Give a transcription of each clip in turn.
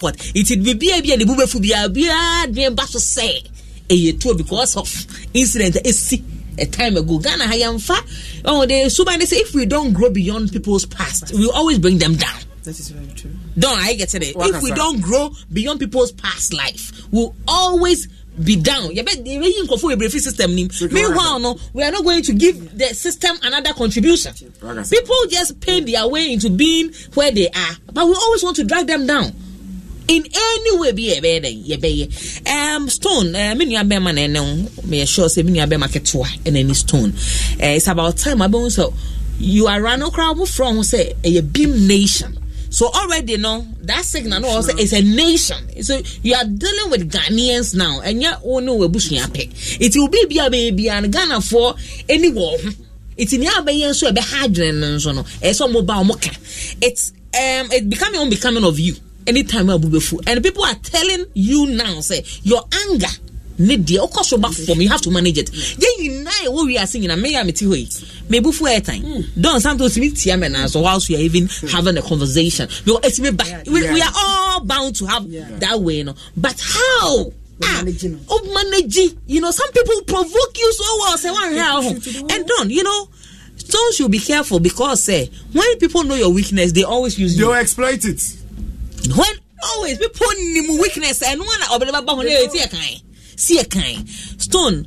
what nti biribiara Be a ne mu bɛfu biara biara dwen ba so sɛ ɛyɛ tuo because of incident ɛsi eh, a time ago ghana ha yɛmfa oh the so many say if we don't grow beyond people's past we always bring them down that is very true don't i get it if we don't grow beyond people's past life we'll always be down yɛbɛyi nkɔfo bebree fi system nim meanwhile no we are not going to give the system another contribution people just pay their way into being where they are but we always want to drag them down in any way bi yɛbɛyɛ dɛ yɛbɛyɛ um, stone uh, me nua bɛrima na ɛnɛ ho meyɛ sure sɛ me nua bɛrima ketewa ɛna ni stone uh, it's about time abɛhu sɛ you are rano koraa wofrɛ ho sɛ ɛyɛ beam nation so already no that signal no also is a nation so you are dealing with ghanaians now and yet oh no ebusua pɛ it will be be a baby and ghana for any war it's in abɛyɛ nso so ha adwene no nso no ɛsɛ ɔmo ba it's um, it becoming unbecoming of you anytime abubefu and people are telling you now say your anger ne deɛ wokɔ so ba fam you have to manage it yɛ nyinaa ɛwɔ wiase nyina meyɛ a mete hɔ yi mebufu airtime mm. don santos mi tia me naa so whilst we are even mm. having a conversation because ɛtumi ba we, we are all bound to have yeah. that way no but how ah of manage you know some people provoke you so well say one hell and don't you know so you be careful because say when people know your weakness they always use you. they exploit it when always people nim weakness and one ọbẹrẹ bàbá wọn ẹ ti ẹ kàn si ẹ kàn stone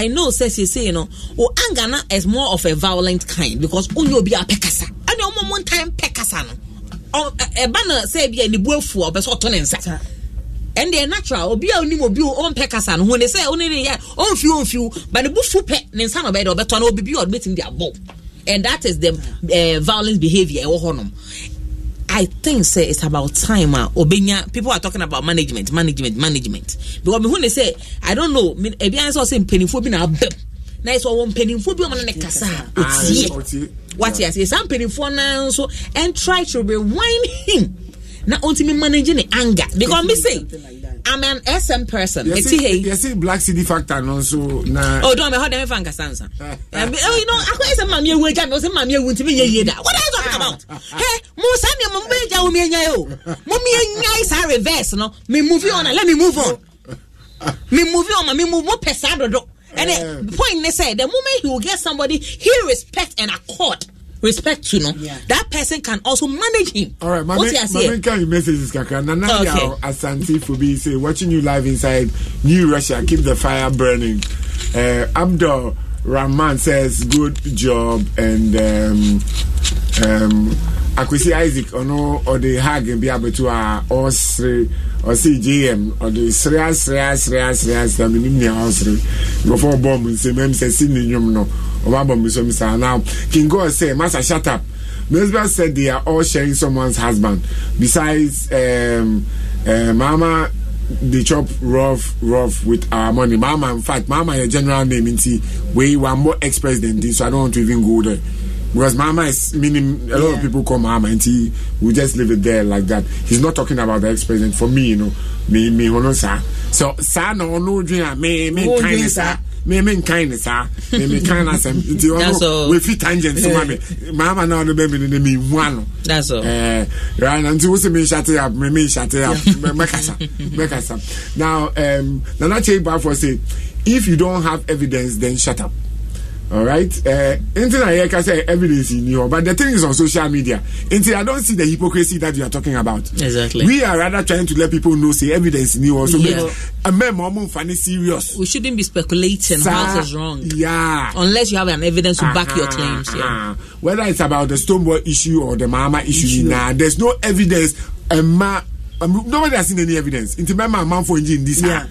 i know say she say you know o oh, anger na is more of a violent kind because onye obi a pẹkasa ẹni ọmọ ọmọ ntan pẹkasa no ẹba e, e, na sẹ ebi ẹ ni bu efu ọbẹ sọ ọtọ ne nsa ɛn natural obi a onim obi on pekasa. no ho ne sɛ ɔne ne yɛ ɔmfiw ɔmfiw ba ne bufu pɛ ne nsa na ɔbɛyɛ dɛ ɔbɛtɔ na obibi a ɔbɛtumi de abɔ and that is the uh, violent behaviour ɛwɔ e, I think say it's about time. Uh, obenya people are talking about management, management, management. Because me when they say I don't know, me ebi anso say mpanimfo bi na abem. Na eso wo mpanimfo bi o na kasa ah, otie. What yes, is I'm mpanimfo na nso and try to rewind him. Na ontimi managing the anger because me say I'm an SM person. Yes, it, yes, it black city factor no so na. Oh, don't me how them fan kasansa. Oh, you know, I say mami ewu eja, me say mami ewu ntimi ye ye da. What are you talking about? Hey, mo say me mo eja wo me enya yo. Mo me is a reverse no. Me move on, let me move on. Me move on, me move more pesa And the point they say, the moment he will get somebody, he respect and accord respect you know yeah. that person can also manage him all right Mami. Mami, can you messages kaka nana okay. ya asante for say watching you live inside new russia keep the fire burning uh, abdul rahman says good job and um um akwesi isaac ono or the hug and be able to uh, all three ɔsi jm ɔde sere asere asere asere asere mi nim nea ɔsere nkurɔfoɔ bɔ mu nsɛm ɛmu sɛ si ne nnwom no ɔba bɔ mu nsɛm saa now king god say "Master, shut up Elizabeth said they are all sharing someone's husband besides um, uh, mama they chop rough rough with our money mama in fact mama your general name nti wey wa more express than this so i don't want to even go there because Mama is meaning a lot yeah. of people call Mama and he will just leave it there like that. He's not talking about the ex president for me, you know. Me, me, no, sir. So, sir, no, no, me, me, oh, kindness, sir. Me, me, kindness, sir. Me, me, kindness, sir. That's all. We fit tangents, mommy. Mama, now, no, baby, no, me, one. That's all. Eh, right, and so, me, shut up, me, me, shut up. Make us up, make us up. Now, um, take back for say, if you don't have evidence, then shut up alright eh, nti na yɛka sɛ evidence ni hɔ but the thing is on social media nti i don't see the hypocrisy that you are talking about exactly we are rather trying to let people know say evidence ni hɔ so yeah. make amem ɔmo nfa ni serious we shouldn't be speculating Sa what is wrong yeah unless you have an evidence to uh -huh, back your uh-huh, claims yeah. uh -huh. whether it's about the stonewall issue or the mahama issue, issue. na there's no evidence ɛma um, nobody has seen any evidence nti mɛma amanfo nji in this ah. yeah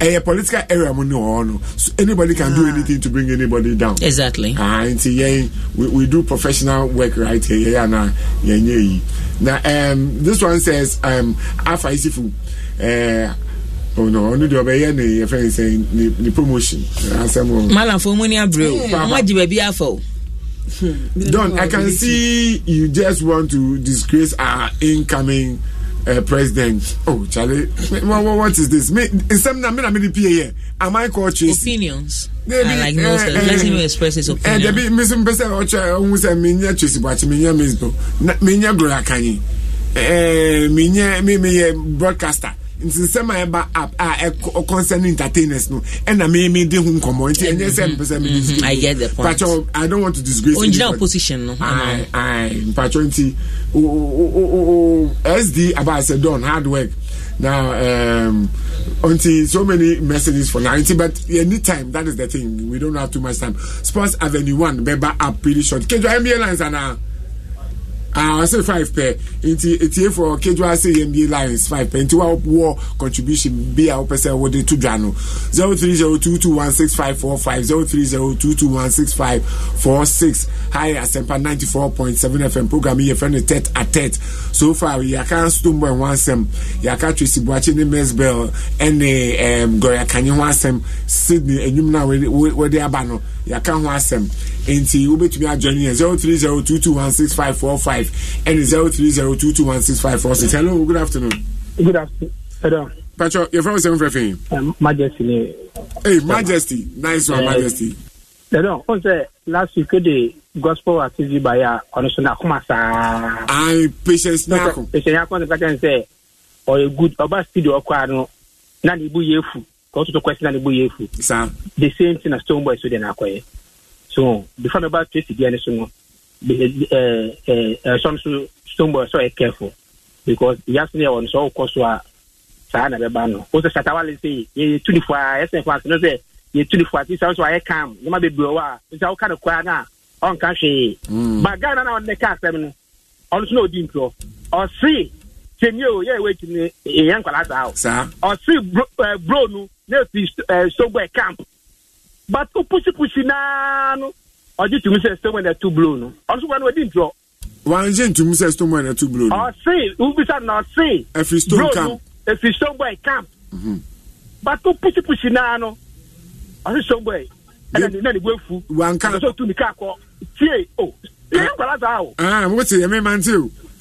a political area mu ni wọn no so anybody can ah. do anything to bring anybody down. exactly. ah nti yẹn we we do professional work right here yẹn na yẹn yẹ yi na um, this one says um, afa isifu. Uh, ọ̀nà ọ̀nà de ọbẹ̀ yẹ ni yẹ fẹ́ sẹ́ ni ni promotion asẹ́m hmm. o. malam fún mu ní abúlé o wọn jì bẹ̀bí afọ. don i can see you just want to disgrace our incoming uh, president oh charlie what, what, what is this me nsɛm na me na me de pie yɛ am i call tracy opinions debi i like no uh, uh, let him express his opinion uh, debi mbese mbese ɔkyɛ ɔhun sɛ mi nya tracy buakye mi nya miss bo na mi nya gloria kanyi ɛɛ mi nya mi mi broadcaster nsensɛm a ɛba app a ɔkɔnsɛn entertainers no ɛna mɛmɛ di ho nkɔmɔ nti ɛnyɛ sɛ mpɛsɛ mi mm-hmm. disgrace i get the point mpatsɔ i don't want to disgrace anybody onyina opposition no ayi ayi mpatsɔ nti o o o sd abaasɛ don hard work now um, until so many messages for now but anytime that is the thing we don't have too much time sports avenue one beba app pretty short kejua nba lines are now ɔsɛ ah, five pɛ nti etiefoɔ uh, kejuwa sɛ yɛn bi lions five pɛ nti wa wɔ contribution bi a wɔpɛ sɛ wɔde to dwa no zero three zero two two one six five four five zero three zero two two one six five four six high asempa ninety four point seven fm program yi yɛ fɛn no tɛt a tɛt so far yaka stoneboy ho asɛm yaka tracy buakye ne mesbel ɛne ɛɛm uh, um, gɔyakanye ho asɛm sydney enyim na wɔde aba no yɛaka ho asɛm nti wobɛtumi adwane yɛ 0302216545 ɛne 0302216546 hello good afternoon good afternoon patro yɛfrɛ wo sɛm frɛ fei majesty hey, majesty nice one uh, majesty ɛdɔn ɔn sɛ last week de gospel activity uh, ba yɛ a ɔno so n'akoma saa ayi patience n'ako patience n'ako ne ka kɛ n sɛ good ɔba studio ɔkɔ ano na ne bu yɛ efu kɔtotɔ kwasi na ne bo yɛ efu the same thing na stone boy so de na akɔyɛ so before mi ba tracy bia ne so no ɛɛ ɛɛ ɛsɔn so stone boy so yɛ careful because yasin yɛ wɔn so ɔkɔ so a saa na bɛba no o sɛ satawale se yɛ tu ni fo a yɛsɛn fo ase no sɛ yɛ tu ni fo ase sisan so a yɛ calm nyɛma bebree wɔ a sisan ɔka ne kora na ɔnka hwee ba ghana na ɔde ne kaa asɛm no ɔno so na odi ntorɔ ɔsi tèmi o yɛ ewe ti ni èyàn nkwadaa ta o ɔsi bro ɛɛ bro nu na efi eh, sogbe camp but o pusi pusi naa no ɔgye tumi sɛ stone and two blow no ɔno wɔn odi ntorɔ. wɔn agye ntumi sɛ stone and two blow no. ɔsi ah, ubisa na ɔsi. efi stone camp efi sogbe camp. Mhm. but o pusi pusi naa no ɔsi sogbe ɛna ne na ne bu efu. wɔn kan ɔsɛ o tu ne kaa kɔ tie o. yɛn nkɔla saa o. ɛɛ mo ti yɛ mi man ti o.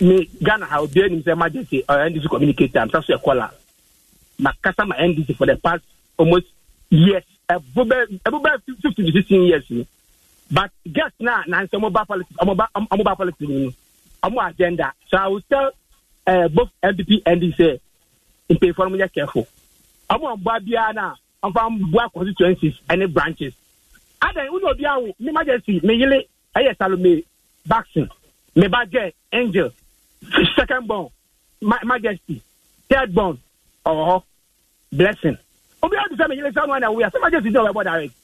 me ghana ha obiara nim sɛ emergency uh, ndc communicator am saso ɛkɔla makasa my ndc for the past almost years ɛbo bɛ ɛbo fifteen to sixteen years but guess now, na nsɛ ɔmo ba politics ɔmo ba ɔmo ba politics ni ɔmo agenda so i will tell uh, both npp and ndc sɛ mpanyinfoɔ no mo careful ɔmo ɔmboa biara na ɔmfa mboa constituencies ɛne branches adan wúni obi awo ní Majesty, mi yele ɛyɛ salome baxin mi ba jɛ angel second born ma majesty third born ọwọ hɔ blessing obi a ti sɛ meyere sanu ana wuya sɛ majesty di ɔbɛ bɔ direct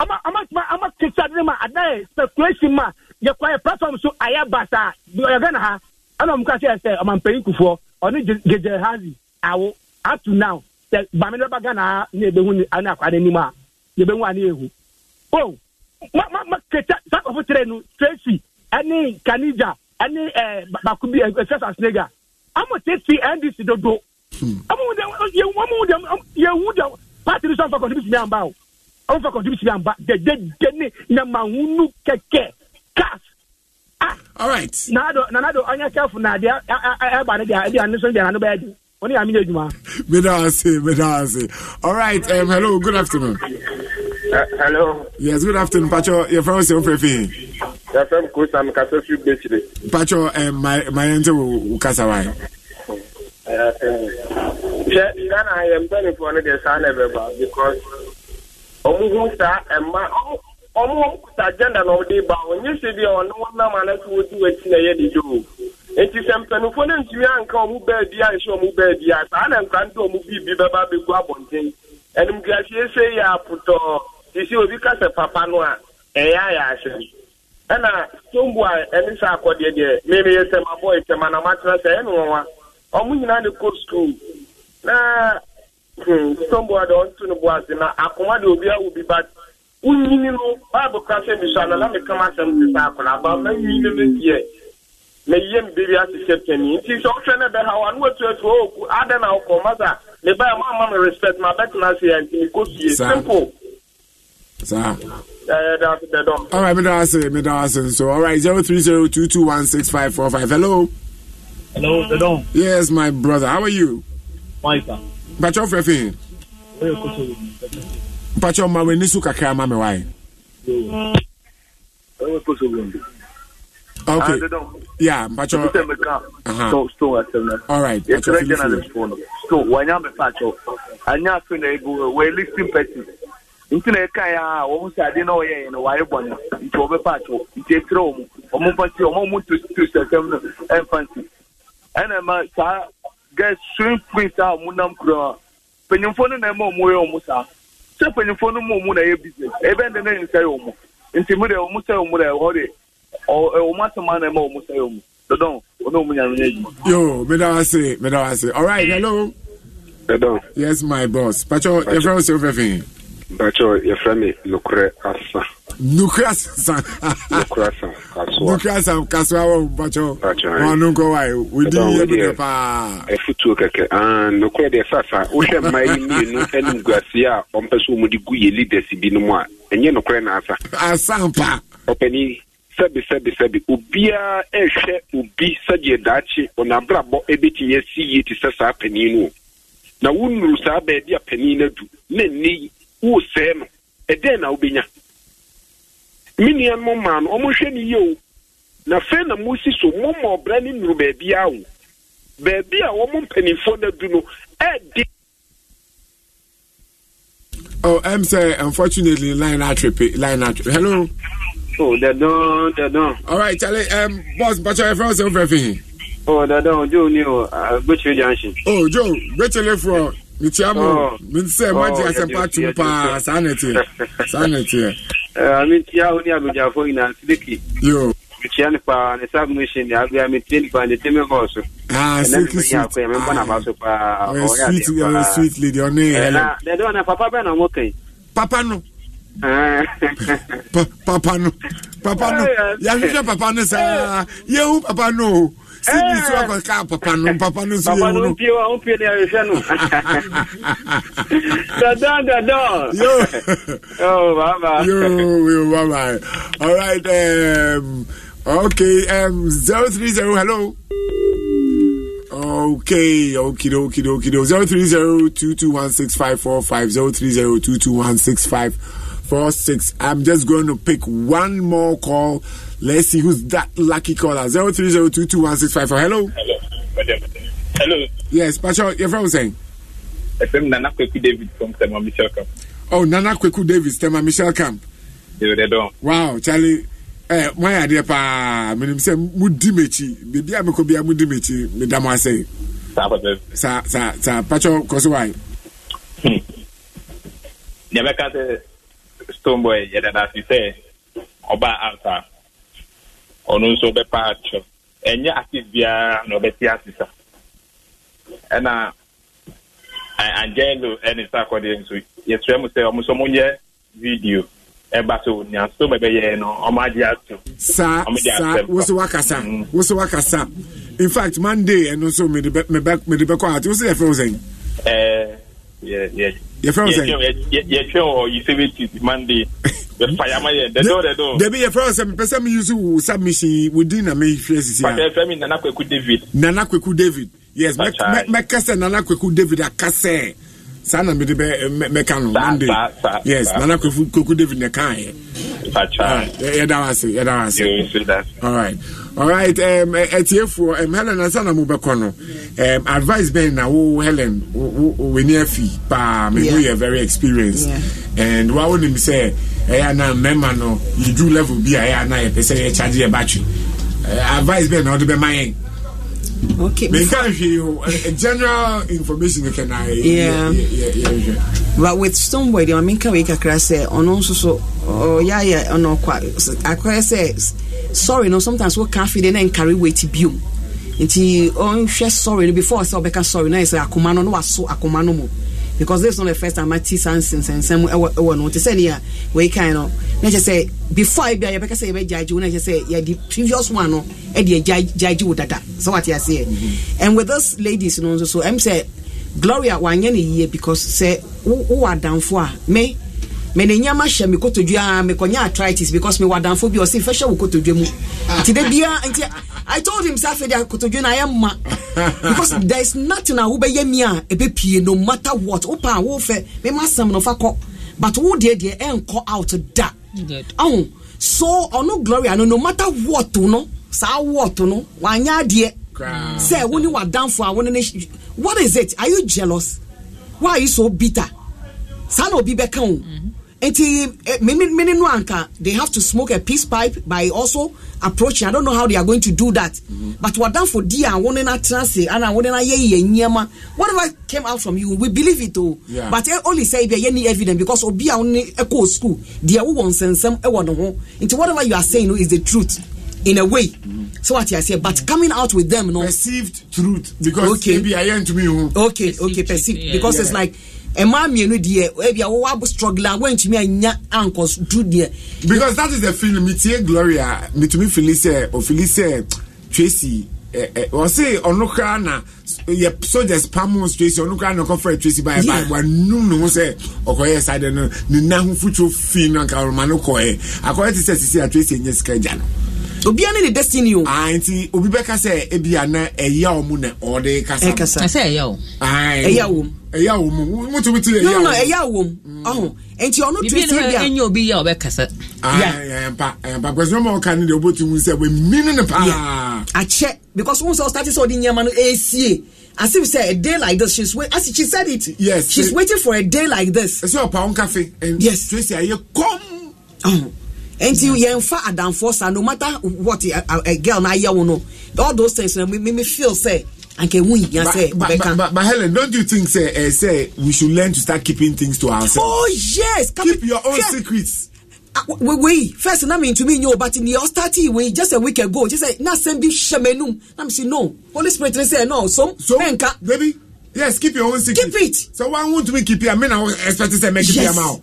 ama ama ama ama kisa adi ma ada yɛ speculation ma yɛ kɔ yɛ platform so ayɛ basa yɛ gana ha ɛna ɔmu ka se ɛsɛ ɔmampanyin kufuɔ ɔne gege hazi awo up to now sɛ bami dɔba gana ha ne ebe hu ne ana akɔ anim a ne ebe hu ane ehu o ma ma ma kisa sakɔfo tere no tracy ɛne kanija ɛne eh, ɛɛ baako bi ɛfɛ sasinega amu te fi ndc dodo amu hmm. de yewu amu de yewu de paati ni sɔn fɛ kɔntibi simi anba o amu fɛ kɔntibi simi anba dede deni namahunu kɛkɛ cars ah. all right. nanado nanado an kɛfu na deɛ ɛɛ ba ne deɛ ɛdi ani sɔn deɛ nanu bɛɛ di o ni yaami de juma. mi na se mi na se all right um, hello good afternoon. Uh, hello. Yes, good afternoon, Pacho. Your friend is your friend. Your friend Chris, I'm Kasefi Bechide. Pacho, uh, my my auntie will cast away. Ghana, I am telling for the son of Eva because Omuhu sa Emma eh, Omuhu sa agenda na ọdị ba onye si bi ọ nọ na ma na tuwo tuwo eti na ya dị jụụ eti sị mpanimfo na ntumi a nka ọmụ baa bi a nsị ọmụ baa bi a saa na nkwa ndị ọmụ bi bi baba bi gu abọnten enumgasi ese ya apụtọọ. Uh, sisi obi kasa papa no a ɛyɛ ayɛ ahyɛ ɛna tombo a ɛne sɛ akɔdeɛ deɛ meme yɛ sɛm abɔ ɛtɛm anamatena sɛ ɛne ɔmo nyinaa na tombo hmm, a deɛ ɔnto no boase na akoma obi awo bi bat wonyini no bible kora sɛ misɔ ano na mekam asɛm te sɛ akɔla ba ma nyi no mɛdiɛ meyie me bebi ase sɛ pani nti sɛ wohwɛ no wa watuatu ɔɔku na wokɔ ma sa mebaɛ ma me respect mabɛtena saa alright mi da ase mi da ase nso alright zero three zero two two one six five four five hello. hello dedon. yes my brother how are you. fine sir. mpatsɔ fɛ fi. o ye koto. mpatsɔ ma wo enisu kakra ma mi wa ye. o ye koto wo. yeah mpatsɔ. Uh huh. kan. stone stone asem na. alright mpatsɔ fi mi fi. yɛ kɛrɛ journalist fone. stone wa n y'a mɛ mpatsɔ. listing person nti na ɛka ya a wɔn sɛ ade na ɔyɛ yɛn no wɔayɛ bɔnɛ nti wɔbɛfa ato nti etire wɔn wɔn mfa nti wɔn a wɔn tu tu sɛsɛm no ɛmfa nti ɛna ma saa gɛs swim queens a wɔn nam kura panyinfoɔ no na ɛma wɔn yɛ wɔn saa sɛ panyinfoɔ no mu wɔn na ɛyɛ business ɛbɛn de ne nsa yɛ wɔn nti mu de wɔn sɛ wɔn de ɛwɔ de ɔwɔ wɔn asɛm na ɛma wɔn sɛ wɔn dodon wɔn na wɔn nyanu yɛ yi. yoo medaw ase medaw ase all right hello. hello. yes my boss patro efrain osefefin bàtchọ yɛfrɛ mi nukurɛ asa. nukurɛ asan. nukurɛ asan kasuwa. nukurɛ asan kasuwa wɔ bàtchɔ. bàtchɔ ɛ wọn nunkɔ wa ye eh, o di iye mi kɛ paa. ɛfutuo kɛkɛ an nukurɛ de sasa o sɛ mmaa yi mienu ɛni guasi a wɔn pɛ so wɔn de gu yeli dɛsi bi no mu a ɛnyɛ nukurɛ na asa. asan pa. ɔpɛni sɛbi sɛbi sɛbi obiara ɛhwɛ eh, obi sɛdeɛ daakye ɔna abrabɔ ebetumi si yie ti sɛ saa panyin no na wunuru saa baabi a panyin na du na nne yi wosɛɛ no ɛdɛn na wobɛnya me nuanom maa no ɔmonhwɛ no yie o na fɛn na mosi so moma ɔbra ne nuru baabiaa wo baabi a wɔmo mpanimfoɔ no adu no ɛde Oh, M sorry. Unfortunately, line out trip. Line out. Hello. Oh, the don, the don. All right, Charlie. Um, boss, but your friends over everything. Oh, the don, Joe, new. Uh, Joe, oh, Joe, Joe, Joe, mekyia mo mensɛ magye asɛmpa atom paa saa ne teɛ saa ne teɛ mentia wo ne abagyafoɔ nyinaa sedeki yo mekyia no paa ne sab no hyɛ ne abia metie nipa ne teme hɔɔ so ah, ah. eh, eh, sweet lady ɔne dɛdɛ ɔna papa bɛ na ɔmɔ kan papa no papa no eh, papa no yɛhwehwɛ papa no saa yɛhu papa no o sidi so akɔka papa no papa no so yɛwu no pie wo pie ne ahwehwɛ no dadan dadan yo oh baba yo yo baba all right um okay um 030 hello Okay, okay, okay, okay. 030 2216 545 030 2216 545. four six. I'm just going to pick one more call. Let's see who's that lucky caller. Zero three zero two two one six five four. Hello. Hello. Hello. Yes, Pacho, your friend was saying. Nana Kweku David from Tema Michelle Camp. Oh, Nana Kweku David, Tema Michelle Camp. Don't. Wow, Charlie. Eh, my idea pa menim sɛ mudi m'akyi biribi a mekɔ bia mudi m'akyi meda mo asɛe Sa patwɛ kɔ so wae deɛ mɛka sɛ stone boy e yɛda no ase sɛ ɔbaa out a ɔno nso bɛpa atwɔ ɛnyɛ ase biara na ɔbɛte ase sa ɛna angelo ɛne sa akɔdeɛ nso yɛsrɛ mu sɛ ɔmo nso monyɛ video ɛba so nea stone bɛbɛyɛ no ɔmo agye ato saa saa wo so wakasa mm. wo wakasa in fact monday ɛno nso mede bɛkɔ out wo so yɛfrɛ wo sɛn yɛfrɛ sɛyɛtwɛ wɔ yisɛbɛtis monday yɛfayama yɛ dɛdɛdɛdɔ dabi yɛfrɛ wo sɛ mepɛ sɛ meyuse wo submission wo din na mehwɛ sisiɛfrɛ me nana kwaku david nana kwaku david yes mɛka sɛ nana kwaku david aka sɛ saa na mede mɛka no monday yes nana koku david ne kaeɛ ah, yɛda wase yɛda alright alright um, atiefoɔ um, helen ansa na mobɛkɔ no um, advice bɛn na wo helen w'ani afi paa me, yeah. yɛ very experienced yeah. and wa wonim sɛ ɛyɛ ana mmarima no yɛdu level bi a ɛyɛ ana yɛpɛ sɛ yɛkyagye yɛ batwe uh, advice bɛn na wode bɛma yɛn okay meka hwee general information uh, yeah yeah yeah yeah. but with stoneboy deɛ mamenka wei kakra sɛ ɔno nso so oh yeah yeah ɔyɛayɛ ɔno akɔyɛ sɛ sorry no sometimes woka afei de na nkare wati biom nti ɔnhwɛ oh, sorry before I saw ɔbɛka sorry na yɛ e sɛ akoma no na waso akoma no mu because this is not the first time I see something and some ɛwɔ no te sɛ nea wei kan no na kyerɛ sɛ before ebi a yɛbɛka sɛ yɛbɛ judge wo na kyerɛ sɛ yɛde previous one and the judge wo dada so what wate say, mm-hmm. and with those ladies you know, so I'm say gloria wanyɛ ne yie because sɛ wowɔ adamfo a me. mene nyama hyɛ me kotodwa mekɔnya arthritis because mewɔ adamfo bi ɔse fɛhyɛ wo kotodwa mu ah. nti da biaa nti i told him sɛ afei deɛ kotodwa ayɛ ma because there is nothing a wobɛyɛ mi a ɛbɛpie no matter what wopɛ a wofɛ mema asɛm no fa kɔ but wo deɛ deɛ ɛnkɔ out da aho so ɔno gloria no no matter what no saa what no wanyɛ adeɛ sɛ wo ne wadamfo a wo ne ne what is it are you jealous why are you so bitter saa na obi bɛka o nti eh, mini no anka they have to smoke a peace pipe by also approaching i don't know how they are going to do that mm-hmm. but wadamfo di a wɔn nena tena se ana wɔn nena yɛ yɛ nneɛma whatever came out from you we believe it o yeah. but eh, only say there any evidence because obi a wɔn ɛkɔ school deɛ wɔwɔ nsɛnsɛm ɛwɔ ne ho Into whatever you are saying is the truth in a way. Mm-hmm. So what I say, but coming out with them, no perceived truth because okay. maybe I am to me. Oh. Okay, okay, perceived yeah. because yeah. it's like mmaa mmienu deɛ ebi awɔwɔ abo struggle a wɔntumi anya ankɔ du deɛ. because that is the film. Mitie gloria Mitumi tumi fili sɛ tracy ɔsi ɔno kora na yɛ soldiers pamu tracy ɔno kora na ɔkɔfra tracy baa ɛba wanum ne ho sɛ ɔkɔyɛ sade no ne nan ho futuro fi no nka ɔrɔma no kɔɛ akɔyɛ ti sɛ sisi a tracy enye sika gya no obiara ne ne destiny o. aa ah, nti obi bɛ kasa ebi ana ɛyà wɔn mu na ɔde kasa. ɛkasa ɛsɛ Eya. wɔn. aa ɛyà wɔn. ɛyà wɔn mu mutu mutu ɛyà wɔn. no no ɛyà wɔn ɔhun nti ɔno tu esi bi a. bibi ni obi yɛ ɔbɛ kasa. aa ɛyɛmpa ɛyɛmpa kwesi ɔmɔ ɔka ne de ɔbɔ tu mu sɛ wɛmi ne ne paa. akyɛ because wọn sɛ ɔstati sɛ ɔdi nneɛma no esie as if say a day like this she's wait as she said it. yes she's waiting for a day like this. ɛsɛ ɔpa nkafe. yes tracy ayɛ kɔm nti yɛnfa adanfoɔ sa no matter what a, a, girl na ayɛ wo no all those things na me me feel say, anke hu yia sɛ ɔbɛka. but but helen don't you think say uh, eh, say we should learn to start keeping things to ourselves. oh yes. keep your own secrets. Ah, wei we, first na me ntumi nye o but in o start wei just a week ago just say na send this hyɛ mɛnum na mi no holy spirit ne say no so mɛnka. so baby yes keep your own secret. keep it. so why n we keep it i mean i expect say make keep it a mouth."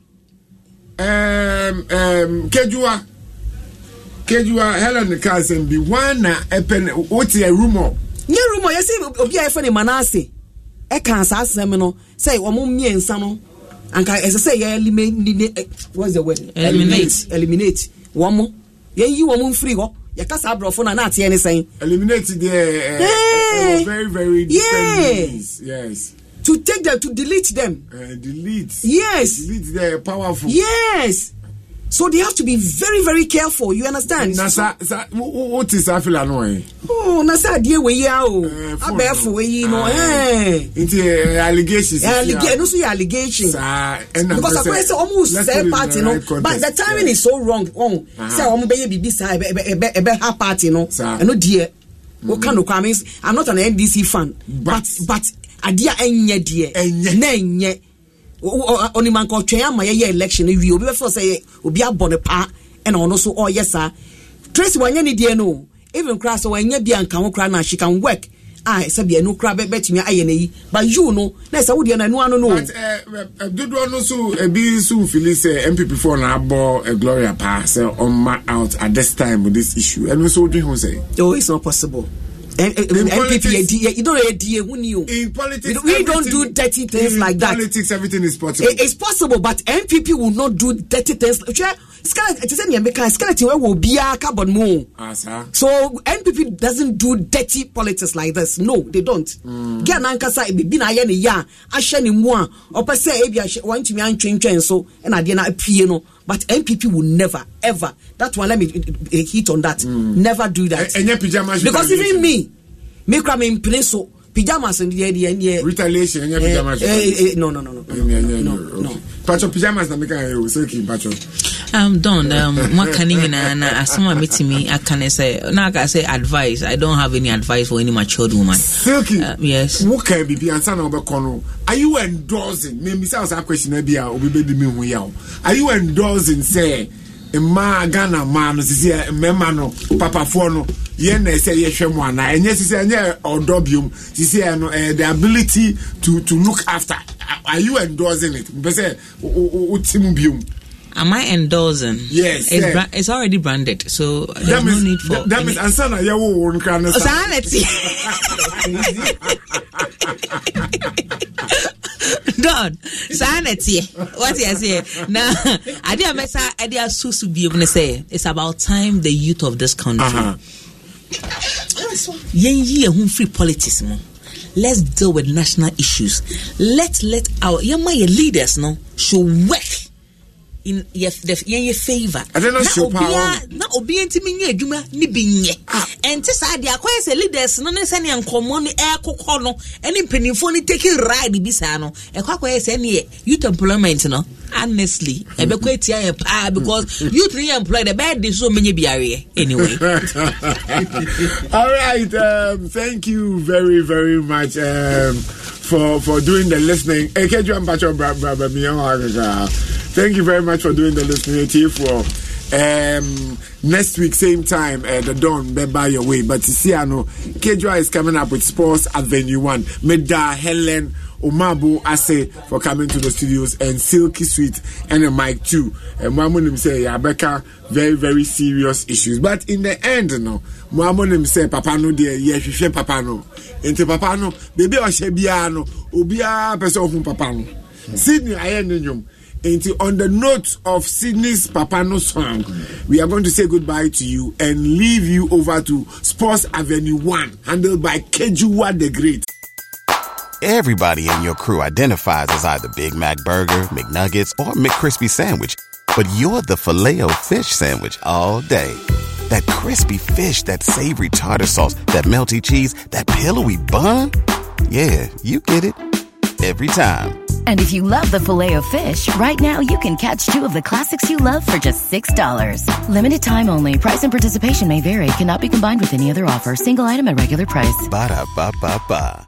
um, um, kejuwa kejuwa helen kaasɛm bi wan na ɛpɛ no wote a rumor nyɛ rumor yɛsɛ obi a yɛfɛ ne manase ɛka saa asɛm no sɛ ɔmo mmiɛnsa no anka ɛsɛ sɛ yɛ eliminate eh, is the word eliminate eliminate wɔn mu. yɛyi wɔn mo mu hɔ yɛka saa aborɔfo no a naateɛ ne sɛn eliminate deɛ ɛɛ ɛwɔ very very different yeah. ways yes to take them to delete them. Uh, delete. Yes. Delete They're powerful. Yes. So they have to be very very careful. You understand? Nasa, sa, what is Afila annoying? Oh, nasa die we ya o. Eh, Abefu we no. Ah, eh. Inti allegations. Eh, allegation. No so your allegation. Because I say almost say party no, but the timing is so wrong. Oh, ah. say almost be bibi say be be be half party no. I no die. What mm-hmm. kind of comments? I'm not an NDC fan, but but adeɛ a ɛnyɛ deɛ ɛnyɛ na ɛnyɛ onimankɔtwɛn ama yɛyɛ election wie obi bɛfɛ sɛ obi abɔ ne paa ɛna ɔno nso ɔreyɛ oh, saa tracy wanyɛ ne deɛ no even koraa sɛ wanyɛ bi anka ho na she can work ah, e a sɛbi ɛnu koraa bɛ bɛtumi ayɛ n'ayi but you no na ɛsɛ e wo deɛ na ɛnu ano no. but eh, eh, dodoɔ no so ebi eh, nso fili sɛ npp four na abɔ gloria paa sɛ ɔma out at this time with this issue ɛnu nso o dwi ho sɛ. oh it's not possible. NPP, you don't idea who knew. In politics, we don't do dirty things like that. Politics, everything is possible. It, it's possible, but NPP will not do dirty things. So NPP doesn't do dirty politics like this. No, they don't. Hmm. Ghana ankasa ebi na ayɛ ne ya ahyɛ ne mu a ɔpɛ sɛ ebi ahyɛ wɔn ntumi antwentwɛn so ɛna adeɛ na apue no. But MPP will never, ever. That one, let me hit on that. Mm. Never do that. E- because even me, me come in place so pyjamas deɛ deɛ deɛ. retaliation ɛnyɛ pyjamas. Eh, eh, eh, no no no no. no no. patro pyjamas na mi ka yɛ o se I'm done. what can you na asoma mitimi akane sɛ na aka sɛ advice I don't have any advice for any matured woman. Silky. Uh, yes. Wo kan bibi ansa na Are you endorsing? Me mbisa wo question Are you endorsing say mmaa ghana mmaa no sisi mmarima no papafoɔ no yɛn na ɛsɛ yɛhwɛ mu ana ɛnyɛ sisi ɛnyɛ ɔdɔ biom sisi ɛno ɛɛ eh, the ability to to look after are you endorsing it mpɛ sɛ o o ti mu biom. Am I endorsing? Yes. It's, yeah. bra- it's already branded, so there's that means, no need for. That, that means ansana yawo won kana sanity. don saa na teɛ wate aseɛ na adeɛ a mɛsa ɛde aso so biom ne sɛ it's about time the youth of this country yɛnyi yɛn ho firi politics mu let's deal with national issues let let our yɛma yɛ leaders no should work yɛn yɛ favour na obiara ntumi nyɛ adwuma ne bi nyɛ ah. ɛnti saa deɛ akɔyɛ sɛ leaders no ne sɛnea nkɔmmɔ no ɛɛkokɔ no ɛne mpanimfoɔ no taking ride bi saa no ɛkɔ akɔyɛ sɛ neɛ youth employment no honestly ɛbɛkɔ etia yɛ paa ah, because you three employed the de so many biareɛ anyway. all right um, thank you very very much um, for for doing the listening eh, thank you very much for doing the listening for. Um, next week, same time, uh, the dawn, be by your way. But you see, I know Kedra is coming up with Sports Avenue One. Meda Helen Omabo Ase for coming to the studios and Silky Sweet and a mic too. And Mwamunim say Yabeka very very serious issues. But in the end no Mwamunim say Papa no dear yes Papa no. Into Papa no baby Oshebiano Ubia person from Papa no. Sydney I end am Until on the notes of Sydney's Papano song, we are going to say goodbye to you and leave you over to Sports Avenue 1, handled by Kejuwa the Great. Everybody in your crew identifies as either Big Mac Burger, McNuggets, or McCrispy Sandwich, but you're the filet fish Sandwich all day. That crispy fish, that savory tartar sauce, that melty cheese, that pillowy bun. Yeah, you get it. Every time. And if you love the filet of fish, right now you can catch two of the classics you love for just $6. Limited time only. Price and participation may vary. Cannot be combined with any other offer. Single item at regular price. Ba da ba ba ba.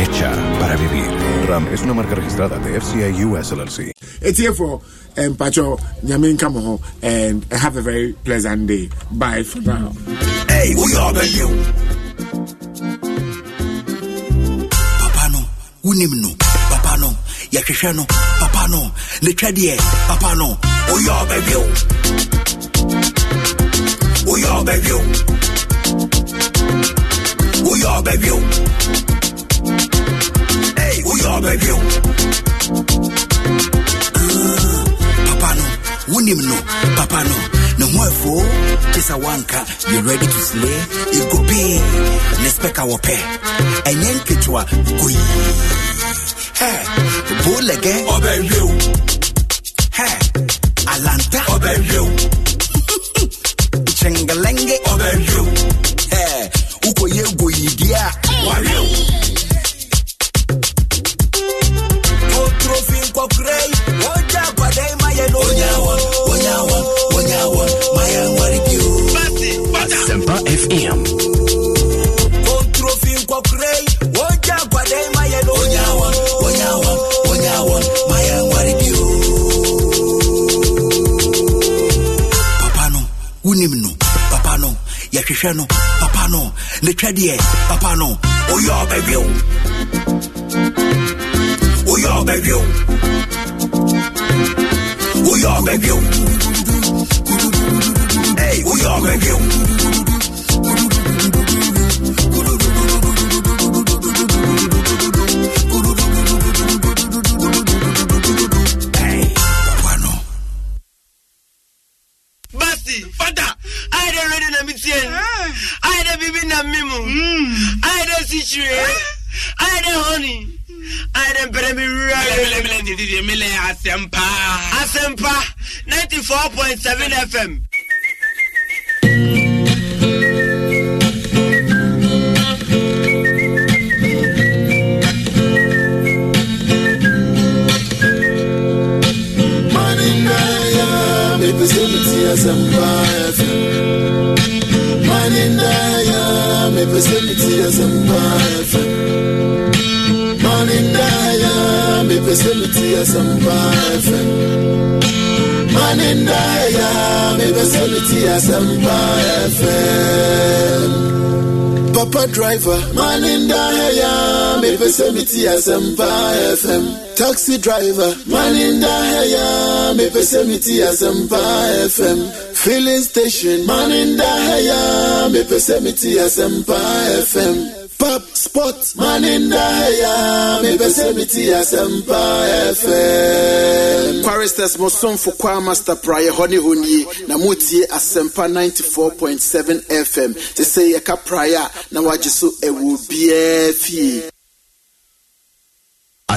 hecha para vivir. Ram es una marca registrada de FCI US LLC. for um, Pacho, Nyamin Kamoho, and um, have a very pleasant day. Bye for now. Hey, we are the new. Papano, Unimno, Papano, papano, Papano, papano, yahwehwɛ we are the new. We are the new. We are the Hey, who your baby? Uh, papa no, wunim no, papa no. No more fool, just a wanka. You ready to slay? It could be. Let's pack our pair. And then Kichwa, gui. Hey, bull again. Oh, baby. Hey, Alanta. Oh, baby. Chengalenge. Oh, baby. Hey, Uko ye gui dia. Wario. for grace. One job, but they my yellow. One, one, one, one, one, my young one, you. Semper FM. Control fin for grace. One job, but they my yellow. One, one, one, one, one, my young one, you. Papa no, unim no. Papa no, yɛhwehwɛ no. Papa no, ne twɛdeɛ. Papa no, oyɛ ɔbɛwew y'all baby you. Oh. Who y'all baby you. Oh? Hey, who y'all baby you. Oh? Hey. Bueno. Basi, fada, I don't ready na mitien. Ah. I don't bibi na mimu. I don't situate. Eh? Ah. I don't honey ayɛdɛ mpɛrɛ mi wura four point seven fm Money now, yeah, maybe send it to your facility as a friend. Man in Daya, me facility as a friend. Papa driver, man in Daya, me facility as a FM. Taxi driver, man in Daya, me facility as a FM. Filling station, man in Daya, me facility as a FM pap sportman ndaya mepɛsɛ meti Asempa fm quaristers mosomfo kwaa master pra yɛhɔ ne hɔ nie na motie Asempa 94.7 fm te sɛ yɛka praeɛ a na wagye so ɛwɔ biaa fie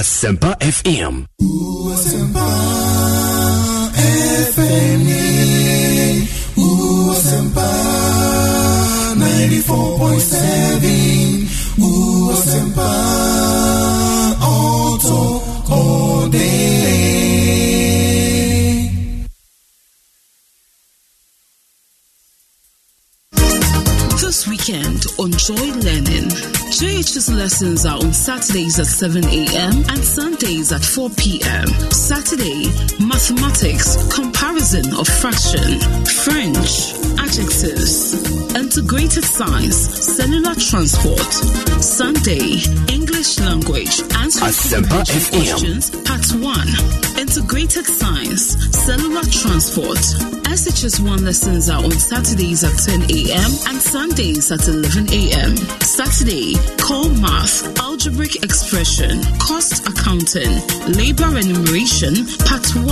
asɛmpa fm Ooh, Asempa fm ni. Ooh, 94.7 Ua Senpai. This weekend on Joy Learning, JH's lessons are on Saturdays at 7 a.m. and Sundays at 4 p.m. Saturday, mathematics, comparison of fraction, French, adjectives, integrated science, cellular transport. Sunday, English language, answer questions, part 1 integrated science, cellular transport. SHS1 lessons are on Saturdays at 10 a.m. and Sundays at 11 a.m. Saturday, core math, algebraic expression, cost accounting, labor remuneration, part 1,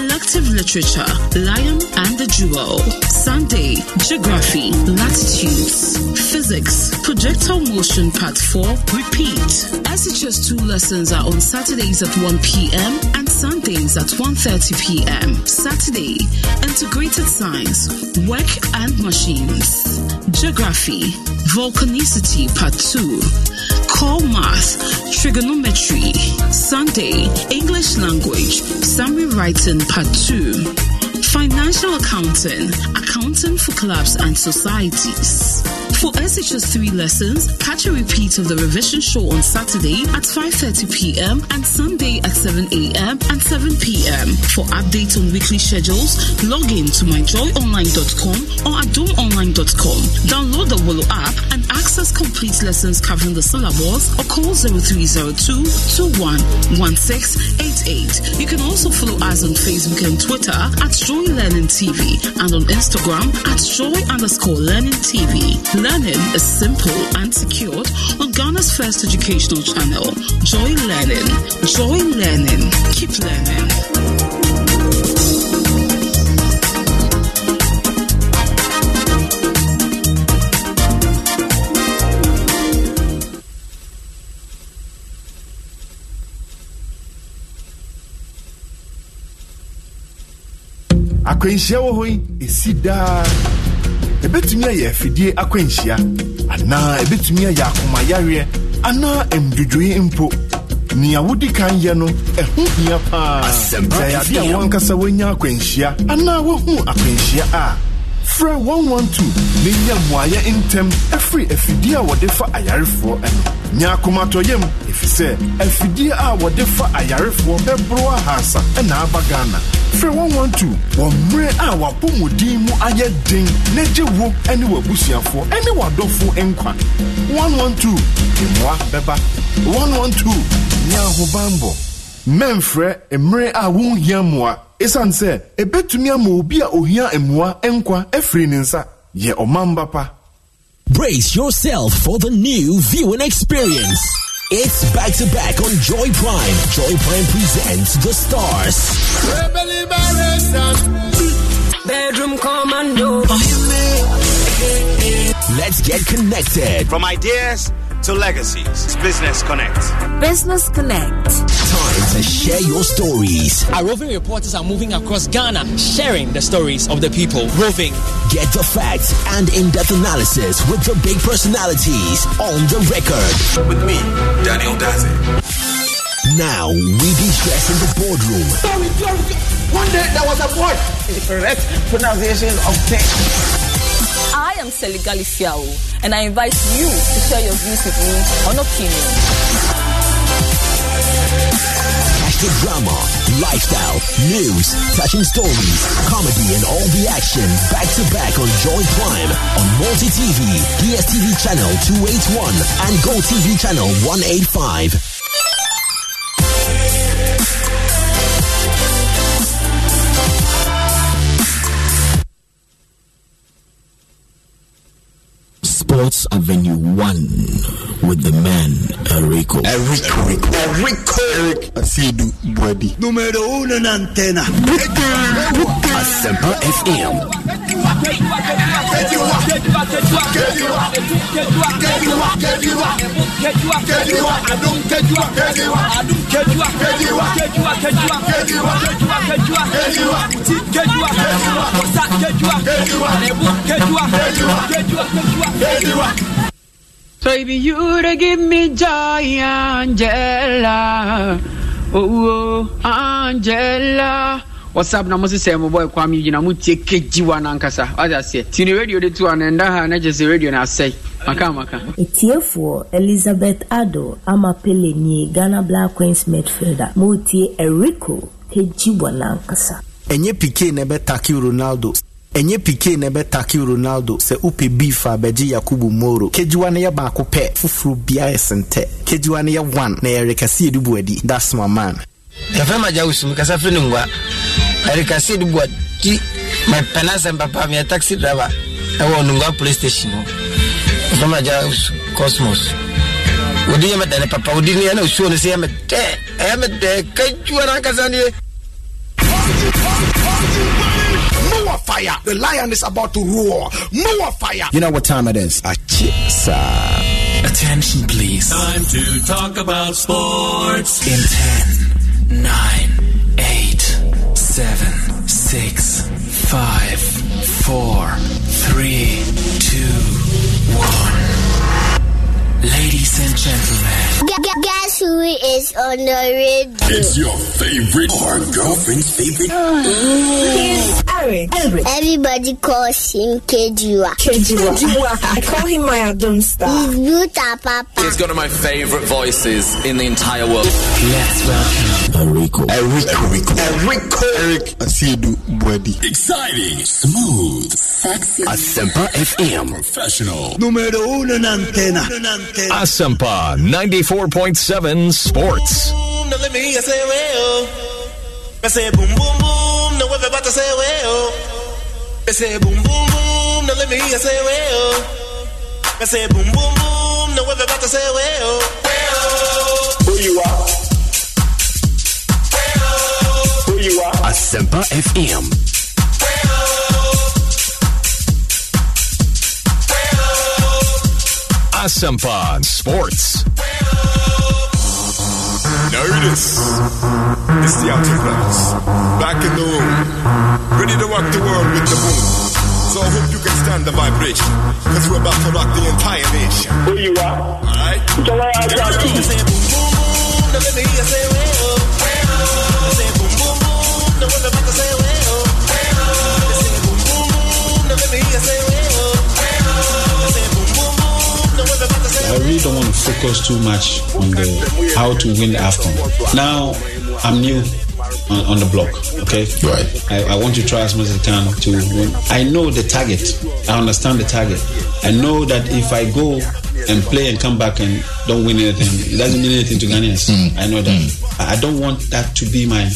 elective literature, lion and the jewel. Sunday, geography, latitudes, physics, projectile motion, part 4, repeat. SHS2 lessons are on Saturdays at 1 p.m. and Sundays at 1.30 p.m. Saturday, Integrated Science, Work and Machines, Geography, Volcanicity Part 2, Core Math, Trigonometry, Sunday, English Language, Summary Writing Part 2, Financial Accounting, Accounting for Clubs and Societies. For SHS3 lessons, catch a repeat of the revision show on Saturday at 5.30 p.m. and Sunday at 7 a.m. and 7 p.m. For updates on weekly schedules, log in to myjoyonline.com or at domeonline.com. Download the Willow app and access complete lessons covering the syllabus or call 0302 211688. You can also follow us on Facebook and Twitter at Joy Learning TV and on Instagram at Joy underscore Learning TV. Learn Learning is simple and secured on Ghana's first educational channel, Joy Learning. Joy Learning. Keep learning. akwanhyia wɔ hɔ yi daa ɛbɛtumi ayɛ afidie akwanhyia anaa ɛbɛtumi ayɛ akomayareɛ anaa ɛmdwodwoe mpo nea wodi kan yɛ no ɛho hia paa sɛ yɛade a wankasa woanya akwanhyia anaa woahu akwanhyia a frɛ 112 na nya mmoayɛ ntɛm ɛfiri afidie a wɔde fa ayarefoɔ ɛno nya akomatɔyam ɛfiri sɛ afidie a wɔde fa ayarefoɔ bɛboro ahasa ɛna aba ghana frɛ 112 wɔ mmerɛ a wɔabɔ mu din mu ayɛ den na gye wo ne w'abusuafoɔ ne w'adɔfo nkwa 112 mmoa bɛba 112 nya ahobammɔ mmɛmfrɛ mmerɛ a wonhia mmoa ɛsiane sɛ ɛbɛtumi ama obi a ohia mmoa nkwa afiri ne nsa yɛ ɔmamba pa brace yourself for the new viewing experience It's back to back on Joy Prime. Joy Prime presents The Stars. Bedroom Commando. Let's get connected. From ideas to legacies. Business Connect. Business Connect. Time to share your stories. Our roving reporters are moving across Ghana, sharing the stories of the people. Roving. Get the facts and in depth analysis with the big personalities on the record. With me, Daniel Daze. Now we be stressing the boardroom. Sorry, One day there was a boy. Correct pronunciation of text am Seligali Fiao, and I invite you to share your views with me on opinion. Hashtag drama, lifestyle, news, touching stories, comedy, and all the action back to back on Joy Prime on Multi TV, DSTV channel 281, and Go TV channel 185. Sports Avenue 1 with the man, Erico. Erico. Erico. Erico. Asidu Bwedi. Numero uno in antenna. Asempa FM. So if you to give me joy, Angela. Oh, oh Angela. What's up na musi sema eh, boy kwa mi jina mutie kejiwa na nkasa. Aja se. Tini radio de tu anaenda ha na jese radio na sei. Maka maka. Etiefoɔ Elizabeth Ado ama Pele ni Ghana Black Queens midfielder. Mutie Erico kejiwa na nkasa. Enye pike na bɛ Taki Ronaldo ɛnyɛ pike na ɛbɛtake ronaldo sɛ wopɛ beef a bɛgye yakubu moro kegiwa no yɛ baako pɛ foforɔ biaa ɛsentɛ kegiwa no yɛ 1 na yɛrekɛseɛ de bu adi that's my man yɛfrɛ ma gya wosum kasa firi ne ngua ɛrekɛseɛ de bu adi mepɛna sɛ meyɛ taxi driver ɛwɔ e nungua police station hɔ yɛfrɛ ma gya wosum cosmos wodi yɛ mɛdɛ ne papa wodi ne ɛna osuo no sɛ yɛ mɛdɛ ɛyɛ mɛdɛ kagiwa no ankasa ne more fire. The lion is about to roar. More fire. You know what time it is? Achisa. Attention, please. Time to talk about sports. In 10, 9, 8, 7, 6, 5, 4, 3, 2, 1. Ladies and gentlemen. Suri is on the radio. It's your favorite or girlfriend's favorite. Oh. Everybody. calls him Kejua. Kejua. Kejua. I call him my Adam star. He's Papa. He's one of my favorite voices in the entire world. Let's welcome Enrico. Enrico. Enrico. Enrico. Eric Asiedu Bwedi. Exciting. Smooth. Sexy. Asempa FM. Professional. Numero uno en antena. Asempa 94.7. 7 Sports. Boom, no, let me hear you say, I say, boom, boom, boom. everybody say, I say, boom, boom, boom. let me hear you say, I say, boom, boom, boom. everybody say, Who you are? Who you are? A Semper Asempa Sports. Notice. It's the outer class. Back in the room. Ready to rock the world with the boom. So I hope you can stand the vibration. Cause we're about to rock the entire nation. Who you are? Alright. So say, boom, boom, boom, say, boom, boom, say, boom, I really don't want to focus too much on the how to win the AFCON. Now I'm new on, on, the block. Okay. Right. I, I, want to try as much as I can to win. I know the target. I understand the target. I know that if I go and play and come back and don't win anything, it doesn't mean anything to Ghanaians. Mm. I know that. Mm. I don't want that to be my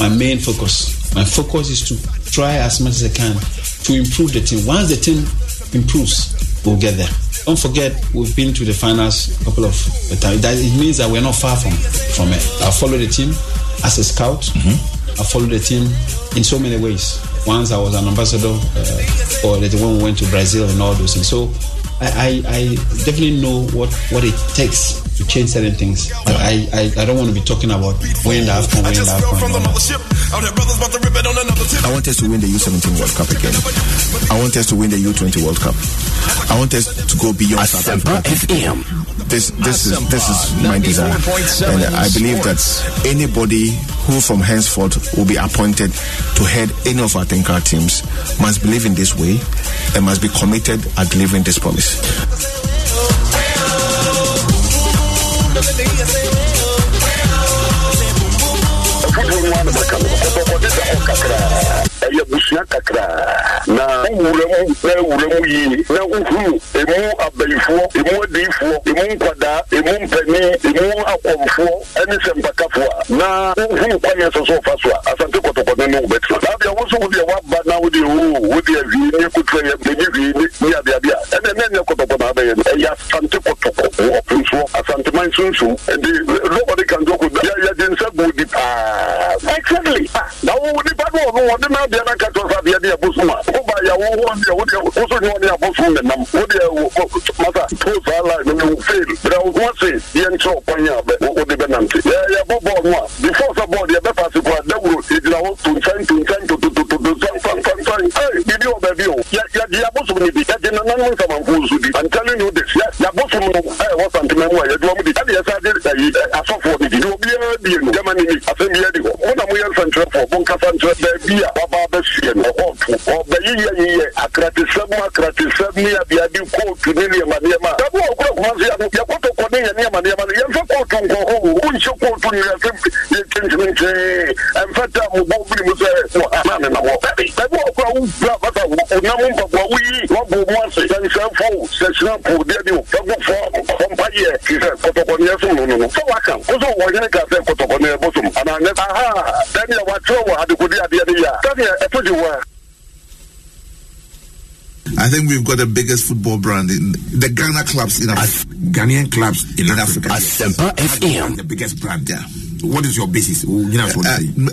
my main focus. My focus is to try as much as I can to improve the team. Once the team improves, we'll get there don't forget we've been to the finals a couple of times. it means that we're not far from from it. I follow the team as a scout. Mm-hmm. I follow the team in so many ways. Once I was an ambassador, uh, or the one we went to Brazil and all those things. So I, I, I definitely know what what it takes to change certain things. I, I, I don't want to be talking about when the AFCON, when the AFCON. I want us to win the U17 World Cup again. I want us to win the U20 World Cup. I want us to go beyond South Africa. FM. This this is this is my desire, and I believe that anybody who from henceforth will be appointed to head any of our Tinker teams must believe in this way and must be committed at delivering this promise i One, bakalım. Otomotivde kakra. ɛyɛ busua kakraa na wowura mu na wura mu yie na wohunu ɛmu abayifoɔ ɛmu adiyifoɔ ɛmu nkwadaa ɛmu mpani ɛmu akɔmfoɔ ɛne sɛ na wohunu kwane sɛ so wofa so a asante kɔtɔkɔtɔ ne wobɛtena na bia wo so wodeɛ woaba na wodeɛ o wodeɛ hwie ne kotura yɛ mɛnye hwie ne ne adeadeɛ a ɛnɛ ne ɛnyɛ kɔtɔkɔ na abɛyɛ no ɛyɛ asante kɔtɔkɔ wɔponsoɔ asanteman sunsum ɛnti nobody can talk with that yɛgye nsa gu di paa exactly na wo nipa no ɔno wɔde na deɛ na ka to sa deɛ deɛ bosom a woba yɛ wo hɔ deɛ wodeɛ woso nyɛ ɔne abosom menam wodeɛ masa to saa line no mewo fail brɛ wo ho ase deɛ nkyerɛ ɔkwan a wode bɛnante yɛbɔ bɔɔl no a before sɛ bɔɔl deɛ se koa dawuro ɛgyina hɔ tonsan tonsan sorry. Hey, bibi o baby o. Ya ya ya bosu ni bi. Ya je na nanu nka manfu nsu bi. I'm telling you this. Ya ya bosu mu eh what something mu ya do mu di. Ade ya sa de ayi asofo ni bi. Obi ya bi mu. Germany ni asem ya di. Mo na mo ya central for bon ka central baby a baba ba sie no o tu. O ba yi ya yi ya akrate sabu akrate sabu ya bi adi ko tu ni le ma ni ma. Dabu o I'm saying. ya ko ade yɛ nneɛma nneɛma no yɛmfa kootu nkɔhɔ o wonhyɛ kootu nyɛsɛ yɛkyentententee ɛmfa ta mobɔ biri mu sɛ na ne namɔ ɛbi ɔkora wopra fata wonam mpaboa woyi wabɔ mu ase sɛnsɛmfo sɛsina po deɛ de o ɛgofo ɔmpa yɛ fi sɛ kɔtɔkɔneɛ som no no no sɛ waka wo sɛ wɔhene ka sɛ kɔtɔkɔneɛ bosom ananyɛ aha dɛneɛ wakyerɛ wɔ adekodi adeɛ no yɛ a sɛneɛ ɛto gye wɔ a I think we've got the biggest football brand in the Ghana clubs in Africa. Ghanaian clubs in, in Africa. Asempa yes. FM. The biggest brand, yeah. What is your basis? uh,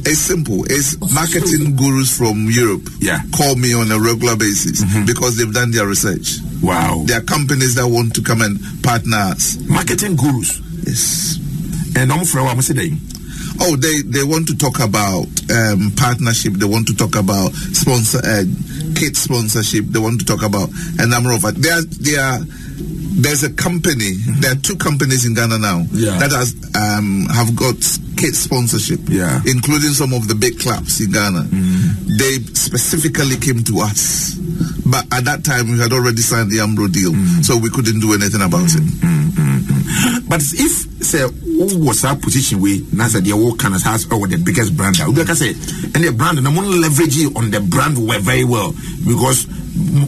it's simple. It's marketing gurus from Europe. Yeah. Call me on a regular basis mm-hmm. because they've done their research. Wow. There are companies that want to come and partner us. Marketing gurus. Yes. And I'm from Amsterdam. Oh, they, they want to talk about um, partnership. They want to talk about sponsor uh, kid sponsorship. They want to talk about a number of. there, are, there's a company. Mm-hmm. There are two companies in Ghana now yeah. that has um, have got kid sponsorship, yeah. including some of the big clubs in Ghana. Mm-hmm. They specifically came to us, but at that time we had already signed the Amro deal, mm-hmm. so we couldn't do anything about mm-hmm. it. Mm-hmm. but if say who was saa position we now na sɛ deɛ woka no has ɛwɔ the biggest brand a wobɛka sɛ ɛne brand I'm mo leverage on the brand were very well because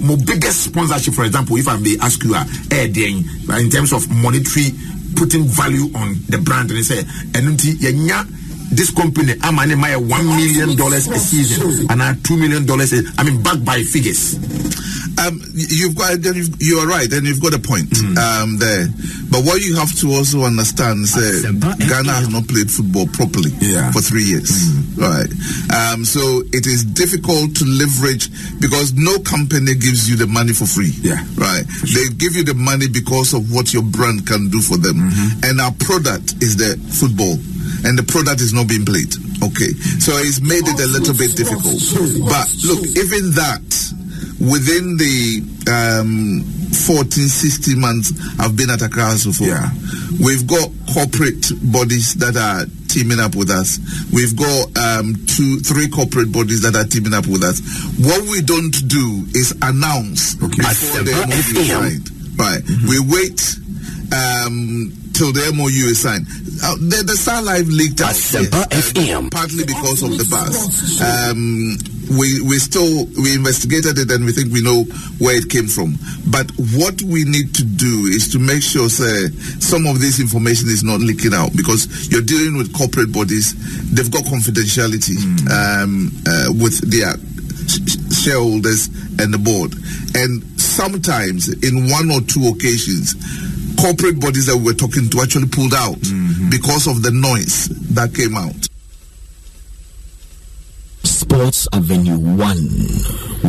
my biggest sponsorship for example if i may ask you a ɛyɛ deɛn in terms of monetary putting value on the brand ne say and nti yɛnya this company I'm ne my one million dollars a season and anaa two million dollars eh, i mean backed by figures Um, you've got you are right, and you've got a point mm. um, there. But what you have to also understand is uh, Ghana has not played football properly yeah. for three years, mm. right? Um, so it is difficult to leverage because no company gives you the money for free, yeah. right? Sure. They give you the money because of what your brand can do for them, mm-hmm. and our product is the football and the product is not being played. Okay, so it's made it a little bit difficult. But look, even that within the um, 14, 16 months I've been at Accra Hospital, yeah. we've got corporate bodies that are teaming up with us. We've got um, two, three corporate bodies that are teaming up with us. What we don't do is announce okay. before the MOU Right. Mm-hmm. We wait um, till the MOU is signed. Uh, the, the Star leaked out uh, partly because of the bus. Um, we we still we investigated it and we think we know where it came from. But what we need to do is to make sure say, some of this information is not leaking out because you're dealing with corporate bodies. They've got confidentiality mm. um, uh, with their shareholders and the board, and sometimes in one or two occasions corporate bodies that we were talking to actually pulled out mm-hmm. because of the noise that came out. Sports Avenue 1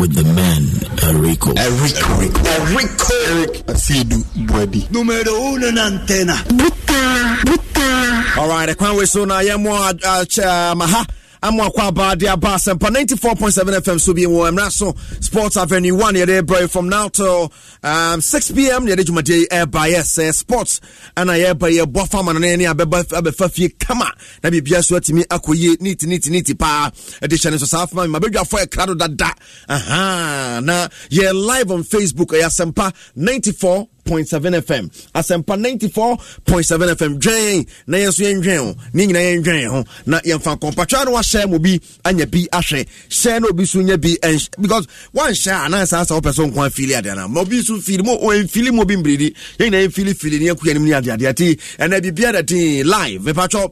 with the man Erico. Erico. Erico. Eric Asidu Bwedi. Numero uno in antena. Buta. Buta. All right, I can't wait so now. Yeah, more. Uh, uh, I'm abaa de aba asɛmpa 94.7 fm Subi bi wɔ sports avenue 1 yɛde brɛ from now till um, 6 pm yɛde dwumadeɛ ɛba yɛ sɛ eh, sports ɛna yɛba yɛbɔ fama no ne abɛba abɛfa fie kama na biribia so atumi niti niti neat neat paa ɛde hyɛ ne so saa fama mabɛdwafoɔ ɛkra do dada aha na yɛ live on facebook ɛyɛ asɛmpa 94 94.7 FM asɛmpa 94.7 FM dwɛn na yɛn nso yɛn dwɛn o ne nyinaa yɛn dwɛn ho na yɛmfa kɔmpatwa no wahyɛ mu bi anya bi ahwɛ hyɛ na obi so nya bi ɛnhyɛ because wanhyɛ a nansa asa wopɛ so nko afili adeɛ na ma obi so fili mu ɔmfili mu obi mbiridi yɛn nyinaa yɛmfili fili ne yɛkuya no mu ne adeadeɛ ti ɛnna biribiara ti live mepatwɔ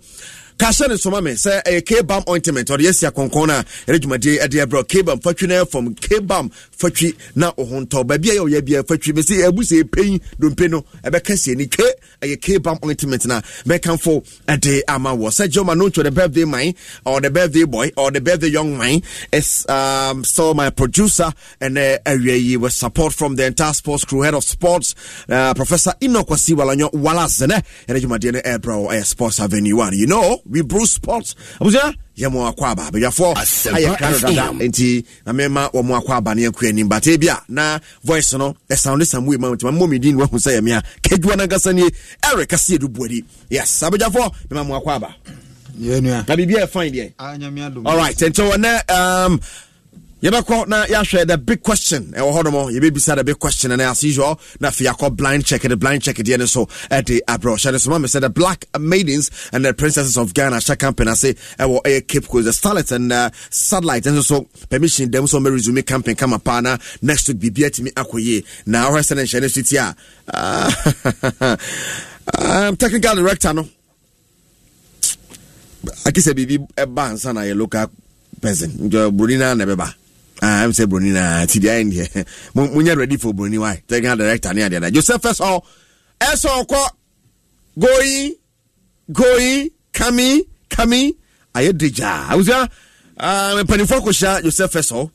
kahyɛ ne soma me sɛ ɛyɛ kbam ointment ɔde yɛsi akɔnkɔn no a ɛre dwumadeɛ ɛde ɛbrɛ kbam fatwi no from kbam fatwi na ɔho ntɔ baabi a yɛ ɔyɛ biara fatwi bɛsi ɛbu sɛ ɛpɛyi dompe no ɛbɛka si ni twe ɛyɛ kbam ointment na mɛkamfo ɛde ama wɔ sɛ gyoma no ntwo the birthday man or the birthday boy or the birthday young man is um, so my producer and uh, awia with support from the entire sports crew head of sports uh, professor inokwasi walanyo walasene ɛne dwumadeɛ no ɛbrɛ ɛyɛ sports avenue one you know we brew sports abusua yɛ mo akɔ aba abadwafoɔ ayɛ kra no dada nti na mɛma ma mo akɔ aba no yɛkɔ anim but bia na voice no ɛsound e sam wei ma nti ma mmɔmi din wahu sɛ yɛ me a kadwa no ankasa nie ɛre kase yɛdu buadi yes abadwafoɔ mɛma mo akɔ aba na biribi a ɛfine e deɛ alright ɛnti wɔ nɛ um, yɛbɛkɔ na yɛahwɛ the big question ɛwɔ hɔ nom yɛbɛbisa the big question and as usual na afei yɛakɔ blind check the blind check deɛ no so ɛde abrɛ ɔhyɛ no so mame sɛ the black maidens and the princesses of ghana hyɛ campaign ase ɛwɔ ɛyɛ cape coast the starlet and uh, satellite nso so permission dɛm so ɔmɛresume campaign kama uh, paa na next week biribia atumi akɔ na wohɛ sɛ ne nhyɛ no so ti a technical director no akisɛ biribi ɛba ansa na yɛ local person buroni na na ɛbɛba Ah, I'm saying Bruni na TDI in here. When you're ready for Bruni, why? Taking a director near the other. Joseph first all, S all going, going, coming, kami I had Dija. I was there. Uh, Penny Fokosha, Joseph first all.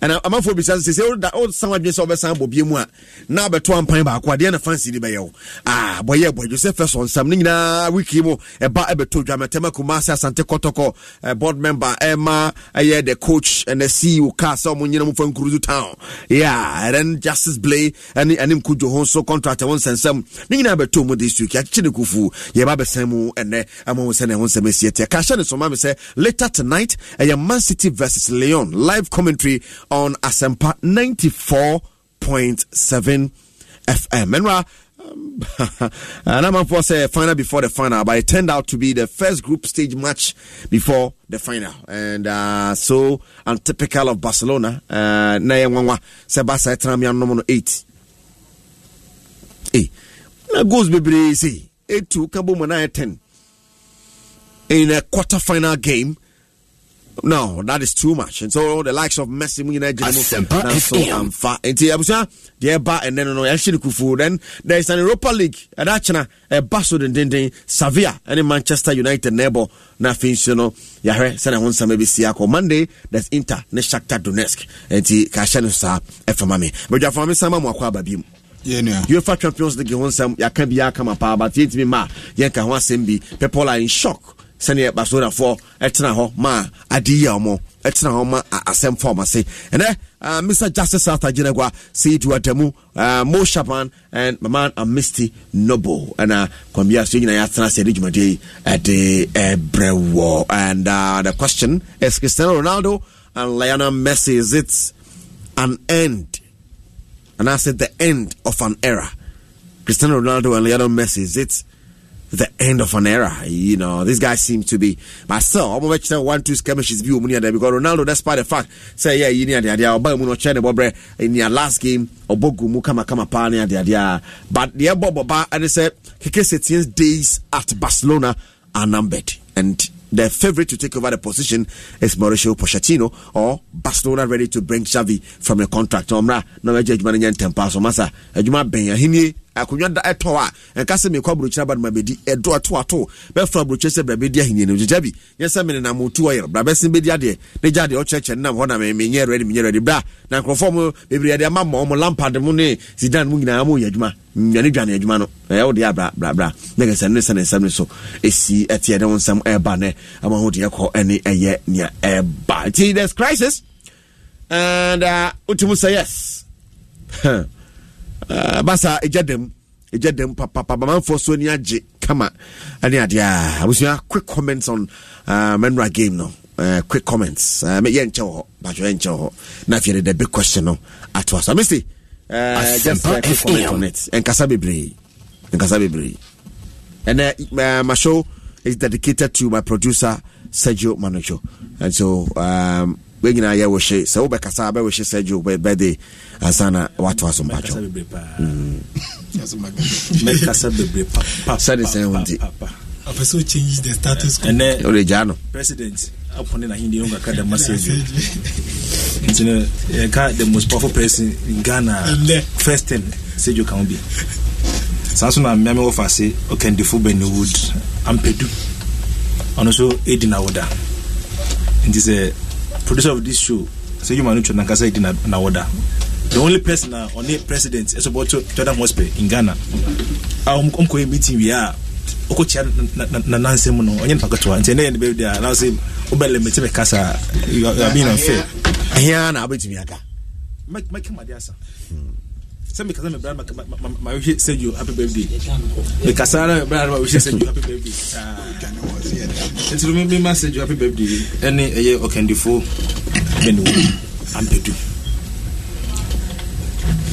And say amanfoɔ bisa sɛ sɛ wosan wadwene sɛ wobɛsan bɔ bie mu a na abɛto back what the na fansi de bɛyɛ wo ah bɔyɛ bɔdwo sɛ fɛ sɔnsam ne nyinaa wiki mu ɛba ɛbɛto dwamatɛma kuma sɛ asante kɔtɔkɔ a board member Emma, eh, coach, and the coach ceo car sɛ from nyina town yeah then justice blay and ɛne nkudwo ho nso contract ɛho nsɛnsɛm ne nyinaa bɛto mu this week yɛakyekyere ne kufu yɛba bɛsɛn and ɛnɛ ama ho sɛ ne ho nsɛm asiɛ tiɛ ka hyɛ ne sɔma later tonight eh, A man city versus leon live commentary on Asempa 94.7 FM. And uh, um, and I'm for say final before the final, but it turned out to be the first group stage match before the final, and uh, so untypical of Barcelona. Uh, na yengwa sebasa etramian number eight. Eh na goes be say eight two kabo mana ten in a quarter final game. no that is too much and so the likes of Messi mu and so mu na so amfa nti abusua The ɛba and then you yɛhyɛ no kufuo then there is an Europa League and that's ɛda kyena ɛba then dendenden Sevilla ɛne Manchester United Nebo na ɛbɔ na afei nso no yɛahwɛ sɛne ho nsɛm bɛsi akɔ Monday That's Inter ne Shakhtar Donetsk and nti kahyɛ no saa ɛfama me badwafa me sama mu akɔ aba bimu yeah, UEFA Champions League ho nsɛm be biaa come up, but it's me, ma a yɛnka ho asɛm bi people are in shock sɛdeɛ barcelonafoɔ ɛtena hɔ ma adeɛ yi a wɔn ɛtena hɔ ma asɛm fɔm ase ɛnɛ mr justice arthur jinagua seyidu adamu mo shaban and my man uh, misty noble ɛna uh, kwambi aso nyinaa yɛatena ase ɛde dwumadie yi ɛde ɛbrɛ wɔ and uh, the question is cristiano ronaldo and lionel messi is it an end and i said the end of an era cristiano ronaldo and lionel messi is it the end of an era. You know, this guy seems to be. But son. I'm going to one two skirmishes view because Ronaldo, despite the fact, say yeah, you need the buy Oba mu no chene bobre in your last game. Obogu mu kama kama pa ne idea. But the Bob Oba and they say Kike days at Barcelona are numbered and the favorite to take over the position is Mauricio Pochettino or Barcelona ready to bring Xavi from a contract. Omra, no, I'm not going to be able I do it. akonnwa da ɛtɔ a nka sɛ mekɔ aburokyire aba no ma bɛdi ɛdɔ ato ato bɛfra aburokyire sɛ bra bɛdi ahenia no gyegya bi nyɛ sɛ mene nam otu ɔyere bra bɛsen bɛdi adeɛ ne gya adeɛ ɔkyerɛkyerɛ nam hɔ na menyɛ rɛde menyɛ rɛde bra na nkurɔfoɔ mu bebree ɛde ama ma ɔmo lampade mu ne sidan mu nyinaa moyɛ adwuma nwane dwane adwuma no ɛyɛ wode abra brabra ne kɛ sɛ ne sɛ ne nsɛm ne so ɛsi ɛteɛ ne wo nsɛm ɛba nɛ ama ho deɛ kɔ ne ɛyɛ nea ɛba nti there's crisis and uh, wotum sɛ yes Eh, basa ɛgya dɛm ɛgya dɛm papapa bamanfoɔ so ani agye kama ɛne adeɛ a ah, abusua quick comments on uh, eh, menra game no uh, quick comments uh, yɛnkyɛ wɔ hɔ batwɛ yɛnkyɛ wɔ hɔ na afei de big question no atoa so amese uh, just uh, quick comment on it nkasa bebree nkasa bebree ɛnɛ uh, my show is dedicated to my producer sergio manocho and so um, we nyinaa yɛ wɔhye sɛ wobɛkasa bɛwɔhye sɛ gye wobɛde ansa na watoa so mpatwsɛde sɛ ho nti apɛ sɛ ɔchange the status ɛnɛ ɔde gyaa no president apɔne nahende yɛ kaka dama sɛdwo nti no yɛka the most powerful person in ghana first ten sɛdwo ka ho bi saa so na mmea me wɔfa se ɔkandifo bennywood ampɛdu ɔno so ɛdi na woda nti sɛ producer of this show sɛ yuma no twɛ nankasa di na wɔda the only person a ɔne president ɛsopɔtɔ jordan hospital in ghana ah, um, um, a ɔmkɔyɛ meeting wie a ɔkɔkyia nanansɛm no ɔnyɛ nipa ketewa nti ɛnɛ yɛ ne bɛbi deɛ anaw sɛ wobɛlɛmɛte bɛka saa you are being unfair ɛhia na wobɛtumi aka mɛkɛmade asa hmm. sɛ mekasa me brada mawehwɛ sɛ yo happy birthday mekasa ara me brada mawehwɛ sɛ yo happy birthday ɛnti ah. mema sɛ yo happy birthday ɛne ɛyɛ ɔkandifo bɛne wo ampɛdu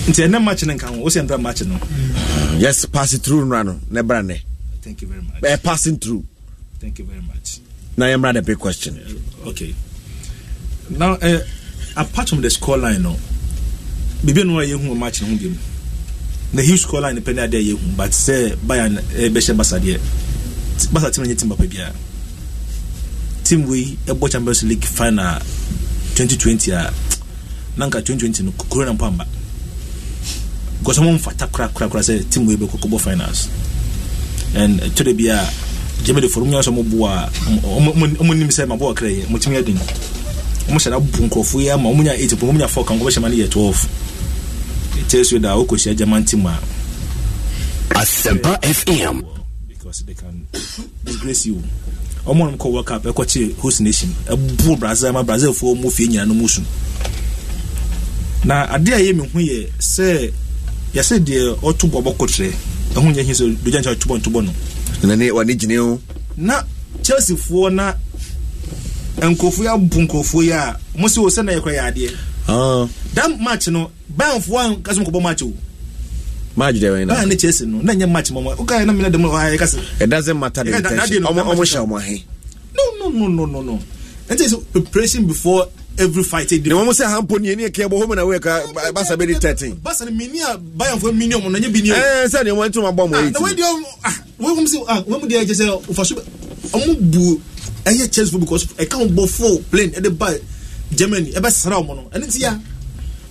nti ɛnɛ match no nka ho wosɛ ndra match no yes pass through nra ne bra ne thank you very much eh, passing through thank you very much now yɛmmra the big question okay now uh, apart from the score line no biribi no a yɛhu wɔ match no ho bi na hill score line pɛ ne adeɛ yɛhu but sɛ bayern ɛbɛhyɛ eh, basa deɛ basa team no nyɛ team papa biara team wei ɛbɔ champions league final 2020 a na nka 2020 no kuro na mpo amba because ɔmo mfata korakorakora sɛ team wei bɛkɔ kɔbɔ finals and ɛtɔ eh, de bi a germany foro mu nyɛ sɛ ɔmo bo a ɔmo nim sɛ ma bɔ ɔkra yɛ ɔmo team yɛ den ɔmo hyɛ na bu nkurɔfoɔ yi ama ɔmo nya 8 ɔmo nya 4 kan ɔmo bɛhyɛ ma no yɛ 12 tells you that okosia german team are asempa fm because they can disgrace you ọmọ nom kọ world cup ẹkọ kye host nation ẹbu brazil ma brazil fo ọmọ fie nyina no mu sun na adeɛ a ɛyɛ me ho yɛ sɛ yɛsɛ deɛ ɔto bɔ bɔ kotrɛ ɛho nyɛ hin sɛ dogya nkyɛ ɔtobɔ ntobɔ no nane wane gyine o na chelsea foɔ na nkurɔfoɔ yi abu nkurɔfoɔ yi a mo sɛ o sɛ na yɛkɔ yɛ ah. that match no banfo a kasɛ mkɔbɔ match o match dɛ wɛn na ban ne chelsea no na nyɛ match mɔmɔ o ka na mina dɛm o ayɛ ah, kasa. it doesn't matter the intention ɔmɔ ɔmɔ hyɛ ɔmɔ ahe. no no no no no no n tɛ sɛ preparation before every fight. ni wɔn sɛ hampo ni yɛn kɛ bɔ home na wɛ ka basa bɛ di thirteen. basa ni mini a bayan fɔ mini ɔmɔ na nye bi eh, ni o. ɛɛ sɛ ni wɔn tún ma bɔ ɔmɔ yi ti. wɔn di ɔmɔ wɔn mu se ah wɔn mu di ɛjɛ sɛ ofaso ɔmɔ bu ɛyɛ chelsea because ɛka wɔn bɔ four plane ɛde ba germany ɛbɛ sara ɔmɔ no ɛni ti ya. Mm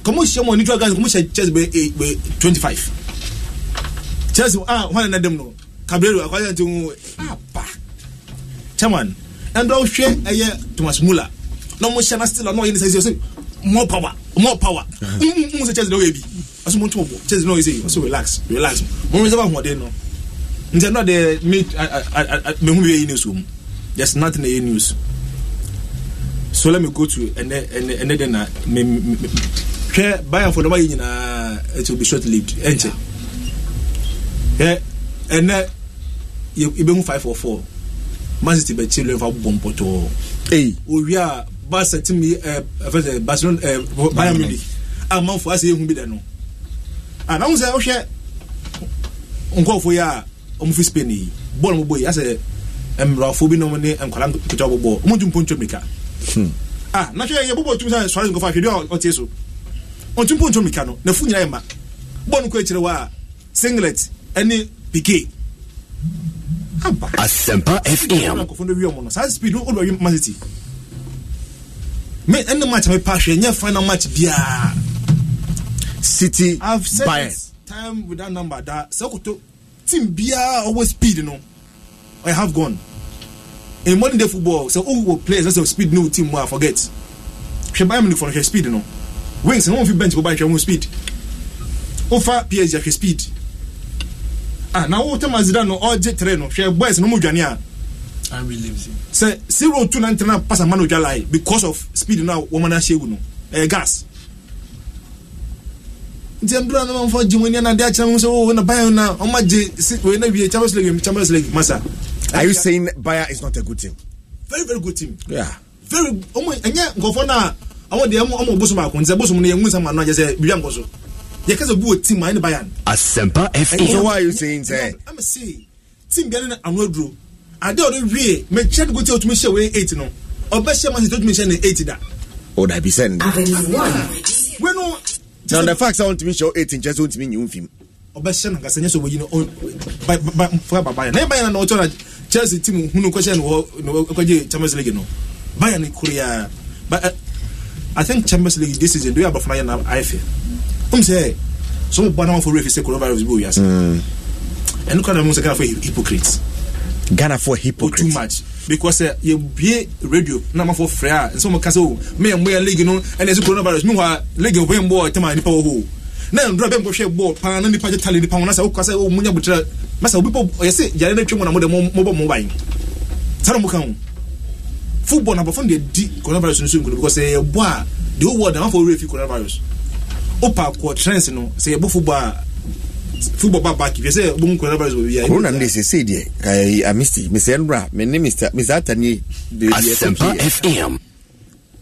kɔmɔ hyɛ mu nitwa gas kɔmɔ hyɛ chelsea bɛ eh, e twenty five chelsea ah wɔn nana dɛm no cabrero akɔyɛ ti hu apa chairman ɛndɔ hwɛ ɛyɛ thomas muller na wɔn hyɛ na still na wɔn yɛ more power more power n n sɛ chelsea na wɔyɛ bi ɔsɛ mo n tɔ bɔ chelsea na sɛ ɔsɛ relax relax mo n sɛ wɔn ahoɔden no nti ɛnɔ de mi mehu yɛ news wɔ mu there's nothing yɛ news so let me go to ɛnɛ ɛnɛ ɛnɛ de na me me me hwɛ bayafo nɔba yi nyinaa it will be short lived ɛnkyɛ hɛ ɛnɛ yɛbɛhu five or four Man, masiti bɛkyi lɛnfa bɔ mpɔtɔɔ eyi owia barca team yi ɛ fɛn sɛ barcelona ɛ bayern munich a manfo ase ehun bi da no a n'ahun sɛ ɔhwɛ nkɔɔfo yi a wɔn fi spain yi bɔɔl mo bɔ yi asɛ mmerɛwafo bi nom ne nkwadaa nkutu abobɔ wɔn tun pɔntɔ mirika hmm. a n'ahwɛ yɛ bɔbɔ tum sɛ sɔre nkɔfa ahwɛ bi a ɔte so ɔntwempo ntwom mika no nafo nyina ɛma bɔ no kɔ akyirɛ singlet ɛne pike aba asɛmpa fm nkɔfo no wiɛ mu no saa speed no ɔdɔ ma city me ɛne match me pa hwɛ nyɛ final match biaa city i've time with that number that sɛ team biaa ɔwɔ speed no i have gone in modern day football sɛ so, wowɔ players sɛ speed no team mu a forget hwɛ bayern munich fɔ no hwɛ speed no wings na wọn fi bench bọba nhwɛ wọn speed wofa psg ahwɛ speed ah na wo tẹmọ azida no ɔgye tere no hwɛ boys no mu dwane a sɛ zero two nine three pass ama na odwa lie because of speed eh, na wɔn mana ahyɛ egu no ɛyɛ gas nti ɛdura na mamfa gye wɔn ani ade akyerɛ mu sɛ wo na bayern na wɔn agye si wɔn na wie champions league champions league masa. are you saying bayern is not a good team. very very good team. Yeah. very ɔmo ɛnyɛ nkɔfɔ naa àwọn deɛ ɔmɔ bosom baako nsɛ bosom no yɛ nwunsam ano yɛ sɛ biribi ankɔ so yɛ kasa obi wɔ team a ɛne bayan. asempa fm so why you saying sɛ. i'm say team bi ɛne ano aduro ade ɔde wie mɛkyɛ de gote otumi hyɛ wɔyɛ eight no ɔbɛhyɛ man city otumi hyɛ ne eight da. o da bi sɛ nda. wenu. na the fact sɛ ɔn tumi hyɛ o eight nkyɛn so ɔn tumi nyi o nfin. ɔbɛhyɛ na nkasa nyɛ sɛ wɔyi no fura ba bayan na yɛ bayan na ɔtɔ na chelsea team hunu kɔhyɛ no wɔ kɔgye champions league no bayan korea. I think Champions League this season do you have a fire now? I feel. Um say some banana for if you say coronavirus bo yes. Hmm. And look at them say Ghana for hypocrites. Ghana for hypocrites. Too much because uh, you be radio na for free ah, and some can say oh, me and league you know and there's coronavirus me wa league when boy time my pa ho. Oh, oh. now ndra be mbo hwe ball pa na ni pa je tale ni pa say o kwasa o munya butra. Masa obi po yesi yare na twem na mo de mo mo ban. Sara mo football na abɔfra no di coronavirus no so because sɛ eh, yɛbɔ a the whole world amanfoɔ wura fi coronavirus opa kɔ trends no sɛ yɛbɔ football a football ba back fɛ sɛ ɔbɛmu coronavirus wɔ bia corona de sesei deɛ amisti eh, mesɛ nnora me ne mr atanie asɛmpa fm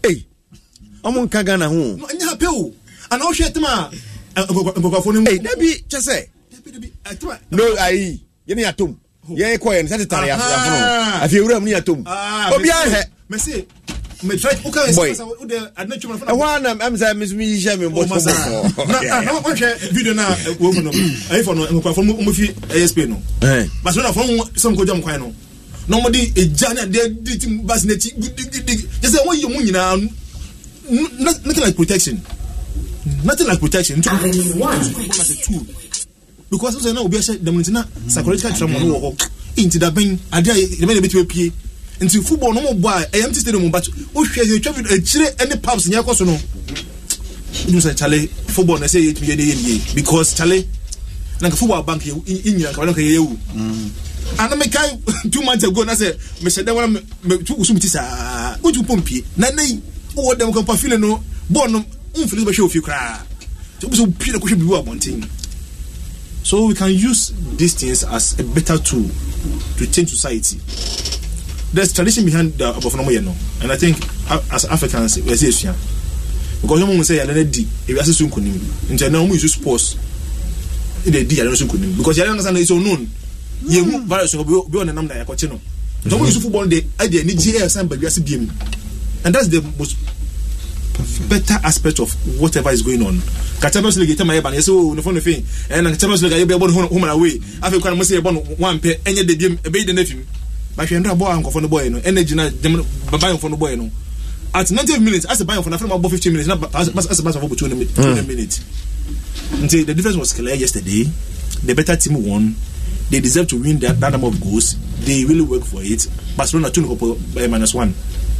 ei ɔmo nka ghana ho nyɛ apɛ o ana wohwɛ tam a nkɔkwafoɔ eh, no mu dabi kyɛ sɛ no ayi yɛne yɛatom yɛkɔyɛ no sɛ tetare afono afei wura mu ne yɛtɔ mu obiaa hɛ ɛhɔ a na m sɛ me so meyihyɛ me mbɔtɔbɔhwɛ video no a wɔ mu no ɛyifɔ no nkwafo mɔfi asp no basonafoɔ sɛ mkɔgya mkwan no na ɔmɔde ɛgya ne adeɛ de tim bas n'akyi gidigidigi kyɛ sɛ wɔyɛ mu nyinaa nothing like protection nothing like protection nti two because sɛ na obi ahyɛ dɛm nti na psychological trauma no wɔ hɔ nti dabɛn adeɛ a yɛbɛn na ebɛtumi apue nti football no mo bɔ a ɛyɛ mt stadium ba ohwɛ yɛ twɛ video akyire ɛne pubs nyɛ kɔ so no ɛdum sɛ kyale football na ɛsɛ yɛ yɛtumi yɛ de yɛ nie because kyale nanka football bank yɛ nyina nkaba nanka yɛ yɛ wu mm. ana meka two months ago na sɛ mehyɛ dɛ wɔn na tu wusum ti saa wotu pɔ mpie na ne yi wɔ dɛm kɔmpa fili no bɔɔl no nfili bɛhwɛ ofie koraa o bɛ sɛ o pie na kɔhwɛ bibi wɔ abɔnten. So we can use these things as a better tool to change society. There's tradition behind the abofonomo yẹn no, and I think as Africans we say esua because ọmọ mu say yàrá di ebi ase so nkunim nti ẹnna ọmọ use sports ẹna di yàrá so nkunim because yàrá nkasa na it's unknown hmm. yẹn mu virus ọbi ọbi ọ nenam na yàkọ kye no nti hmm. ọmọ use football de ẹdi ẹni gye ẹ san baabi ase bie and that's the most better aspect of whatever is going on ka champions league tɛ ma yɛ ba ne sɛ o ne fɔ ne na champions league a yɛ bɛ home and away afei kwan mo se yɛ bɔ ne one pɛ ɛnyɛ de biem ɛbɛyi de ne fim bahwɛ ndra bɔ ankɔfɔ ne bɔ yɛ no ɛna gyina jɛm bayɔfɔ ne bɔ yɛ no at ninety minutes ase bayɔfɔ na afɛn ma bɔ fifteen minutes na ase bayɔfɔ bɔ two hundred hmm. minutes nti the difference was clear yesterday the better team won they deserve to win that, that number of goals they really work for it barcelona two ne kɔpɔ eh, minus one.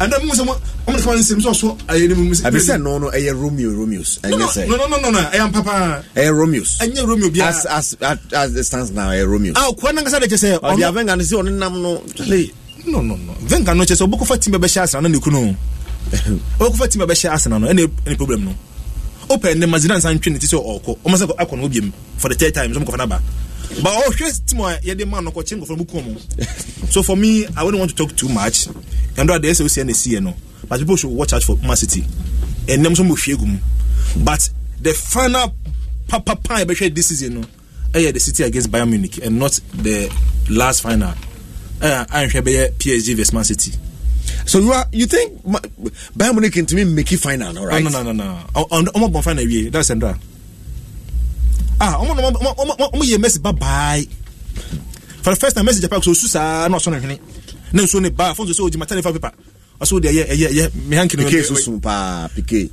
and then musa mo mo kama nsɛm sɛ ɔsɔ ayɛ ne mu musa. abisɛ no no ɛyɛ eh, romeo romeos ɛnyɛ sɛ. no no no no no ɛyɛ eh, mpapa. ɛyɛ eh, romeos. ɛnyɛ romeo bi. as as as it stands now ɛyɛ romeos. a ah, kura nankasa de kyɛ sɛ. ɔbi avɛnga ne sɛ ɔne nam no. no no no venga no kyɛ sɛ ɔbɛkɔfa tim bɛbɛhyɛ asena no ne kunu ɔbɛkɔfa tim ne mazina nsa ntwe ne ti sɛ ɔkɔ ɔmo sɛ akɔ no obiem for the third time sɛ ɔmo kɔfa n'aba but ɔhwɛ tim a yɛde ma no kɔkye nkɔfra mu kɔn mu so for me i wouldnt want to talk too much ɛndɔ adeɛ sɛ osia na esiɛ no but people should watch out for man city ɛnam so mo hwie gu mu but the final papapa a yɛbɛhwɛ this season no ɛyɛ the city against bayern munich and not the last final ɛyɛ ahwɛ bɛyɛ psg vs man city. So you are you think Bayern Munich can to me make it final, all right? No, no, no, no. no. I'm, I'm, I'm final. That's Sandra ah ɔmo na ɔmo yɛ Messi babae for the first time Messi japan so osu saa na ɔsɔ ne hwene ne nso ne ba afɔnso sɛ ogyima tani fa pepa ɔsɔ de ɛyɛ ɛyɛ ɛyɛ mihankini. pique soso paa pique.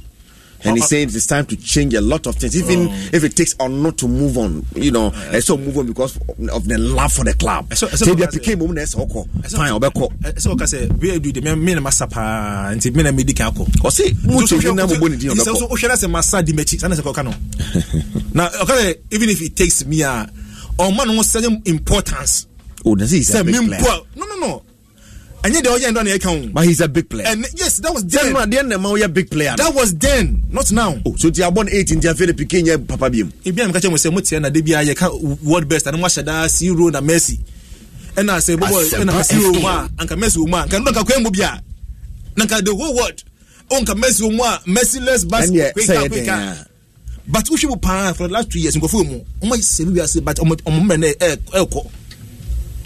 and he uh-huh. says it's time to change a lot of things, even oh. if it takes or not to move on. You know, uh, so move on because of the love for the club. So they became women as Oko. Fine, Obeko. So I say, where do the men masapa and the men medical? Or oh, see, Mutu the Mubuni. So Oshana say and Dimechi, Sana Sakokano. Now, okay, even if it takes me a ah, or man who certain importance. Oh, does he say? No, no, no. ɛnyɛ deɛ ɔyɛ ndɔ na yɛka but he's a big player. and yes that was then. big player. that was then not now. o oh, so ti abọ́ ní eight nti afẹ́ de pikin yẹ papa bi mu. ibi àmì kakyɛ mo sɛ mo tiɛ na de bi world best ani mo ahyɛ daa zero na mercy ɛna sɛ bɔbɔ ɛna mercy wɔ mu a anka mercy wɔ mu a nka ndɔ nka kɔɛ mu bi a nanka the whole world o nka mercy wɔ mu a merciless basket kweka kweka but wohwɛ mu paa for the last two years nkɔfo wɔ mu ɔmo ayɛ sɛ ebi ase but ɔmo ɔmo mmerɛ no ɛɛkɔ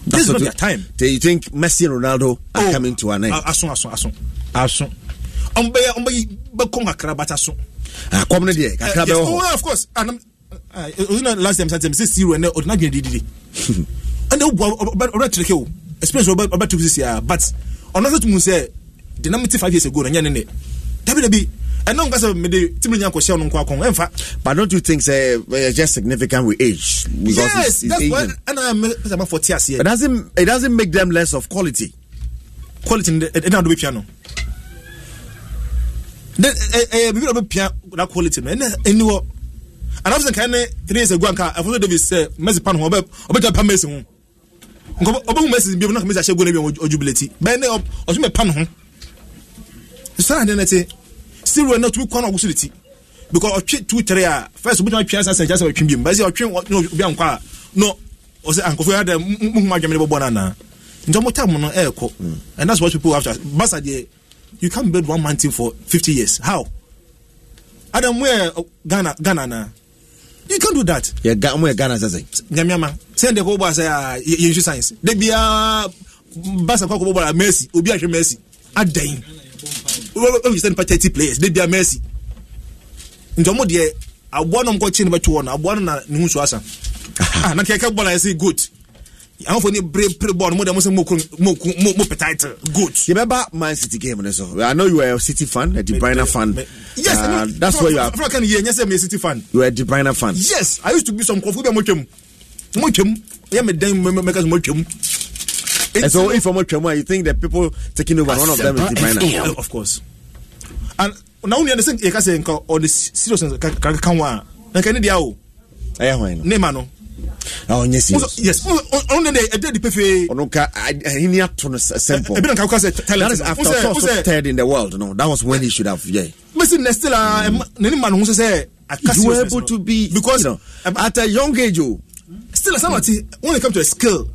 this is not your time. Do you think Messi and Ronaldo are oh, coming to an end? Asun, asun, asun, asun. Ombe, ombe, bekom akra bata asun. Ah, kom ne die. Akra be Oh, of course. And uh, you know, last time, I said time, say zero and ordinary did it. And oh, but already tricky. Especially about about two years, but another thing we say, the number five years ago, and yeah, yeah, yeah. Dabi, ɛno nka sɛ mede timi nya kɔhyɛ no nko ɛmfa but don't you think sɛ uh, eh, eh, just significant with age because yes, it's, it's that's Asian. why ɛna mɛsɛ it doesn't it doesn't make them less of quality quality ɛna eh, do bɛtwa no then ɛɛ bibi na bɛpia that quality no ɛna ɛni hɔ anafisɛ nkae ne three years ago anka afonso davis sɛ mɛsi pan ho ɔbɛ ɔbɛtwa pa mɛsi ho nkɔbɔ ɔbɛhu mɛsi bi mu na mɛsi ahyɛ go na bi ɔjubileti bɛn ne ɔtun bɛ pan ho sɔrɔ adi na ti zero na tumi kwan ɔgusu ne ti because ɔtwe two three a first obi tuma twɛn san sɛnkyɛn sɛ ɔtwe bi mu bɛsi ɔtwe obi ankɔ a no ɔsɛ ankɔfo yɛ dɛ mu kuma adwamɛ ne bɔ bɔ nana nti ɔmo time no ɛɛkɔ mm. and that's what people have to ask basa deɛ you can build one mountain for fifty years how adam mo yɛ uh, ghana ghana na you can do that. yɛ ga mo yɛ ghana sɛsɛ. nyamiama sɛn de ko bɔ asɛ aa yɛ nsu science de bia basa kɔ kɔ bɔ bɔ la mercy obi ahwɛ mercy adan when we send pa thirty players they a mercy nti ɔmo deɛ aboa na ɔmo kɔ kye ne bɛto hɔ no aboa no na ne ho so asa ah, na kɛkɛ bɔl a yɛsɛ goat ahofo ni bere bere bɔl mo de mo sɛ mo kun mo kun mo mo petaite goat. yɛbɛba man city game ne so i know you are a city fan a de bruyne fan. yes uh, no, that's why you are. fúlọ̀ kan yìí ẹ̀yẹ́sẹ̀ mi a city fan. you are a de bruyne fan. yes i used to be some kọfú bẹ́ẹ̀ mo twẹ́ mu mo twẹ́ mu yẹ́n mi dẹ́n mẹ́kẹ́sì mo twẹ́ mu. And so, if I'm a tremor, you think that people taking over one of them is the divine? Of course. And now you understand, you can say, or the serious Kakawa, and can it out? ɛyɛ hwan no. nema no. awo n ye si. yes ɔn de ɛdɛ di pefe. ɔno ka ahini ato no simple. ebi na nka k'a sɛ talent. that is after Thor was third in the world no that was when he should have yeah. mesi nɛsi la nani ma nuhu sɛsɛ. you were able to be. because you know, at a young age o. Oh. still somebody when it come to a skill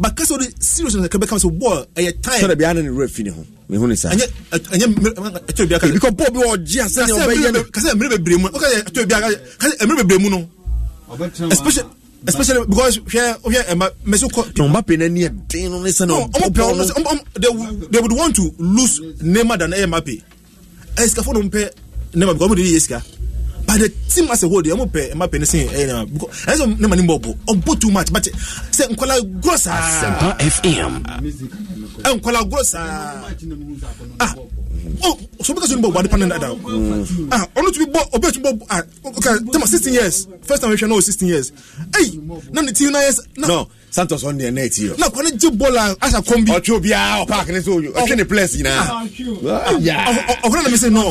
but kasi o de serious na kebe kama so ball ɛyɛ time. sɔrɔ bi a nana wura fi ne ho ne ho ne sa. ɛnyɛ ɛnyɛ mɛ ɛtɔ bi a kan. ebi kɔ bɔɔl bi wɔ ji ase ni ɔbɛ yɛ no. ɛmiri bɛ bere mu ɔkɛ ɛtɔ bi a kan ɛmiri bɛ bere mu no. especially because hwɛ hwɛ ɛma mɛsi kɔ. na ɔmba pe n'ani yɛ den no ne sani ɔmba pe ɔmba pe ɔmba they would want to lose neema than ɛyɛ ma ɛsikafo no mpɛ neema because ɔmba de yɛ sika but the team as a whole, the ɔmo pɛ ɛma pɛ ne sin ɛyɛ nama because ɛsɛ ne ma ni bɔ bɔ ɔbɔ too much but eh, sɛ nkɔla goro saa. Asempa FM. Eh, nkɔla goro saa. ah oh so because onipa wade panel dada ah ɔno tun bi bɔ ɔbɛ tun bɔ ah okay tell sixteen years first time we share no sixteen years ɛyi na ne ti na yɛ. no santos wọn deɛ nɛɛti yɔ. nakɔ ne gye bɔɔla asa kɔn bi. ɔtwe obiara ɔpaaki ne so oyo ɔtwe ne plɛs nyinaa. ɔkura na mi se nɔ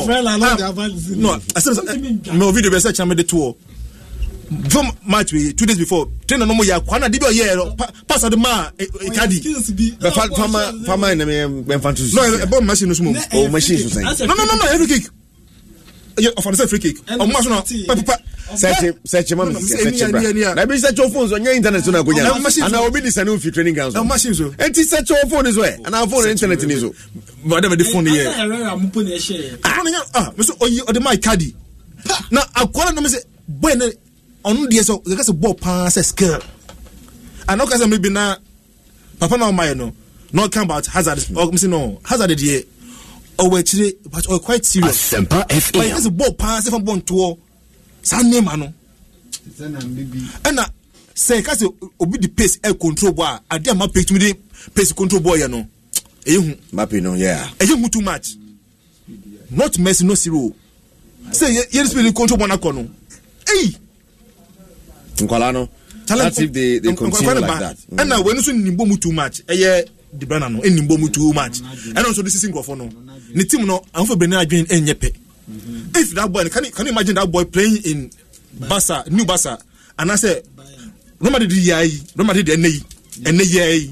nɔ ɛsɛ mɛ o video bɛ sɛ kyɛn bɛ de to wɔ jɔn match wey two days before train na ɔmo yɛ akɔ ana dibi ɔyɛ yɛrɛ pass adi maa ikadi. bɛ fa fama fama yɛ nɛmɛ bɛnfa tuntun. n'o eh, yɛ bɔ machine nusu mu. o oh, machine nusu sɛn. no no no no every kick. ɔfanisɛ free kick ɔmo ma sɔn na pɛpɛpɛ sɛkye sɛkye ma mesɛkye bra na bi sɛkye wo phone so nyɛ internet so na akonya ana obi de sane wofi training ground so enti sɛkye wo phone so ɛ ana phone no internet ni so bɔdɛ bɛde phone yɛ meso ɔyi ɔde ma ikadi na akwara no me sɛ bɔɛ ne ɔno deɛ sɛ ɛka sɛ bɔɔ paa sɛ skill ana woka sɛ me bi na papa na ɔmayɛ no na ɔka about hazard ɔmse oh, no hazard deɛ ɔwɔ akyire but ɔyɛ oh, quite serious ɛka sɛ bɔɔ paa sɛ fa bɔɔ ntoɔ saa nneɛma no ɛna sɛ ka sɛ obi de pace ɛ control bɔ a adeɛ a ma pace tumi de pace control bɔ yɛ no ɛyɛ hu mapi no yɛ a ɛyɛ hu too much not mercy no zero sɛ yɛn speed de control bɔ n'akɔ no ɛyi. nkwalaa no that's if they they continue like that. Mm. ɛna wɔn nso nimbo mu too much ɛyɛ de brana no ɛnimbo mu too much ɛna nso de sisi nkurɔfoɔ no ne team no ahosuo benin adwene ɛnyɛ pɛ. Mm-hmm. If that boy, can you, can you imagine that boy playing in Basa, New Basa, and I say Roma did the Roma did the Nei, and Nei Yai,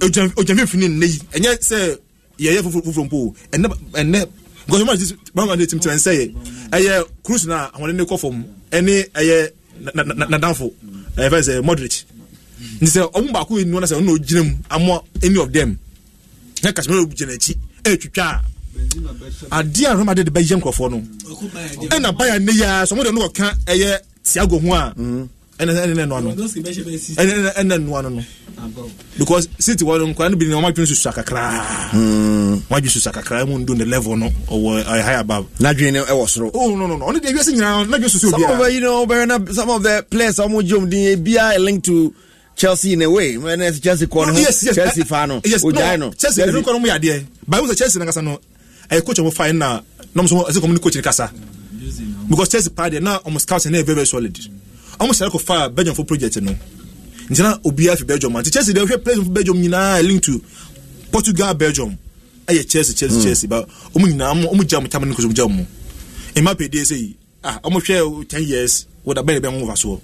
Ojami Finin Nei, and yet say, from Fufumpo, and never, and never. Because how much this Roma did eh, him to and say, Aye, cruise now, I want to call from any Aye eh, Nadanfo, eh, if I say Modric. He said, Ombaku, no one said, no, Jim, I'm more any of them. Oh, Nakashmiro eh Echucha adeɛ a roma de de bɛyɛ nkurɔfoɔ no ɛna baya ne yɛ a sɔmo de no wɔka ɛyɛ tiago ho a ɛnɛ ɛnɛ noa no ɛnɛ ɛnɛ noa no no because city wɔ no no bi na wɔn adwene susu akakra wɔn adwene susu akakra ɛmu ndo ne level no ɔwɔ ɛyɛ high above. n'adwene no ɛwɔ soro. oh no no no ɔno de ewiase nyinaa n'adwene susu obiara. some of the you know bɛrɛ na some of the players a wɔn jom din ebia linked to. Chelsea in a way when Chelsea kɔ no Chelsea fa no o gya no Chelsea ɛnu kɔ no mu yɛ adeɛ baabu sɛ Chelsea nankasa no ɛyɛ coach ɔmo fine na n'ɔmo so ɛsɛ kɔmu ni coach ni kasa because chelsea paa deɛ na ɔmo scouting na very very solid ɔmo sɛ ɛkɔ fa belgium fo project no nti na obiara fi belgium nti chelsea deɛ ɔhwɛ players fo belgium nyinaa link to portugal belgium ɛyɛ chelsea chelsea hmm. chelsea ba ɔmo nyinaa ɔmo gya ɔmo tamani koso ɔmo gya ɔmo mma pɛ die sɛ yi ah ɔmo hwɛ ten years wɔda bɛyɛ bɛyɛ ɔmo fa soɔ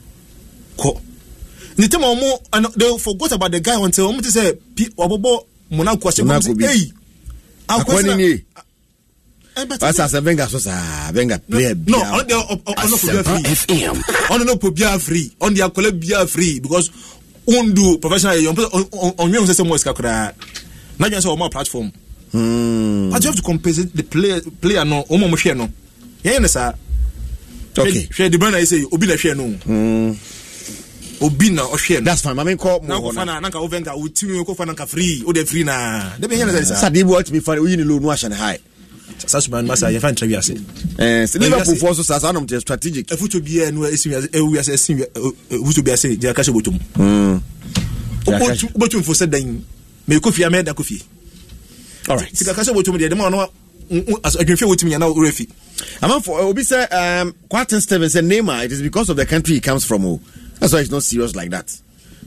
kɔ ne tɛm ɔmo and they forgot about the guy until ɔmo ti sɛ pi ɔbɔbɔ monaco ahyɛ kɔm ti eyi akɔni ni ye. Eh, pasa sɛ venga so saa venga player bia ɔno deɛ ɔno ko bia free ɔno no po bia free ɔno deɛ akɔla bia free because won do professional yɛ ɔnwe ho sɛ sɛ mo sika koraa na dwan sɛ ɔmo a platform hmm. but you have to compensate the player player no ɔmo ɔmo hwɛ no yɛn yɛn saa okay hwɛ de brand na yɛ sɛ obi na hwɛ no hmm. obi na ɔhwɛ no that's fine maame nkɔ mu hɔ na nanka wo venga wo timi wo kɔ fa nanka free wo de free na de bɛ yɛn na sɛ saa sadi ibu ɔtumi fa oyi ni loan wo ahyɛ ne high saa suban masa yɛfa ntra wiase eh, liverpool fɔ so saa saa tɛ strategic ɛfoto biaa eh, eh, hmm. no ɛwiase ɛsi ɛfoto biaa sɛ gyaka hyɛ bɔtɔ mu wobɛtu mfo sɛ dan mɛkɔ fie amɛda kɔ fie sikaka sɛ bɔtɔ mu deɛ dɛma ɔno adwemfie wɔtumi nyana worɛ fi amanfo obi sɛ um, Steven said Neymar it is because of the country he comes from oh. that's why he's not serious like that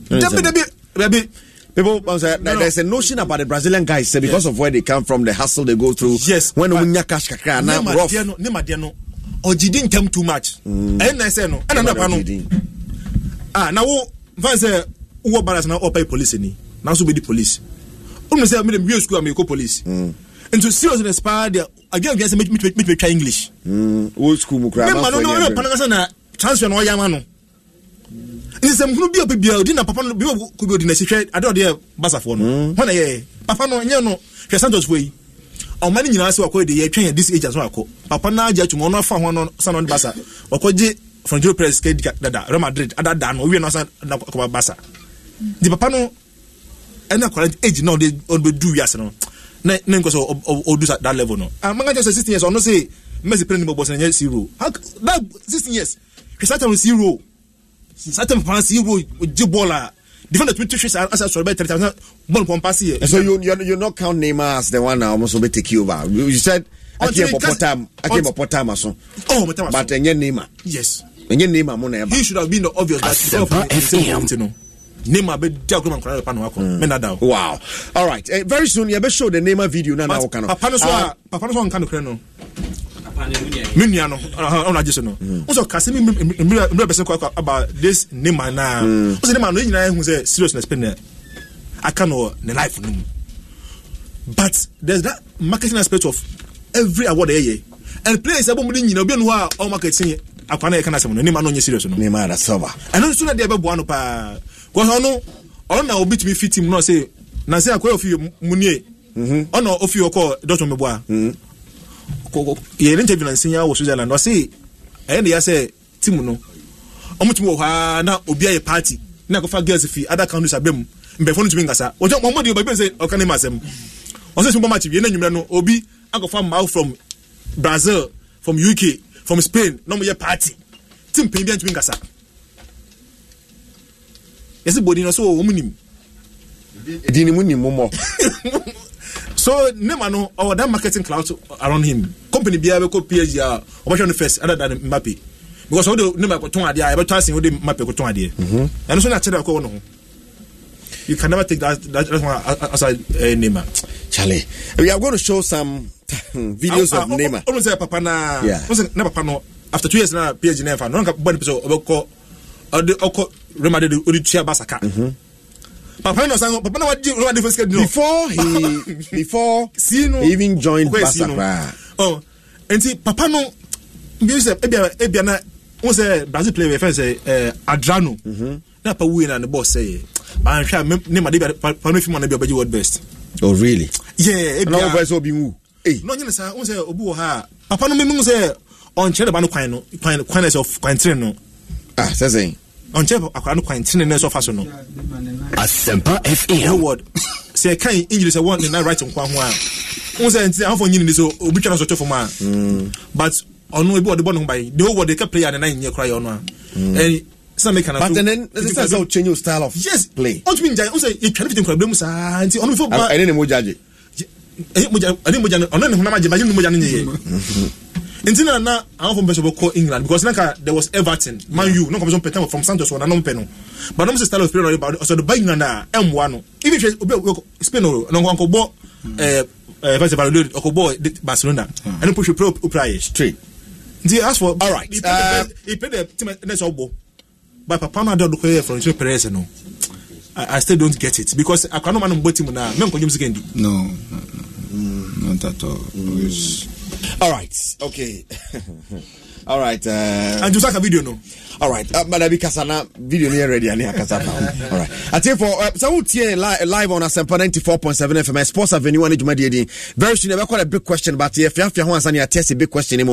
dabi dabi dabi People, saying, no, there's a notion about the Brazilian guys say, eh, because yes. of where they come from, the hustle they go through. Yes, when we cash kaka na rough. Nema diano, ojidi ntem too much. Mm. Eh, and I say no, and another know. Ah, now van say wo now, na pay police ni. Now so be the police. Unu say me dem real school am go police. Into mm. serious and inspired there again again say me meet me try English. Mm. old school mu kra. Me man no no pano na transfer no yama no nsɛmhunu bi a obi biara odi na papa no bi obi odi na esi hwɛ ade ɔdeɛ basafoɔ no wɔn hmm. na yɛ papa no nyɛ no hwɛ santos fo yi ɔman no nyinaa sɛ wakɔ de yɛ twɛn yɛ dis age aso akɔ papa no agye atum ɔno afa ho no san ɔne basa wakɔ gye frontiro press kɛ dika dada real madrid adada no owie no san na akɔba basa Di papa no ɛne akɔla age na ɔde ɔde du wiase no na ne nkɔ sɛ ɔdu that level no amanga ah, kyerɛ sɛ sixteen years ɔno se messi pɛrɛ ne bɔbɔ sɛ ne nyɛ zero that sixteen years hwɛ sɛ atam zero certain pass yi wo ji ball a defender tumi tu hwesa asa sɔrɔ bɛyɛ tɛrɛtɛrɛ bɔl pɔn pass yɛ. so you you you no count Neymar as the one na ɔmo so bɛ take you over you said akiyɛ bɔ pɔtam akiyɛ bɔ pɔtam aso but ɛnyɛ Neymar. yes ɛnyɛ Neymar mo na ɛba. he should have been the obvious that he was the first one Neymar bɛ di agorɔ ma nkɔla yɛrɛ pa na wakɔ hmm. mɛ na da o. wow all right uh, very soon yɛ bɛ show the Neymar video na na o kan no. papa nisɔn papa nisɔn nkan no kɛrɛ no. me nua no ɔno agye so no wosɛ kase me mmerɛ bɛsɛ kɔ aba this nema naa wosɛ nema no ɛnyinaa hu sɛ serious na spɛn na aka no ne life no mu but there's that marketing aspect of every award ɛyɛ and players ɛbɔ mu de nyina obi anu hɔ a ɔwɔ marketing akwa na yɛka na asɛm no nema no nyɛ serious no nema na sɔba ɛno nso na deɛ bua no paa kɔsɛ ɔno ɔno na obi tumi fit mu na ɔsɛ nansi akɔyɛ ofi mu nie ɔna ofi ɔkɔ dɔtɔn mi bɔ yɛyɛ interview na nsenya wɔ switzerland ɔse ɛyɛ ne ya sɛ tim no ɔmotumi wɔ hɔ na obi ayɛ party na akɔfa girls fi other countries abɛ mu no tumi nkasa ɔjɔ ɔmɔ deɛ ɔbɛbi sɛ ɔka ne ma asɛm ɔsɛ sɛ no obi akɔfa mouth from brazil from uk from spain na ɔmo yɛ party team panyin bi antumi nkasa yɛsi bɔ nim. edinimu mɔ. so nema no ɔwɔ that marketing cloud around him company biara bɛkɔ psg a ɔbɛhwɛ no first other than mbappe because wode nema kɔtɔn adeɛ a yɛbɛtɔ asen wode mbappe kɔtɔn adeɛ ɛno mhm. so na akyerɛ akɔ wɔ no ho you can never take that that, that one as a uh, eh, Neymar. Charlie, we are going to show some videos uh, uh, of uh, Neymar. Almost say Papa na. Yeah. Almost na Papa no. After two years na PSG never. No one can buy the person. Obeko. Ode oko remade the odi tuya basaka. Mm-hmm papa na sango papa na wadi na wadi first kedi no. before he before si no he even joined pastor kra. ọ nti papa no bi sẹ ebia ebia na n sẹ brazil player wey fẹ sẹ ẹ eh, adrano mhm. na pa wuye na ne ball sẹ yẹ ba n hwẹ ne ma de bi papa no fi mu na bi ọbẹ ji world best. oh really. yeah ebia ọlọmọ bẹsẹ obi n wu. n'ọnyẹ nisa n sẹ obi wọ ha papa no mímú sẹ ọ̀nkyẹrẹ ba no kwan no kwan kwan ẹsẹ kwan tiri no. ah sẹsẹyin ɔnkyɛ akwara no kwan tene ne sɔfa so no asɛmpa fam word sɛ ɛka engyiri sɛ wɔ ne na right nkwa ho a wo sɛ nti ahɔfo nyini ni so obi twa no so twefo mu a mm. but ɔno ebi wɔde bɔ ne ho bae the whole world ɛka player ne na nyɛ kora yɛ ɔno a mm. sanni kana so but then this is how change your style of yes play ɔtumi ngya ɔsɛ etwa ne fitin kora bere mu saa nti ɔno bifo ba ɛne ne mo gya gye ɛne mo gya ɛne mo gya ɔno ne honam agye ba ɛne ne mo gya ne nyɛ yɛ nti na na amanfo mpɛ sɛ wɔbɛkɔ england because nanka there was everton man u na nkɔmɛsɛ mpɛtɛn from santos wɔn nanom pɛ no but ɔnom sɛ style of play ɔyɛ ba ɔsɛ ɔde ba england a ɛmboa no even if obi ɔkɔ spain ɔyɔ na nkɔnkɔbɔ ɛɛ ɛɛ fɛsɛ valladolid ɔkɔbɔ barcelona ɛne pɔhwɛ play opera yɛ straight nti as for all right he play the uh, best he play team ɛnɛsɛ ɔbɔ but papa naa de ɔdokɔ yɛ florentino perez no I, still don't get it because akwanoma no mbɔ team na mɛ nkɔnyom sika ndi. no no no mm. not at all. Mm. All right. Okay. All right. Uh, and just like a video, no. All right. Uh, but Madabi Kasana, video near ready. I need a Kasana. All right. I tell you for, uh, so here li- live on Asempa seven FM, eh, Sports Avenue, and Juma Dedi. Very soon, I've eh, got a big question, but if you have one, hands on test, a big question, and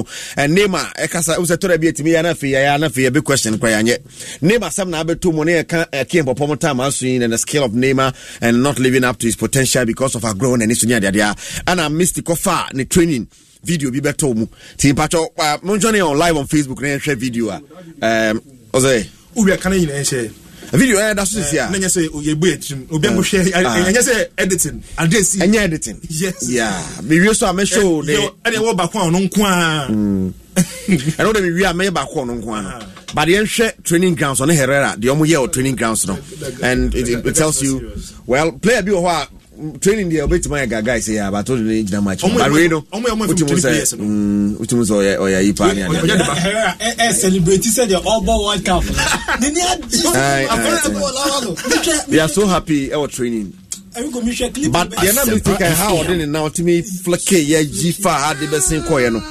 Nema, a Kasa, was a total bit to me, and if you have a big question, cry, eh, and Nema, some be two money came for Pomo time, I'm seeing the scale of Nema and not living up to his potential because of our growing and his and I uh, missed the Kofa in the training. video bi bɛtɔ mu nti mpatwɛ monjoine on live on facebook na yɛhwɛ video a ɔsɛ wowia ka no nyina ɛhyɛ video ɛyɛ da so sisi a ɛnyɛ sɛ yɛbu ɛtirim obi ɛmu ah. hwɛ ah. ɛnyɛ sɛ editing ade si ɛnyɛ editing yes yeah mewie so a mɛhyɛ o de ɛna ɛwɔ baako a ɔno nko a mm. ɛna ɔde mewie a mɛyɛ baako a ɔno nko a no ah. but yɛnhwɛ training grounds ɔne herrera deɛ ɔmo yɛ wɔ training grounds no and it, it, it tells you well player bi wɔ hɔ a training deɛ obetuma yɛ gaga sɛ yɛ abato de gyina match barui no mm, sɛ ɔyɛ ɔyɛ they are so happy ɛwɔ training but deɛ na mi ha ɔde ne na ɔtumi flake yɛ gyi fa ha bɛsen kɔɛ no.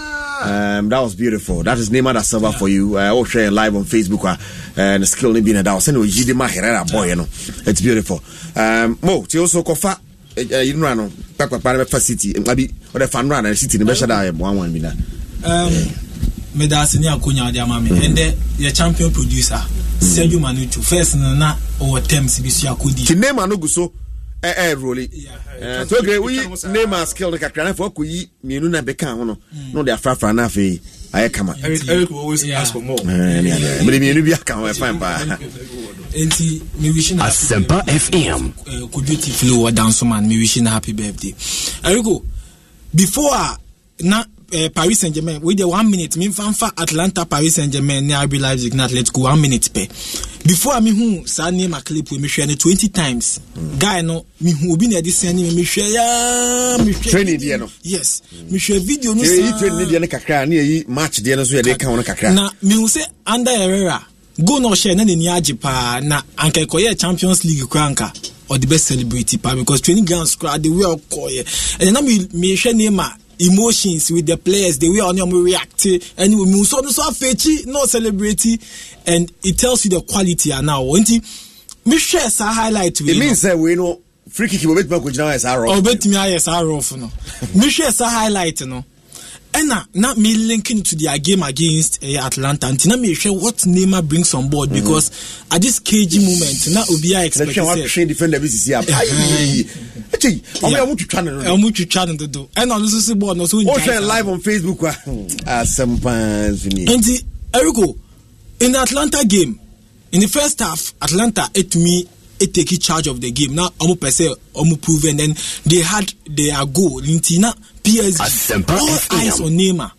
Um, that was beautiful. That is Neymar da Silva for you. Uh, I uh, will share live on Facebook. Uh, and skill ni being a down. Send Jidima Herrera boy, you know. It's beautiful. Um, Mo, also Kofa ɛyi nura no kpakpakpa ne bɛ fa city abi ɔdɛ fa nura na city ne bɛ hyɛ da ayɛ bɔn bi na. meda ase ne akonya ɔde ama mi ɛndɛ mm. yɛ eh, champion producer mm. sergio manucho first na na ɔwɔ terms bi so akodi. ti neema no gu so ɛ ɛ roli ɛɛ togire woyi neema skill ne kakra ne fɔ ɔkò yi mienu na bɛ ho no mm. n'o de afrafra n'afɛ yi ayɛ kama. eric always ask for more. ɛɛ mɛ de mienu bi aka ho ɛ paa nti mi wish na asempa fm eh, kojú ti fili wọ dansoman mi wish happy birthday eriko before a ah, na uh, paris saint germain wey dey one minute mi nfa nfa atlanta paris saint germain ní rb leipzig ní atletico one minute pe. before ah, mi hu saa ma clip wey mi hwẹ ni twenty times guy no mi hu obi na ẹdi sẹni mi mi hwẹ yaa mi hwẹ training deɛ no yes mi hwɛ video no saa yɛ yi training deɛ no kakra ne yɛ yi match deɛ no so yɛ de ka wɔn kakra na mi hu sɛ under herrera goal na ɔhyɛ na n'ani agye paa na anka ɛkɔyɛ champions league koraa anka ɔde bɛ celebrate paa because training grounds koraa the way ɔkɔɔyɛ ɛnna na mehwɛ neema emotions with the players the way ɔne ɔmo react ɛne ɔmo nso ɔno nso afɛkyi na ɔcelebrate and it tells you the quality ana wɔ nti mehwɛ saa highlight wei. it means sɛ wei no free kick obetumi akɔgyina ayɛ saa rɔf. obetumi ayɛ saa rɔf no mehwɛ saa highlight no ɛna na me linking to their game against uh, Atlanta nti na me hwɛ what Neymar brings on board mm-hmm. because at this cagey moment na obi a expect sɛ ɛhwɛ wɔn defender bi sisi apa ayi ɛkyɛ ɔmo yɛ ɔmo twitwa ne dodo ɔmo twitwa ne dodo ɛna ɔno soso bɔɔl na ɔso n jaa ɔhwɛ live on Facebook wa ah. hmm. asɛm paa sunni. nti eriko in the Atlanta game in the first half Atlanta etumi it taking charge of the game. Now Omu Pese, Omu Prove, and then they had their goal. Lintina, PSG, all eyes on Neymar.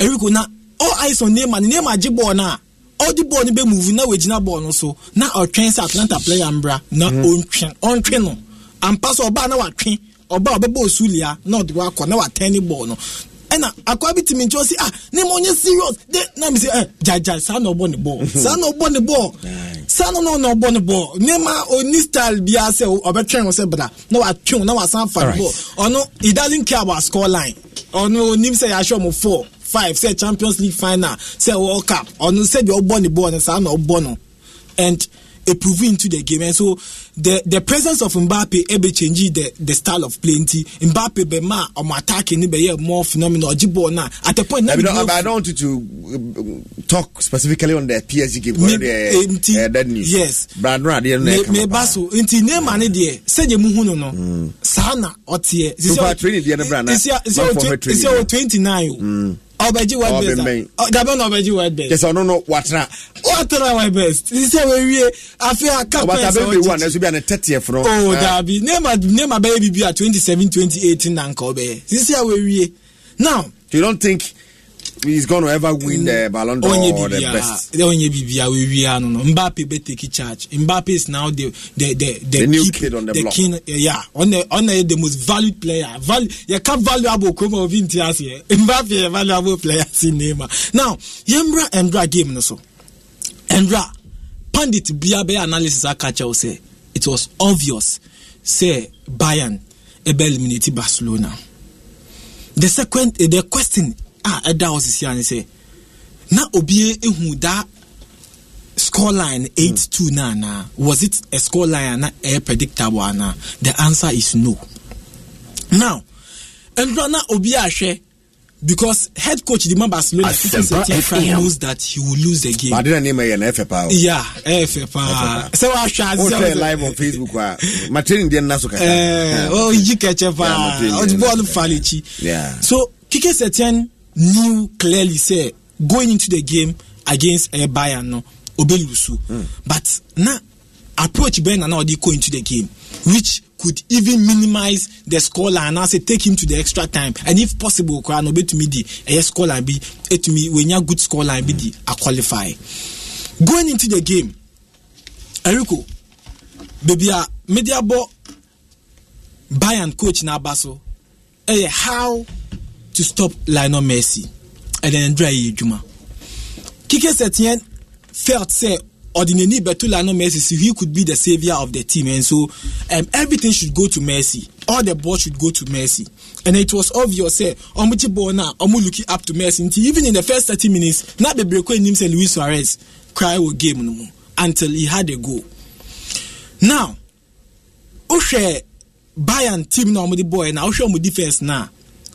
Eric na all eyes on Neymar. Neymar Jibo na. All the ball be moving now. wejina ball no so. now. Our sɛ Atlanta play player on train, on train no. I'm Ampa so ɔbaa train? watwɛn ɔbaa ɔbɛbɔ osulia Now the work now watɛn ne ball no ɛna akwa bi tìmí nkyɛn si ah ne mo nye serious de na mi si ɛ jaja saa na ɔbɔ ne bɔ saa na ɔbɔ ne bɔ saa na ɔna ɔbɔ ne bɔ ne ma oni style bi ase ɔbɛtwɛn oh, sɛ bra na wa twɛn na wa san fa ne bɔ ɔno he doesn't care about score line ɔno onim sɛ yahyɛ ɔmo four five sɛ champions league final sɛ world cup ɔno sɛ deɛ ɔbɔ ne bɔ no saa na ɔbɔ no and. A prove into the game. And so the, the presence of Mbappe ebe change the, the style of play. Mbappe be ma or attacking be more phenomenal. Jibo na at the point. I, don't want you to um, talk specifically on the PSG game. Me, the, eh, uh, news. Yes. Brad Rad. Me baso. Inti ne mane die. Se je muhunu no. Mm. Sana otie. Super training die na brand. Is your 29 ọbẹji word best dabẹ na ọbẹji word best. kẹsàn-án nínú wàtúrà. wàtúrà word best sísẹ wo ewie àfihàn cap ẹ̀ sọ jíjí ọbàtà bẹ́ẹ̀ wà n'ẹ̀sùn bí i tẹ́tì ẹ̀ fúnra. o dàbí neema bẹ́ẹ̀ bíbí à twenty seven twenty eighteen na nkà ọbẹ̀ yẹ sísẹ wo ewie now. you don't think he's going to ever win the mm. Ballon d'Or or the best. Onye Bibia we we are no Mbappe be take charge. Mbappe is now the the the the, the new kid on the, the block. King, yeah, on the on the, the most valued player. Value you can valuable come of Intias here. Mbappe a valuable player see Neymar. Now, Yembra Endra game no so. Endra pundit bia be analysis akacha say it was obvious say Bayern ebe eliminate Barcelona. The second the question a ɛda hɔ sisi ani sɛ na obi ehu da score line eight mm. two na ana was it a score line ana ɛyɛ predictable ana the answer is no now ndura na obi ahwɛ because head coach di ma barcelona fifty seventy knows that he will lose the game. madina ni ma yɛ na ɛfɛ paa o. ya ɛfɛ paa sɛ wa hwɛ ase. o tɛ live on facebook wa matrini diɛ nna so kaka. ɛɛ o yi kɛkyɛ paa o bɔɔlu fa ci. so kike sɛtiɛn knew clearly say going into the game against uh, Bayern no obelusu mm. but na approach bẹ́ẹ̀ na na ọdí go into the game which could even minimize the scoreline and now say take him to the extra time and if possible koraa na obetumi di be eh, scoreline bi etumi eh, wenya good scoreline bi di a qualify going into the game eriko beebi a ah, media bɔ Bayern coach na so Eh how to stop Lionel Messi ɛdɛ ndra yɛ adwuma Kike Setien felt sɛ ɔde n'ani bɛto Lionel Messi so he could be the saviour of the team and so um, everything should go to Messi all the ball should go to Messi and it was obvious sɛ eh, ɔmo gye ball na ɔmo looking up to Messi nti even in the first thirty minutes na bebree kɔ enim sɛ Luis Suarez cry wɔ game no mu until he had a goal now wohwɛ Bayern team na ɔmo de ball yɛ na wohwɛ ɔmo defence na.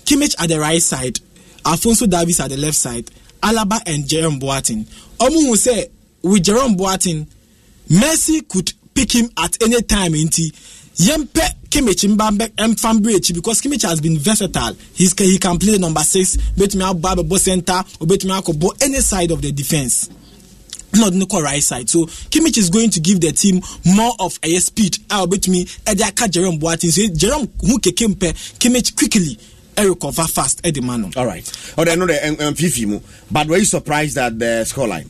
Kimmich at the right side, Alfonso Davies at the left side, Alaba and Jerome Boateng. Omu will say with Jerome Boateng, Messi could pick him at any time nti yɛmpɛ Kimmich mbambɛ mfam bi ekyi because Kimmich has been versatile He's, he can play number six obetumi abɔ abɛbɔ center obetumi akɔbɔ any side of the defence not no kɔ right side so Kimmich is going to give the team more of a speed a obetumi ɛde aka Jerome Boateng so Jerome who keke mpɛ Kimmich quickly ɛrecover fast ɛde ma no. alright ɔdɛ ɛnu dɛ mfifi mu but were you surprised at the scoreline.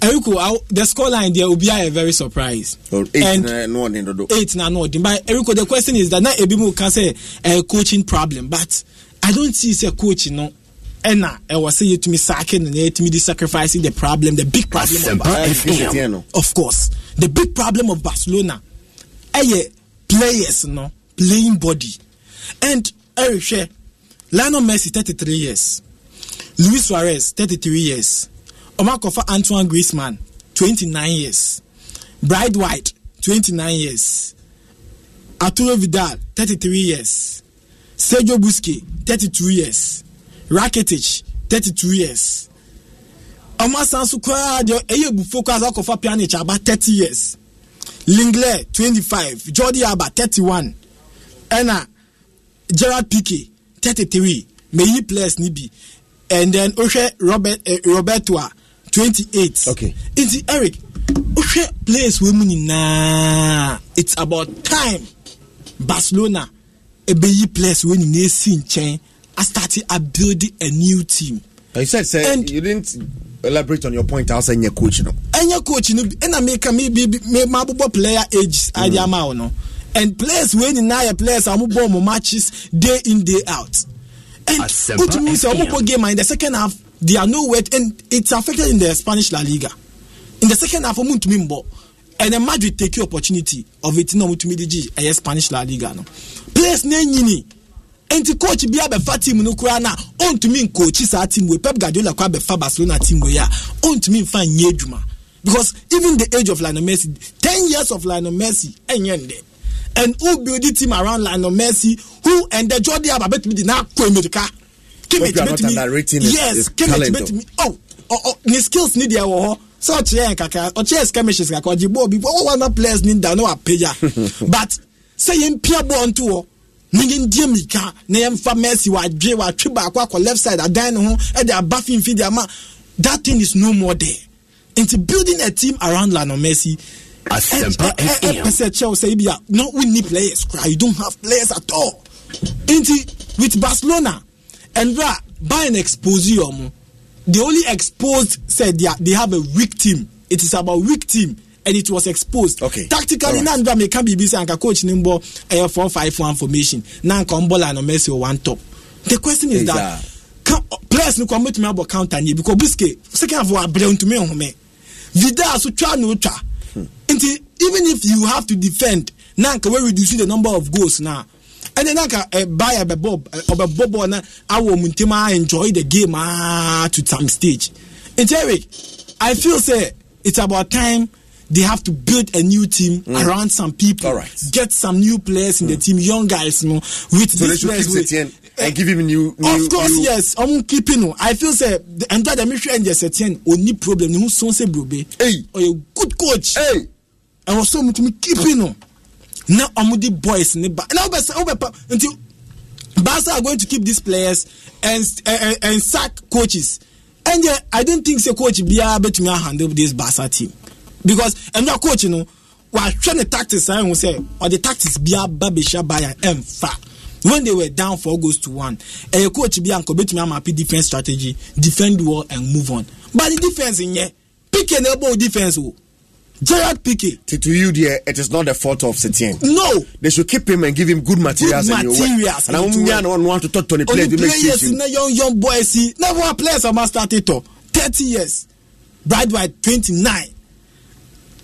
Eriku, I, the scoreline there, Obi are very surprised. Oh, eight and na no one do. Eight na no one. But Eriku, the question is that now Ebimu can say a coaching problem, but I don't see it's a coach, you know. ɛna ɛwɔ sɛ yɛtumi sacking na yɛtumi de sacrificing the problem the big problem of, uh, of course the big problem of barcelona ɛyɛ players no playing body and ɛrehwɛ lionel messi thirty three years luis suarez thirty three years ọmọkọfà antoine griezmann twenty nine years bride white twenty nine years arturo vidal thirty three years sergio busque thirty two years rakitic thirty two years ọmọ asan so koraa deɛ ɛyɛ ebufo koraa akofa ɔkɔfa pjanic aba thirty years lingler twenty five jordi aba thirty one ɛna gerard piquet thirty three meyi players ni bi and then ohwɛ robert uh, roberto a twenty eight. okay nti eric ohwɛ players wey mu nyinaa it's about time barcelona ebeyi players wey nyinaa esi nkyɛn I started a building a new team. you said say and, you didn't elaborate on your point ase your coach no. ɛnyɛ coach no ɛna meka mi bi mi ma bobɔ player ages mm. adi ama o no and players wey nyinaa yɛ players a wɔn bɔ wɔn matches day in day out and wotumi sɛ wɔn bɔ game in the second half they are nowhere and it's affected in the spanish la liga in the second half wɔn ntumi mbɔ and then madrid take your opportunity of it na wɔn ntumi de gyi eh, ɛyɛ spanish la liga no players na nyini the coach bi abɛfa team no kura na ɔntumi nkoochi saa team wei pep guardiola kɔ abɛfa barcelona team wei a ɔntumi nfa nyɛ adwuma because even the age of lionel messi ten years of lionel messi ɛnyɛ eh, ndɛ and who build the team around Lionel Messi who and the Jordi Alba betumi di n'akɔ America Kimmich betumi yes Kimmich betumi oh oh ne oh, skills ni deɛ wɔ hɔ sɛ ɔkyerɛ yɛn kakra ɔkyerɛ skirmishes kakra ɔgye bɔɔl bi wɔn wɔn na players ni da na wa paya but sɛ yɛn pia bɔɔl oh, nto wɔ ne yɛn die mirika na yɛn fa Messi wadwe watwe baako akɔ left side adan ne ho ɛde aba finfin de ama that thing is no more there nti building a team around Lionel Messi. Asempa FM. I said, Chelsea, say, yeah, no, we need players. Cry, you don't have players at all. Inti with Barcelona and Ra Bayern expose you. Um, they only exposed said they, are, they have a weak team. It is about weak team. And it was exposed. Okay. Tactically, right. Nandra may can be busy and coach Nimbo a eh, four five one formation. Nan Kombola and Messi one top. The question is that players no come to me about counter because Biske, second of all, I blame to me on me. Vida, so try no try nti even if you have to defend na nka wey reduce the number of goals na ɛnna na nka ɛbaa eh, ɛbɛbɔ eh, ɔbɛbɔ bɔɔl na awɔ ɔmo ntɛm a enjoy the game ah to some stage nti eric i feel say it's about time they have to build a new team mm. around some people. right. Get some new players in mm. the team, young guys, you know, with so this players and give him new. new of course new... yes I'm keeping him. i feel say the entire the mission and jẹsẹ tiẹn only ni problem ni n sọ se burobe. a good coach. ẹwọ sọ mu tumi kipi no na ọmọ di boys ni ba na now, sẹ ọbẹ until barca are going to keep these players and and, and sack coaches and yeah, i don't think say coach be able to handle this barca team because and ẹnna coach you know no wahwẹ ne tactics ayi say or the tactics be a bẹ by an ẹ nfa when they were down four goals to one ẹ̀yẹ eh, coach bi anko betumi ama pe defence strategy defend well and move on but the defence n yẹ Pique na ebo defence o. Gerard Pique. To, to you, dear, it is not the fault of Setien. No. They should keep him and give him good materials. Good materials. And, materials and I'm want to talk to the players. The players, you. young, young boys, see. Never players are started to 30 years. Bright White, 29. I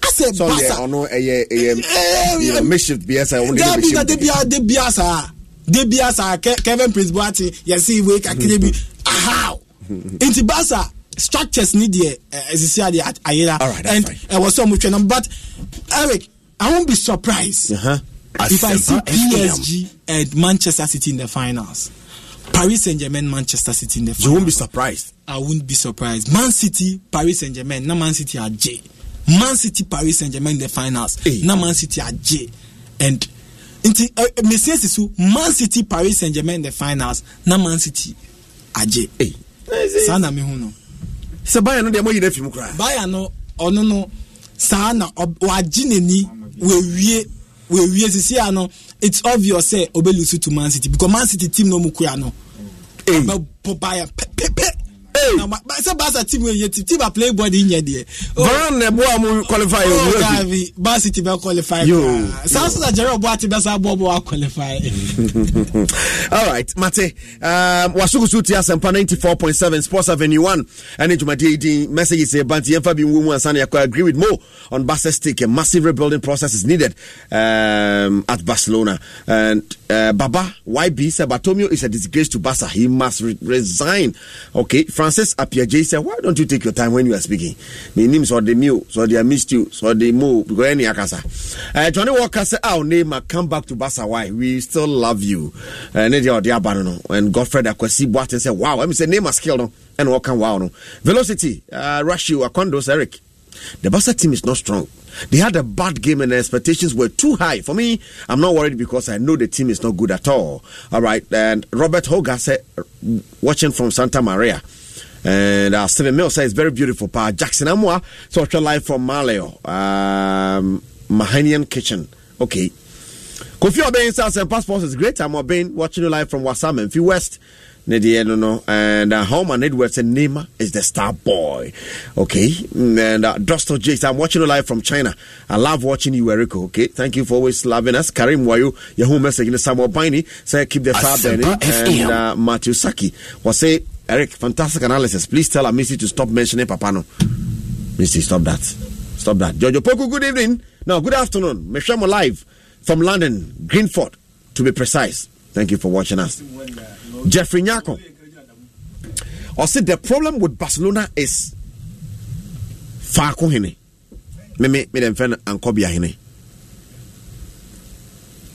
said, so, yeah, I know, uh, yeah, uh, uh, uh, uh, uh, uh, uh, de asa kevin prince boate yɛsi iwe kakiri bi ahaw nti basa structures ni deɛ ɛsisi adeɛ ayira. and ɛwɔ sɛ ɔmo twɛ but eric i won be surprised uh-huh. if i see psg and manchester city in the finals. Paris Saint Germain, Manchester City in the final. You won't be surprised. I won't be surprised. Man City, Paris Saint Germain, now Man City are J. Man City, Paris Saint Germain in the finals. Hey. Now Man City are J. And nti mesiesi so man city paris saint germain the finals na man city agye saa na mehu no sɛ baya no deɛ mɔyi no afi mu koraa baya no ɔno no saa na wagye n'ani wawie wawie sisi a no it's obvious sɛ Obelusu to man city because man city team no mu kura no abɛbɔ baya pɛpɛpɛ sɛ basa team yɛ a play ball nyɛ deɛ. varan qualify saa sisan jɛrɛ ɔbɔ ati bɛ sa a qualify. alright mate um, wasukusu ti asɛmpa ninety four point seven sports avenue one ɛne dwumadie yi din messages yɛ banti yɛn fa bi nwo mu asan yɛ agree with mo on basa stick a massive rebuilding process is needed um, at Barcelona and uh, Baba YB said Batomio is a disgrace to Basa. he must re- resign okay France. Apia Apiaje said, Why don't you take your time when you are speaking? Me name so the meal, so they missed you, so they move because any akasa. Uh, Johnny Walker said, Our name I come back to Basawai. We still love you. And uh, eh, and Godfred Akwasi Boatin said, Wow, I mean say name has killed." and what can wow no. Velocity, uh eh, Rashu, Akondos, Eric. The Basa team is not strong. They had a bad game and the expectations were too high. For me, I'm not worried because I know the team is not good at all. All right. And Robert Hoga said, watching from Santa Maria, and uh, Steven Mills says, very beautiful. Pa Jackson Amwa, social live from Maleo, um, Mahanian Kitchen. Okay. Kofi Obeng says, passport is great. I'm Obeng watching you live from Wasam, Few West. Nadia, no, home And uh, Homer Edwards and Nima is the star boy. Okay. And uh, Dostal Jakes, I'm watching you live from China. I love watching you, Eriko. Okay. Thank you for always loving us. Karim Wayo, your home message in the Samuel say, keep the fire burning. And uh, Matthew Saki was say, Eric, fantastic analysis. Please tell Amisi to stop mentioning Papano. Missy, stop that. Stop that. Jojo Poku, good evening. Now, good afternoon. Meshamo live from London, Greenford, to be precise. Thank you for watching us. Jeffrey Nyako. Also, the problem with Barcelona is Faako Hene. Meme, me, them friend, Ankobia Hene.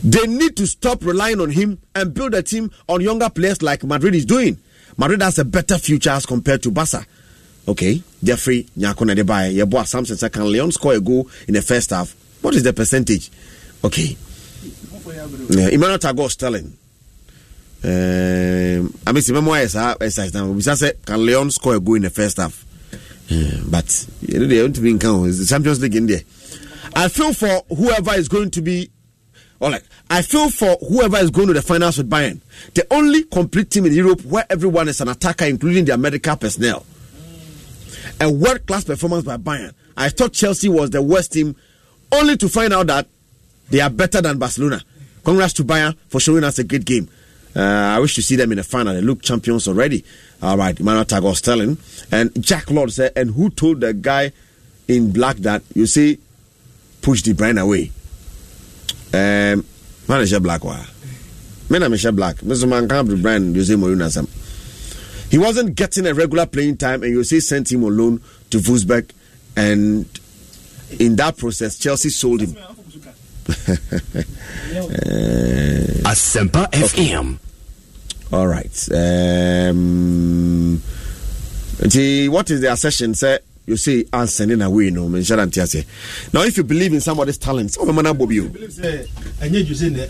They need to stop relying on him and build a team on younger players like Madrid is doing. Madrid has a better future as compared to Barca. Okay, Jeffrey Nyakone de Baye, your boy Samson Second, Leon score a goal in the first half? What is the percentage? Okay. Yeah, Emmanuel Tagos telling. Um, I mean, remember why exercise now. We said. can Leon score a goal in the first half? Yeah, but you know, they want to be in Champions League in there. I feel for whoever is going to be all right. I feel for whoever is going to the finals with Bayern. The only complete team in Europe where everyone is an attacker, including their medical personnel. A world class performance by Bayern. I thought Chelsea was the worst team, only to find out that they are better than Barcelona. Congrats to Bayern for showing us a great game. Uh, I wish to see them in the final. They look champions already. All right, Emmanuel Tagos telling. And Jack Lord said, and who told the guy in black that, you see, push the brand away? um, na hyɛ black wa me na mehyɛ black me so manka abdu brian jose mourinho asɛm he wasn't getting a regular playing time and jose sent him alone to Wolfsburg and in that process chelsea sold him Asempa okay. FM. All right. Um, what is the assertion? Say you say answer in a way no men shall say now if you believe in somebody's talents oh man bob you the,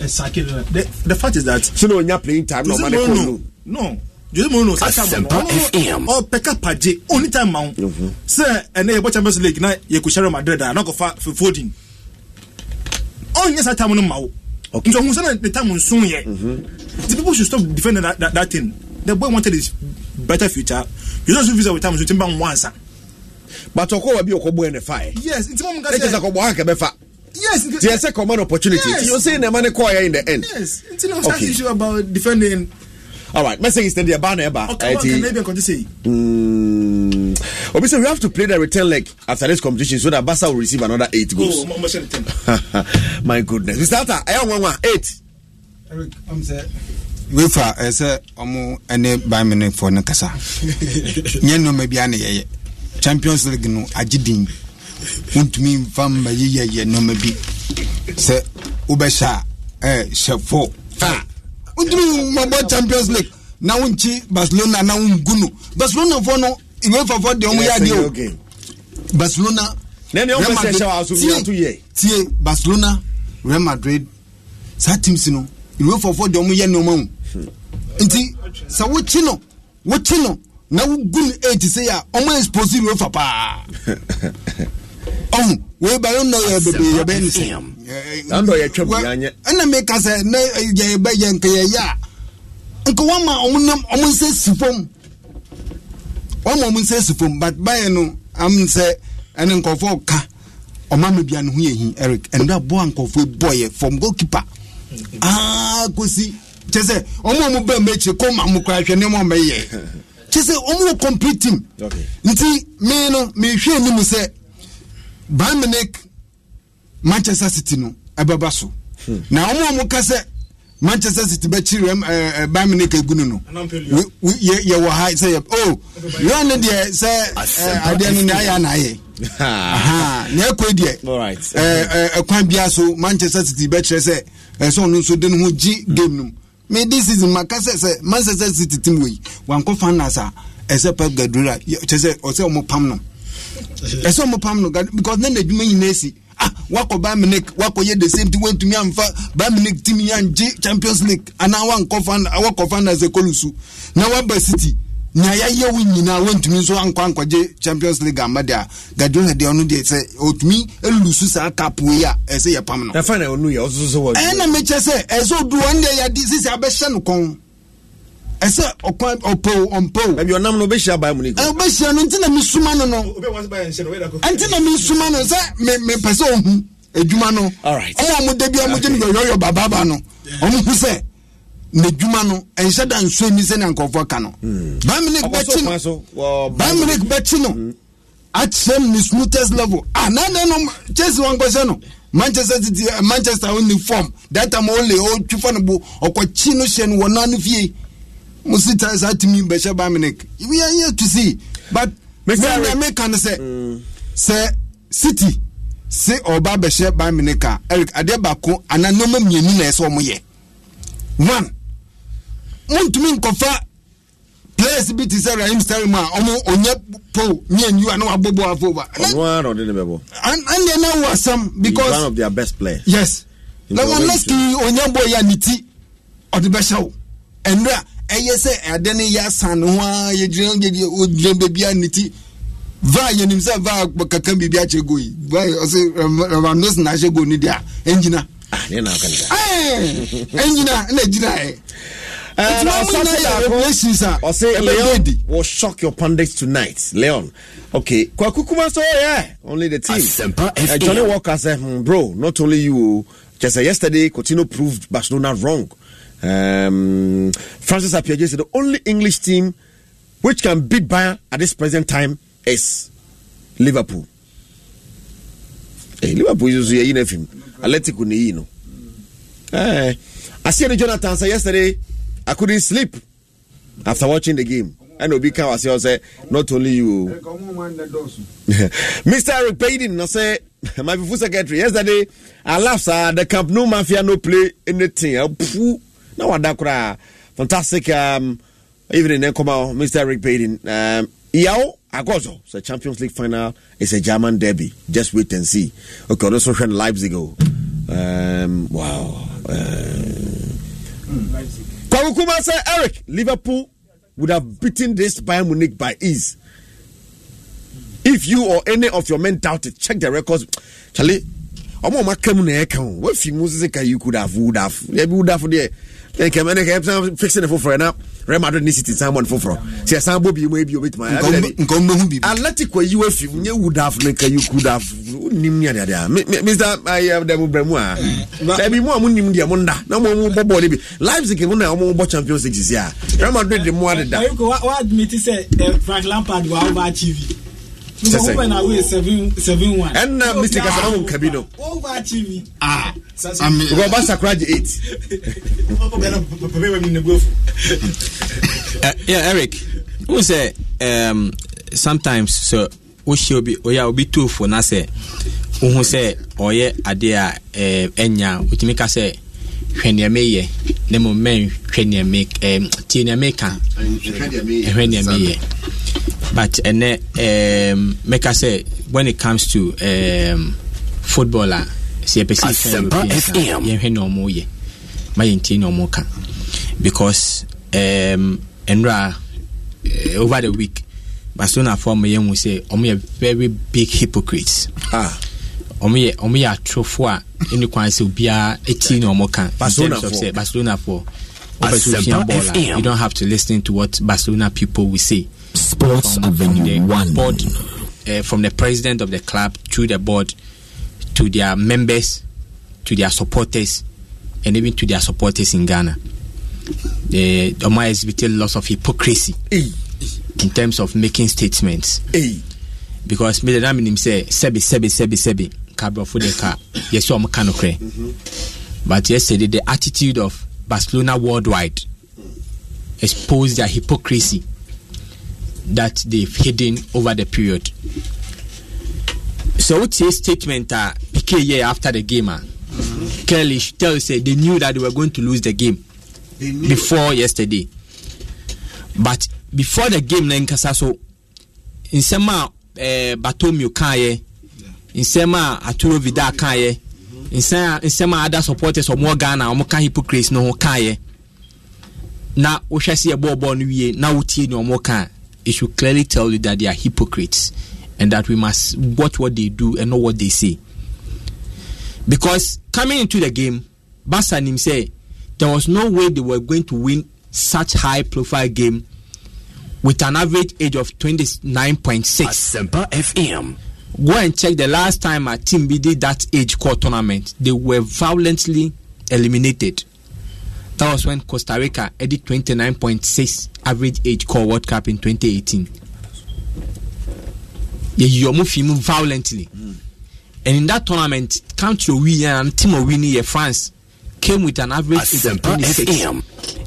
circle. the fact is that so no you're playing time no man no no jose mo no sasa mo no ɔpɛka pagye only time ma wo sɛ ɛnɛ yɛbɔ champions league na yɛkɔhyɛre madrid a na kɔfa fodin ɔnyɛ saa time no ma wo nti ɔhu sɛ the time nson yet. Mm-hmm. The people should stop defending that, that, that thing the boy wanted his better future you don't see visa with time so timba once but ɔkɔwa bi ɔkɔbɔ ɛne fae yes nti mo mu ka sɛ ɛkyɛ sɛ kɔbɔ ha kɛbɛfa Yes, it, yes, a common opportunity. Yes. You're saying the money call in the end. Yes, it's not okay. issue about defending all right, message is the banner. Okay, mm, Obviously, we have to play the return leg after this competition so that Barca will receive another eight goals. Oh, My goodness, Mr. Atta, I want one eight. Eric, I'm set. Wefa, I said, I'm any by minute for Nakasa. You know, maybe I need champions league no agye din wontumi mfa mma yiyɛyɛ nɔma bi sɛ wobɛhyɛ a eh, hyɛ fo a wontumi mabɔ champions league na wonkyi barcelona na wongu no barcelona fɔ no iwefafoɔ deɛ ɔmo yɛ adeɛ o barcelona real madrid tie barcelona real madrid saa teams no iwefafoɔ deɛ ɔmo yɛ nneɛma o hmm. nti sɛ wokyi no wokyi no na wogu no eight sei a ɔmo expose wi fa paa ɔhu wei ba no nnɔyɛ bebree yɛbɛyɛ ne sɛ ɛna meka sɛ na yɛyɛbɛyɛ nka yɛyɛ a nka wama ɔmo nam ɔmo nsa si fam wama ɔmo nsa si fam but bayɛ no am sɛ ɛne nkɔfoɔ ka ɔma mi bia ne ho yɛ hin eric ɛnda aboa nkɔfoɔ bɔɔyɛ from goalkeeper mm-hmm. aa kosi kyɛ sɛ ɔmo ɔmo bɛn mɛkyire kɔma mo kora hwɛ ne mo ɔmɛyɛ kye sɛ ɔmo wɔ complete team nti mee no ni anim sɛ bayern manchester city no ɛbɛba so hmm. na ɔmo a moka sɛ manchester city bɛkyi rɛm ɛɛ eh, eh, bayern munich egu no no yɛ yɛ wɔ ha sɛ yɛ o yɛn no deɛ sɛ eh, adeɛ no na ayɛ ana ayɛ na ɛkɔ deɛ ɛɛ ɛɛ kwan bia so manchester city bɛkyerɛ sɛ ɛsɛ ɔno nso de ne ho gyi game no mu mi this season makasa sɛ manchester city team wei wankɔ finals a ɛsɛ pep gadura kyɛ sɛ ɔsɛ ɔmo pam no ɛsɛ ɔmo pam no because ne na adwuma nyinaa si ah wakɔ bayern munich wakɔ yɛ the same thing wɛntumi anfa bayern munich team yɛ angye champions league anaa wankɔ finals wakɔ finals ɛkɔlusu na waba city nea yɛyɛ wo nyinaa wontumi nso ankɔ ankɔgye champions league ama de a gadwona deɛ ɔno deɛ sɛ ɔtumi lusu saa kapoei a ɛsɛ yɛpam no ɛna mekyɛ sɛ ɛsɛ ɔduru ɔn deɛ yɛde sisi abɛhyɛ no kɔn ɛsɛ ɔkwan ɔpɛw ɔmpɛw ɛbi ɔnam no ɔbɛhyia baa mu ne ko ɔbɛhyia no ntina no no ntina mi no sɛ me me pɛ sɛ ohun edwuma no ɛyɛ ɔmo de bi ɔmo gye no yɔyɔ babaaba no ɔmo sɛ n'edwuma no nhyɛ da nsuo ni sɛnea nkurɔfoɔ ka no hmm. baminik bɛkyi no baminik bɛkyi no hmm. akyerɛ ne smoothest level ah nana no chelsea wankɔhyɛ no manchester city uh, manchester only form that time only ɔtwifa no bo ɔkɔkyi no hyɛ no wɔ nan no fie mo si ta saa timi bɛhyɛ baminik yɛn yɛ tu si but mɛnyɛ meka no sɛ hmm. sɛ city se ɔba bɛhyɛ baminik a eric adeɛ baako ana nneɛma mmienu na ɛsɛ ɔmo yɛ one wontumi nkɔfa players bi te sɛ rahim starim a ɔmo ɔnyɛ po me and you a na wabɔbɔ afo ba ɛndeɛ na wo asɛm because yes na wɔnɛski ɔnya bɔ yɛ ne ti ɔde bɛhyɛ wo ɛnderɛ ɛyɛ sɛ ɛade no yɛ asan ne ho a yɛgyina baabia ne ti va yɛnim sɛ va kaka biribi akyerɛ go yi ɔse ravandos na ahyɛ go no deɛ a ɛngyina ah, ɛngyina na gyinaɛ Uh, uh, will shock your pundits tonight. Leon. Okay. Kwakukuma so yeah. Only the team. Uh, Johnny Walker said, hmm, bro, not only you. Just uh, yesterday, Coutinho proved Barcelona wrong. Um, Francis Apiaje said the only English team which can beat Bayern at this present time is Liverpool. Hey, eh, Liverpool is a yine Atletico ni Hey. Eh, I see the Jonathan say yesterday I couldn't sleep after watching the game. And Obi Kawa say, not only you. Mr. Eric Payden, I say, my full secretary, yesterday, I laughed, sir. The Camp No Mafia no play anything. Now, what that Fantastic um, evening, then come out, Mr. Eric Payden. Um, Yao Agozo, so Champions League final is a German derby. Just wait and see. Okay, also Leipzig. Um, wow. Uh, hmm, Leipzig. Kwabukuma said, Eric, Liverpool would have beaten this Bayern Munich by ease. If you or any of your men doubted, check the records. Charlie, I'm on my camera. What if you could have, would have, would have, would have, fixing the phone for now. real madrid ne city san bɔ ne foforɔ sɛ san bɔ bi mu ebi obetuma nkɔmmehu bi atletico yi wa fi mu nye wudaf ne ka yi kudaf nim ni adeade a mr ayɛ dɛm brɛ mu a ɛbi mu a mu nim deɛ mu nda na mu mu bɔ bɔɔl bi leipzig mu na mu bɔ champions league si a real madrid de mu adeda. ayi ko wa admit sɛ eh, frank lampard wa over achieve sɛsɛ ɛnna uh, mr kasana wo nka bi no ah, because ɔba sakora gye eight uh, eric wo sɛ um, sometimes sɛ wohyɛ obi ɔyɛ obi too fo na sɛ wohu sɛ ɔyɛ adeɛ a ɛnya wotumi ka sɛ hwɛ nea meyɛ na mmom mɛnhwɛ nea me eh, tie nea meka ɛhwɛ nea meyɛ but ɛnɛ um, eh, mɛka sɛ when it comes to um, eh, football a sɛ yɛpɛ sɛ yɛhwɛ nea ɔmo yɛ ma yɛntie nea ɔmo ka because um, ɛnora over the week barcelona fɔ ɔmo yɛhu sɛ ɔmo yɛ very big hypocrites ah ɔmo yɛ ɔmo yɛ atrofo a ɛni kwan sɛ obiara eti na ɔmo kan in terms barcelona for you don't have to listen to what barcelona people will say sports from, avenue from one board, uh, from the president of the club through the board to their members to their supporters and even to their supporters in ghana the ɔmo exhibited lots of hypocrisy in terms of making statements because mi dada mi nim sɛ sebi sebi. sɛbi sɛbi kabrɔfo deɛ ka yɛsɛ ɔmo ka nokorɛ but yesterday the attitude of barcelona worldwide exposed their hypocrisy that they've hidden over the period so wotie statement a pk yɛ after the game a uh? clearly tell you say they knew that they were going to lose the game before yesterday but before the game na nkasa so nsɛm a eh, batomio kaeɛ nsɛm a aturo vida kaeɛ nsɛm a ada supporters ɔmo ghana ɔmo ka hypocrites no ho kaeɛ na wohwɛ sɛ yɛbɔɔ bɔɔ no wie na wotie ne ɔmo ka it should clearly tell you that they are hypocrites and that we must watch what they do and not what they say because coming into the game Barca nim say there was no way they were going to win such high profile game with an average age of twenty-nine point six. Asempa FM go and check the last time a team did that age core tournament they were violently eliminated that was when costa rica edit 29.6 average age core world cup in 2018 yɛyi ɔmo fi violently hmm. and in that tournament country we and team owi ni yɛ france came with an average age of 26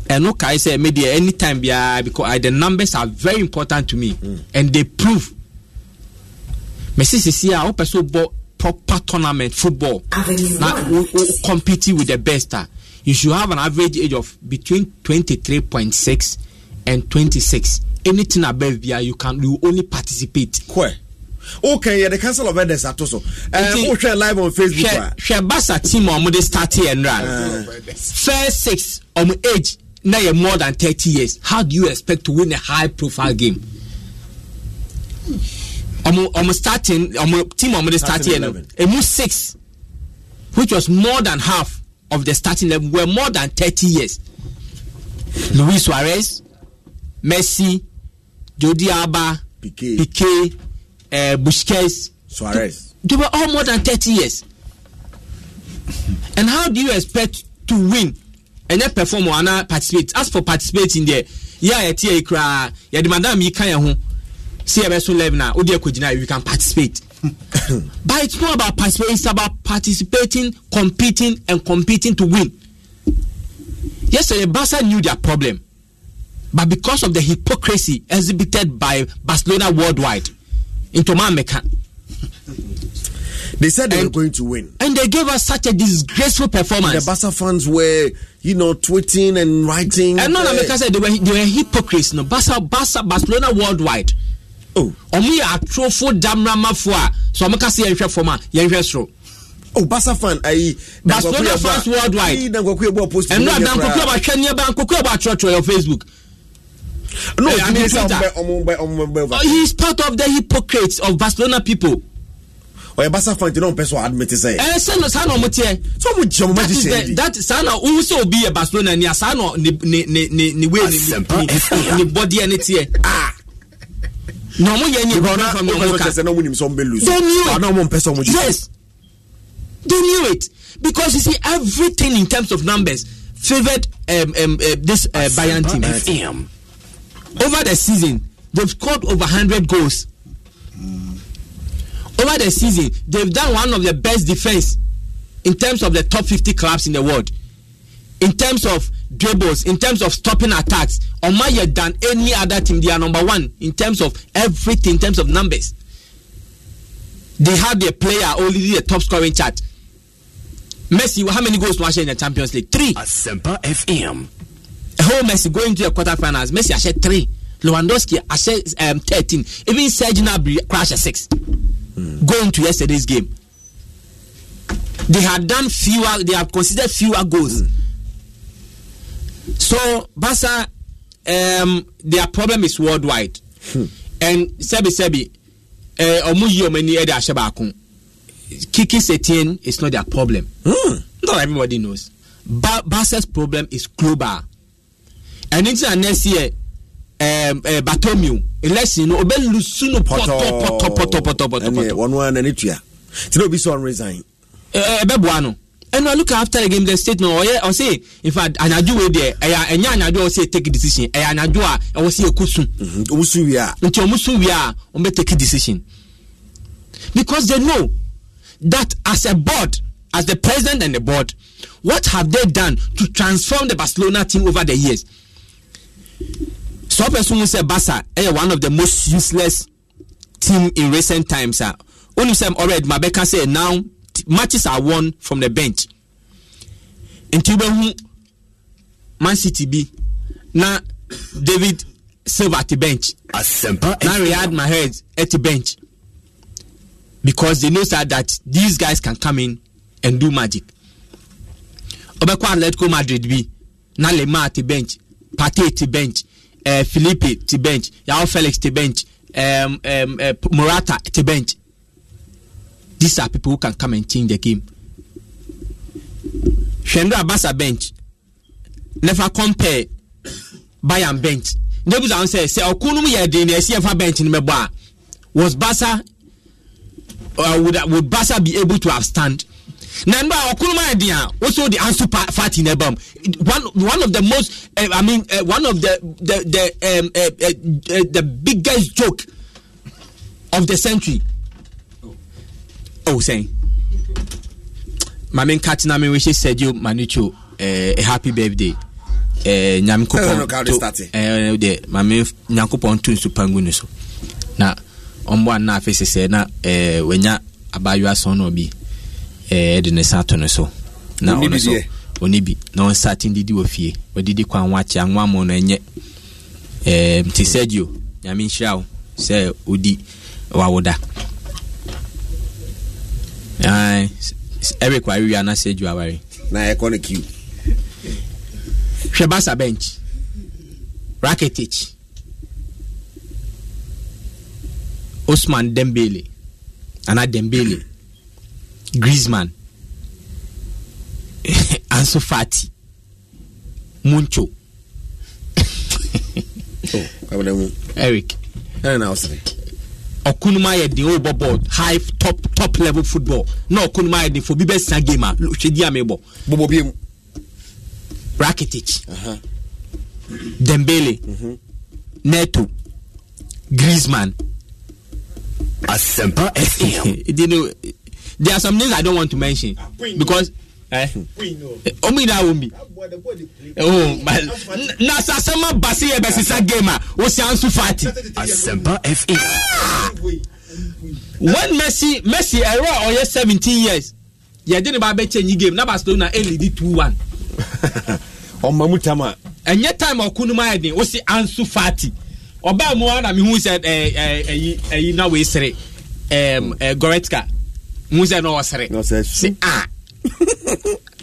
ɛno kae sɛ me deɛ anytime yeah, because uh, the numbers are very important to me mm. and they prove mɛsi sisi a wopɛ sɛ wobɔ proper tournament football na wo compete with the best a you should have an average age of between 23.6 and 26 anything above bia you can you only participate. Kwe. okay yɛ yeah, the council of elders ato so wohwɛ live on facebook hwɛ basa team a wɔde start yɛ nnura eh. first six ɔmo um, age na yɛ more than 30 years how do you expect to win a high profile game ọmọ starting ọmọ team ọmọ de start here emu six which was more than half of the starting level were more than thirty years luis suarez messi jodi alba piqué uh, busquets suarez they, they were all more than thirty years and how do you expect to win and then perform or na participate as for participating there yeah, ẹ̀ tí ẹ̀ kura yẹ̀ madam yìí ká yẹn ho see ɛbɛso level na wode akɔgyina you can participate but it's not about participating it's about participating competing and competing to win yesterday barca knew their problem but because of the hypocrisy exhibited by barcelona worldwide into meka they said they and, were going to win. And they gave us such a disgraceful performance. the Barca fans were, you know, tweeting and writing. And no, no, said they were, they were hypocrites. No, Barca, Barca, Barcelona worldwide ɔmo yɛ atrofo damramafo a so ɔmo kasa yɛnhwɛ fam a yɛnhwɛ soro. o basa fan ayi. barcelona fans worldwide. ayi dankwakuya bɔ post. ɛnu a dankwakuya bɔ atwɛ nneɛma dankwakuya bɔ atwerɛtwerɛ yɛ facebook. no hey, I mean, Twitter. Ɔmo bɛ ɔmo bɛ ɔmo bɛ. he is part of the hypocrites of barcelona people. ɔyɛ basa fan ti na ɔmo pɛ so admit sɛ. ɛ sɛ no saa na ɔmo tiɛ. so ɔmo jɛ ɔmo ti sɛ di. that saa that. ohun sɛ obi yɛ barcelona ni a saa na ni ni ni ne ni ni ne bɔdeɛ ne tiɛ na ɔmo yɛ nye ɛna ɔmo ka they knew it yes they knew it because you see everything in terms of numbers favoured um, um, uh, this uh, Bayern team FM. over the season they've scored over hundred goals over the season they've done one of the best defence in terms of the top fifty clubs in the world. in terms of dribbles, in terms of stopping attacks, Omaye than any other team. They are number one in terms of everything, in terms of numbers. They have their player only the top scoring chart. Messi, how many goals was in the Champions League? Three. Semper FM. Whole Messi going to the quarterfinals. Messi, I said three. Lewandowski, I said um, 13. Even Sergio Gnabry crashed at six. Mm. Going to yesterday's game. They had done fewer, they have considered fewer goals. Mm so basa um, their problem is worldwide hmm. and sebi sebi ọmọ eh, yìí ọmọ ẹni ẹ di ahyẹ baako kiki setien is not their problem hmm. not everybody knows ba basa's problem is global ẹni tí na next year um, uh, eh, batomiu election no obe lusu no pɔtɔ pɔtɔ pɔtɔ pɔtɔ pɔtɔ. ɛni wɔn nua nani tuya tí n'obi sɔn resign. ɛɛ ɛbɛ bu ano ɛnu I look after the game the statement ɔyɛ ɔsi in fact anadwo wei deɛ ɛyɛ ɛnyɛ anadwo a ɔsi mm-hmm. take decision ɛyɛ anadwo a ɛwɔ si eku sun. ɔmu sun wia. nti ɔmu sun wia ɔmu bɛ take decision because they know that as a board as the president and the board what have they done to transform the Barcelona team over the years sọpẹ sunmu sẹ Barca ɛyɛ eh, one of the most useless team in recent times Ah, a onisem already mabeka say now matches are won from the bench nti wobɛhu man city bi na david silver ti bench Asempa na riyad mahrez ti bench because they know that, that these guys can come in and do magic ɔbɛkɔ atletico madrid bi na lemar ti bench pate ti bench uh, eh, philippe ti bench yao felix ti bench um, um, uh, morata ti bench these are people who can come and change the game. Hwendra Abasa bench never compare Bayern bench. Nebu Zahn says, Sir Okunum Yadin, the CFA bench in Meba. Was Basa, uh, would, would Basa be able to abstand? Namba Okunum Yadin, also the answer fat in Ebam. One, one of the most, uh, I mean, uh, one of the the the, um, uh, uh, uh, the biggest joke of the century oh sɛn maame nka tena me wehyɛ sergio manucho eh, happy birthday eh, nyankopɔn eh, eh maame nyankopɔn to nsu pangu no so na ɔmboa no na afei sesɛ na eh, wanya abayewa sɔnnɔ bi eh, de ne sa to no so na ɔno so ɔne bi na ɔnsaten didi wɔ fie ɔdidi kwan wakye anwa mo no ɛnyɛ nti eh, sergio nyame nhyira wo sɛ wodi wawoda eric wawiwi anase edu awari. na ɛkɔ ne kiw. hwɛ basa bench rakitic osman dembele ana dembele griezmann anso fati muncho. oh, eric. ɛna na ɔkunum ayɛ den o bɔ bɔ high top top level football na ɔkunum ayɛ den fo bi bɛ san game a hwɛ di ame bɔ. bɔbɔ bi mu. rakitic uh-huh. dembele uh-huh. neto griezmann. asempa fm. you know there are some names i don't want to mention because ɔmu eh? nyinaa wɔ eh, mi na sasɛm aba se yɛ bɛsesa game ah. a wosia nso faati when messi messi ɛrɔ a ɔyɛ seventeen years yɛde ne ba abɛkyɛ nyi game na barcelona ɛlidi eh, two one ɔma mu tam a ɛnyɛ time ɔko ah. no mu ayɛ den wosi anso faati ɔbaa mu ara na mi hu sɛ ɛɛ ɛɛ ɛyi ɛyi na wei sere ɛɛm ɛɛ goretka mu sɛ na ɔsere si a. Ah,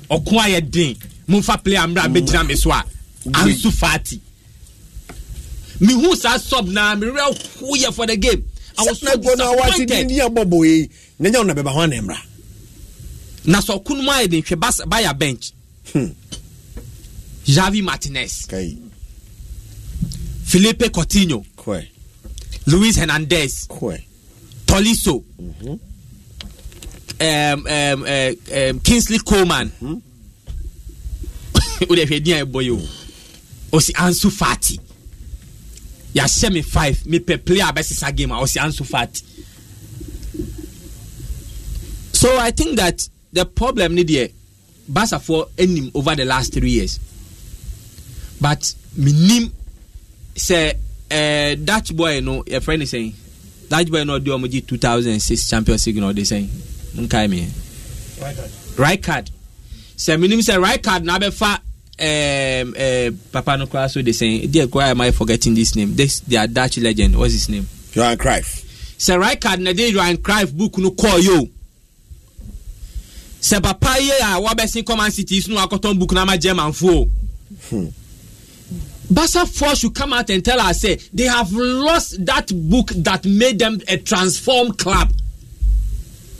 ɔko ayɛ den momfa player mmerɛ a bɛgyina me so a ansu faati mehu saa sub na mererɛ hoyɛ for the game I was so disappointed. na nya na bɛba ho ana mmra na sɛ ɔko no mu ayɛ den hwɛ baya bench javi hmm. martinez okay. felipe coutinho luis hernandez okay. toliso mm -hmm um, um, uh, um, Kingsley Coleman hmm? o de hwɛ din a ɛbɔ yi o ɔsi Ansu Fati yɛahyɛ me five mepɛ player a bɛsesa game a ɔsi Ansu Fati so I think that the problem ni deɛ basafoɔ anim over the last three years but menim sɛ uh, Dutch boy no yɛfrɛ ne sɛn Dutch boy no ɔde ɔmo gye 2006 six champion signal ɔde sɛn nkae me right card sɛ menim sɛ right card na abɛfa um, uh, papa no koraa so de sɛn deɛ koraa am I forgetting this name this their Dutch legend what's his name Johan Cruyff sɛ right card na de Johan Cruyff book no kɔɔ yo sɛ papa yɛ a wabɛsen command cities no akɔtɔn book na ama germanfoɔ hmm. Basa Basafoɔ should come out and tell her. say they have lost that book that made them a transformed club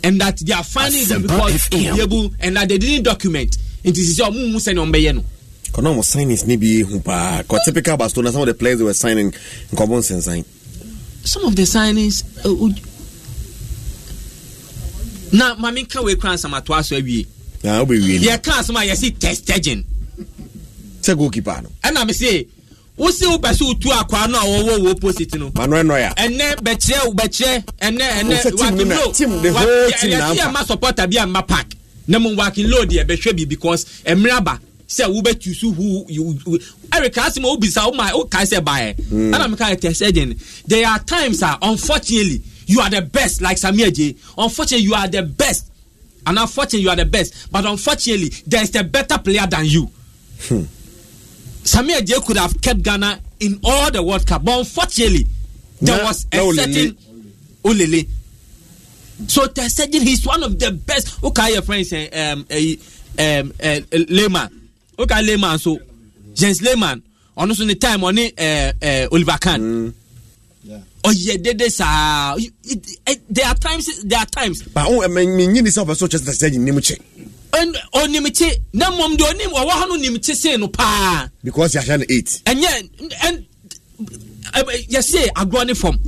and that they are finding them because they be able and that they didn't document nti is your mụ sani ọmụ bɛyɛ no. kɔnɔ signings ni bi ehu paa kɔ typical barcelona some of the players they were signing nkɔmɔ nsensan. some of the signings. Uh, uh, na maame nka wee kura nsama to aso awie. na o bɛ wie ni. yɛ ka asoma yɛ si test agent. sɛ goalkeeper no. ɛna mi se wosi wo bɛsi wotu akwa no a wɔwɔ wo opposite no. manuel noya. ɛnɛ bɛkyerɛ bɛkyerɛ ɛnɛ ɛnɛ wakin low team the whole team na nfa ɛyɛ ma supporter bi a ma park na mu wakin low deɛ bɛhwɛ bi because ɛmira ba sɛ wobɛtu so hu eric asima obisa oma okae sɛ baɛ hmm. ɛna meka ɛtɛ sɛ gyene there are times a unfortunately you are the best like samia gye unfortunately you are the best and unfortunately you are the best but unfortunately there is a better player than you. Hmm. Samir J could have kept Ghana in all the World Cup, but unfortunately, there na, was a na certain Olele. So Tesegin, he's one of the best. Okay, your friends, um, uh, um, uh, Lehman. Okay, Lehman. So James Lehman. ɔno so ne time ɔne uh uh oliver khan mm. yeah. ɔyɛ dede saa there are times there are times. But oh, mɛ n yi ni sanfɛ so cɛ sisan ni mu cɛ onimkye na mmom deɛ onim ɔwɔ ha no nimkye see no paa because yɛahyɛ no eight ɛnyɛ yɛse agorɔ ne fam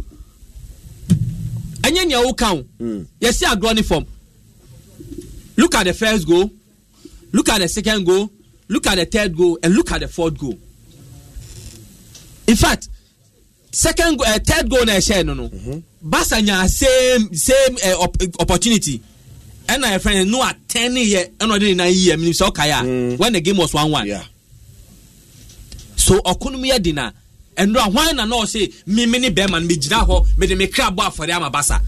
ɛnyɛ nea woka wo hmm. yɛse agorɔ ne fam look at the first goal look at the second goal look at the third goal and look at the fourth goal in fact second uh, third goal na ɛhyɛ no no mm-hmm. basa nya same same uh, opportunity ɛna yɛ fɛn no a yɛ ɛna ɔde yi yɛ ɔka a mm. when the game was one one so ɔkunum yɛ di na ɛnura hwan na na ɔsɛ mimi ni bɛrima no mi gyina hɔ mi de mi kra bɔ afɔre ama basa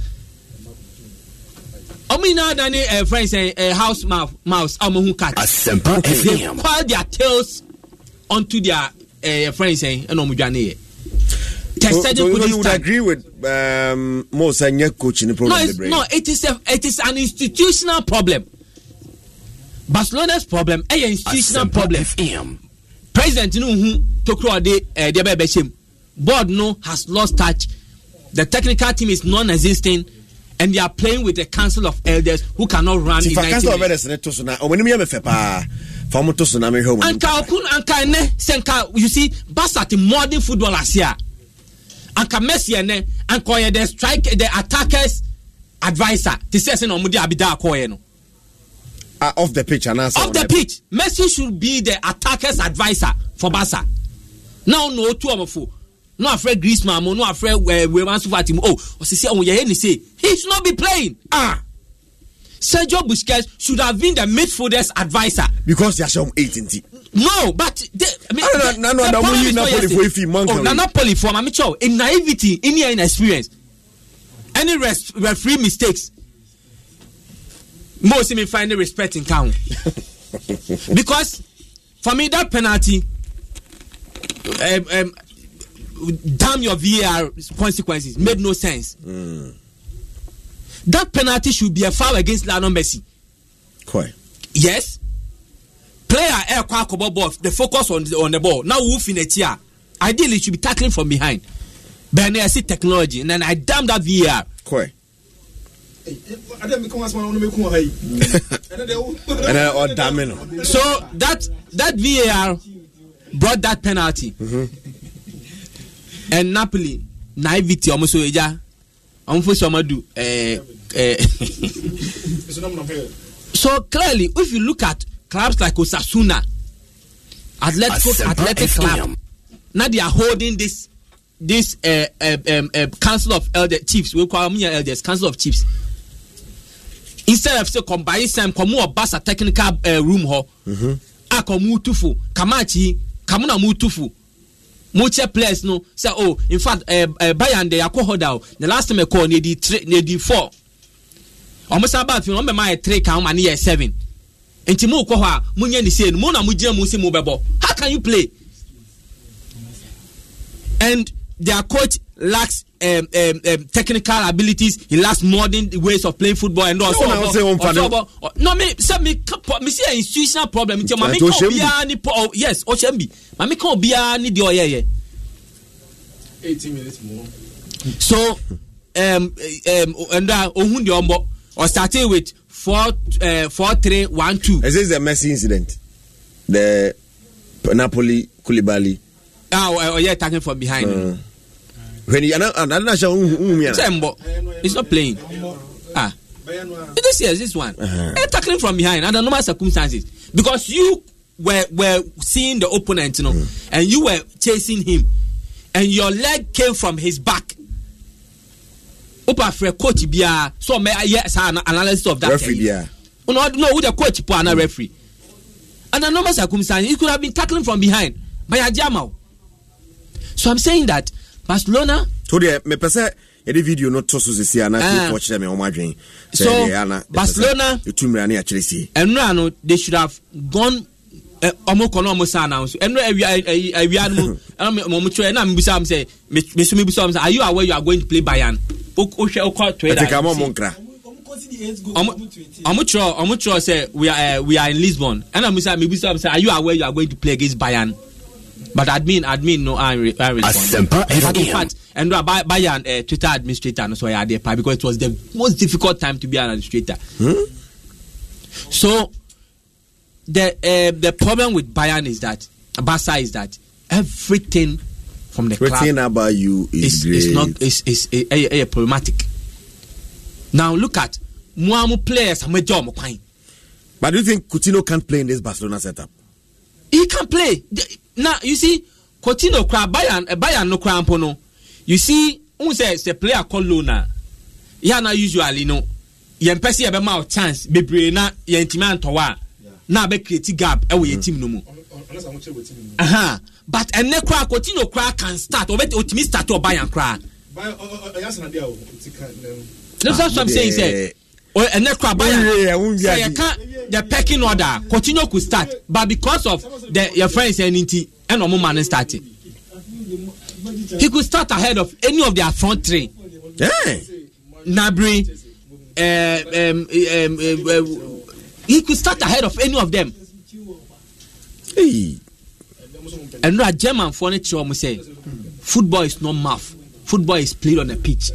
nyinaa da ne eh, friend fɛn eh, eh, house mouse mouse a ɔmo cat asempa fm they call their tails onto their friend fɛn sɛn ɛna dwa tested so, so, so you would agree with um, Mo coach coaching the problem? No, it's, no it, is a, it is an institutional problem. Barcelona's problem is eh, an institutional problem. President, FM. President Nuhu Tokro Ade eh, Board no has lost touch. The technical team is non-existent. And they are playing with the council of elders who cannot run. See, in council of elders, ne to so na. Omo ni mi ya me fe pa fa so na me hwe omo. Anka okun anka ne senka you see Barca the modern footballers here anka messi ɛnɛ anka ɔyɛ the strike the attackers adviser te sɛ ɛsɛ na ɔmo de abida akɔɔyɛ no. Uh, off the pitch and off the pitch messi should be the attackers adviser for Basa. now no two ɔmo fo no afraid, griezmann mo no afrɛ uh, eh, wema sufati mo oh ɔsisi ɔmo yɛyɛ ni se he should not be playing ah. Sergio Busquets should have been the midfielders adviser. Because they are showing 18. no but they, I mean, no, no, no, no, the problem is not yesterday. Oh, Napoli for Mami Chow in naivety, in your inexperience, any res- referee mistakes, most of me find the respect in town because for me that penalty, um, um, damn your VAR consequences made no sense. Mm. That penalty should be a foul against Lionel Messi. Quite. Yes player ɛkɔ akɔbɔ ball the focus on the, on the ball now wofi n'akyi a ideally should be tackling from behind bɛnni see technology and then i damn that var. kɔɛ. so that that var brought that penalty and napoli naivety ɔmo so ɛgya ɔmo fo so do so clearly if you look at clubs like Osasuna, Atletico, Athletic Club, now they are holding this this uh, uh, um, uh, council of elder chiefs. We call them elders, council of chiefs. Instead of say combine some, come more technical uh, room ho. Mm-hmm. Ah, tufu, mutufu, kamachi, kamuna mutufu. Mucha players no say oh in fact uh, uh, Bayern they are called out. The last time I called, they did three, they di four. Almost fi you know, my three count, ni he seven nti mu kɔ hɔ a mu nye ne se no mu na mu gyina mu si mu bɛbɔ how can you play and their coach lacks um, um, um, technical abilities he lacks modern ways of playing football and all no, so on no me sɛ me me see an institutional problem nti maame eh, kan obiara ni paul oh, yes osembi maame kan obiara ni deɛ ɔyɛ yɛ. eighteen minutes more. so um, um, and ohun deɛ ɔmbɔ ɔstarted with. 4312. uh, Is this messy incident? The Napoli Kulibali. Ah, oh, uh, oh yeah, attacking from behind. Uh, when you I don't know, it's not playing. Ah, this is this one. Uh-huh. Eh, tackling from behind under normal circumstances because you were were seeing the opponent, you know, mm. and you were chasing him, and your leg came from his back. wopɛ afrɛ coach biara sɛ ɔmɛ ayɛ saa analysis of that referee yeah. no no who the coach po ana referee under normal circumstances he could have been tackling from behind but yɛ so i'm saying that barcelona. so deɛ mepɛ sɛ yɛde video no to so sisi ana fi ah. fɔ kyerɛ mi wɔn adwene. so barcelona etu mìíràn ni akyerɛ no they should have gone ɔmo kɔ na ɔmo sa na nso ɛnu awia ayi awia no mu ɛna ɔmo twɛ ɛna mbisa mi sɛ mesu mi bisa mi sɛ are you aware you are going to play Bayern o hwɛ o kɔ to it. ɛti mo mo nkira. ɔmo twerɛ ɔmo twerɛ sɛ we are uh, we are in Lisbon ɛna mi sa mi bisa mi sɛ are you aware you are play against Bayern but admin admin no i re i respond. in fact ndra Bayern uh, Twitter administrator no so ɔyɛ adeɛ pa because it was the most difficult time to be an administrator. Hmm? so the uh, the problem with Bayern is that Barca is that everything from the everything club about you is, is, is not is is a, a, a problematic. Now look at Muamu players But do you think Coutinho can't play in this Barcelona setup? He can play. Now you see Coutinho cry Bayern eh, Bayern no cry no. You see who says the player called Lona. Yeah now usually no. Yɛmpɛ sɛ yɛbɛma wo chance bebree na yɛntimi antɔwɔ a na abɛ create gap ɛwɔ yɛ mm. team no mu but ɛnɛ koraa Coutinho koraa can start ɔbɛ otumi start ɔba yan koraa. ne sɔ sɔm sɛyin sɛ ɛnɛ koraa bayan sɛ yɛ ka the pecking order Coutinho could start but because of the your friends ɛni ti ɛna ɔmo ma ne starting he could start ahead of any of their front three. Hey. Nabri, um, um, um, uh, he could start ahead of any of them. ɛnura germanfoɔ no kyerɛ ɔmo sɛ football is not math football is played on a pitch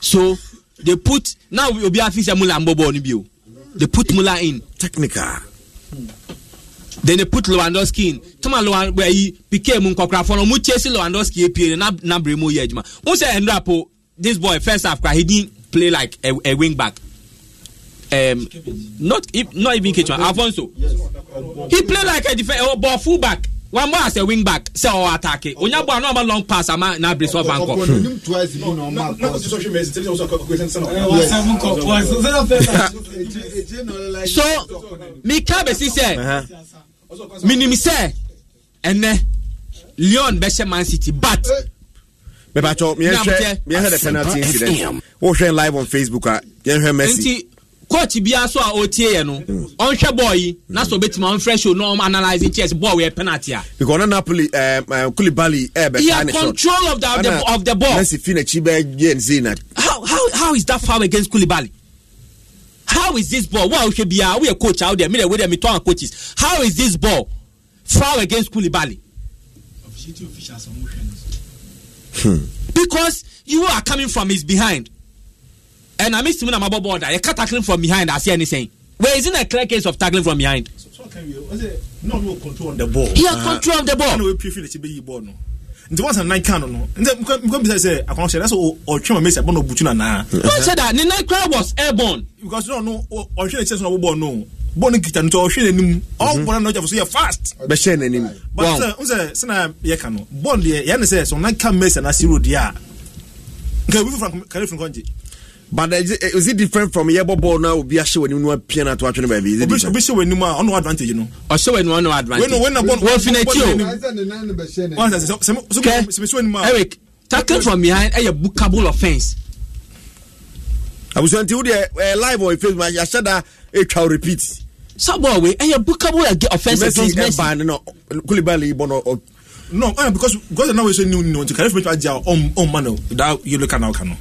so they put now obi afi sɛ mula mbɔ bɔɔl no bi o they put mula in. technical. then they put lewandowski in tuma lewandowski piquet mu nkɔkorafo no ɔmo chase lewandowski apie na na bremo yɛ adwuma n sɛ ɛnura po this boy first half kra he didn't play like a, a wing back um, not not even Ketuan, Alfonso. He played like a defender, or oh, but fullback. One more as a wing back, So or oh, attack. Onya bo normal long pass ama na brace of anko. So me ka uh-huh. be si say. Minim say ene Leon be Man City but Mepacho, me hear me hear the penalty incident. Oh, live on Facebook. Yeah, hear Messi coach biara so a ɔtie yɛ no ɔnhwɛ bɔɔl yi na sɛ ɔbɛtumi fresh, show na ɔm analyse chess bɔɔl yɛ penalty a. because ɔna napoli ɛɛ eh, kulibali ɛbɛ eh, taa ne sɔrɔ control of the of the, of the ball. nansi fi n'akyi bɛɛ yɛ nze na. how how how is that foul against kulibali how is this ball wo a wohwɛ biara woyɛ coach out there mi de wo de mi tɔn coaches how is this ball foul against kulibali. Hmm. because you are coming from his behind ɛna mi simi na ma bɔ bɔɔl da yɛ ka tackling from behind ase ɛni sɛn wait isn't a clear case of tackling from behind. so can you o say no no control on the ball. he had control of the ball. ɛna o ye pure field ɛkyi bɛ yi bɔɔl no nti wọn san nine kan no nti nkɔ bisa sɛ akɔnɔ sɛ ɛsɛ ɔtwe ma mesi abɔn na obutu na naa. wọn sɛ da ni nine kan was airborne. because no no ɔtwe mm-hmm. na kyerɛ sɛ ɔbɔ bɔɔl no bɔɔl no kita nti ɔtwe n'anim ɔbɔɔl no ɔjafo so yɛ fast. bɛhyɛ n'anim. but sɛ n sɛ sɛnɛ yɛ kan no bɔɔl deɛ yɛn ni sɛ sɛ nine kan mesi na zero deɛ a nka ebi fi fura kare fun but is it, is it different from yɛbɔ bɔɔl na obi ahyɛ wɔ anim no apia na ato atwene baabi is it different. obi hyɛ wɔ anim a ɔno advantage no. ɔhyɛ wɔ anim a ɔno advantage. wɛna wɛna bɔɔl wɔ fina ekyi o. kɛ eric tackle from behind ɛyɛ bookable offence. abusuanti wudi ɛ live on facebook yahyɛ da etwa repeat. sábà wei ɛyɛ bookable offence against messi. messi ɛbaa ni na kulibali bɔ na. no because because now we say new new until karifu mitwa aja ɔn man o that yellow card now, ɔka no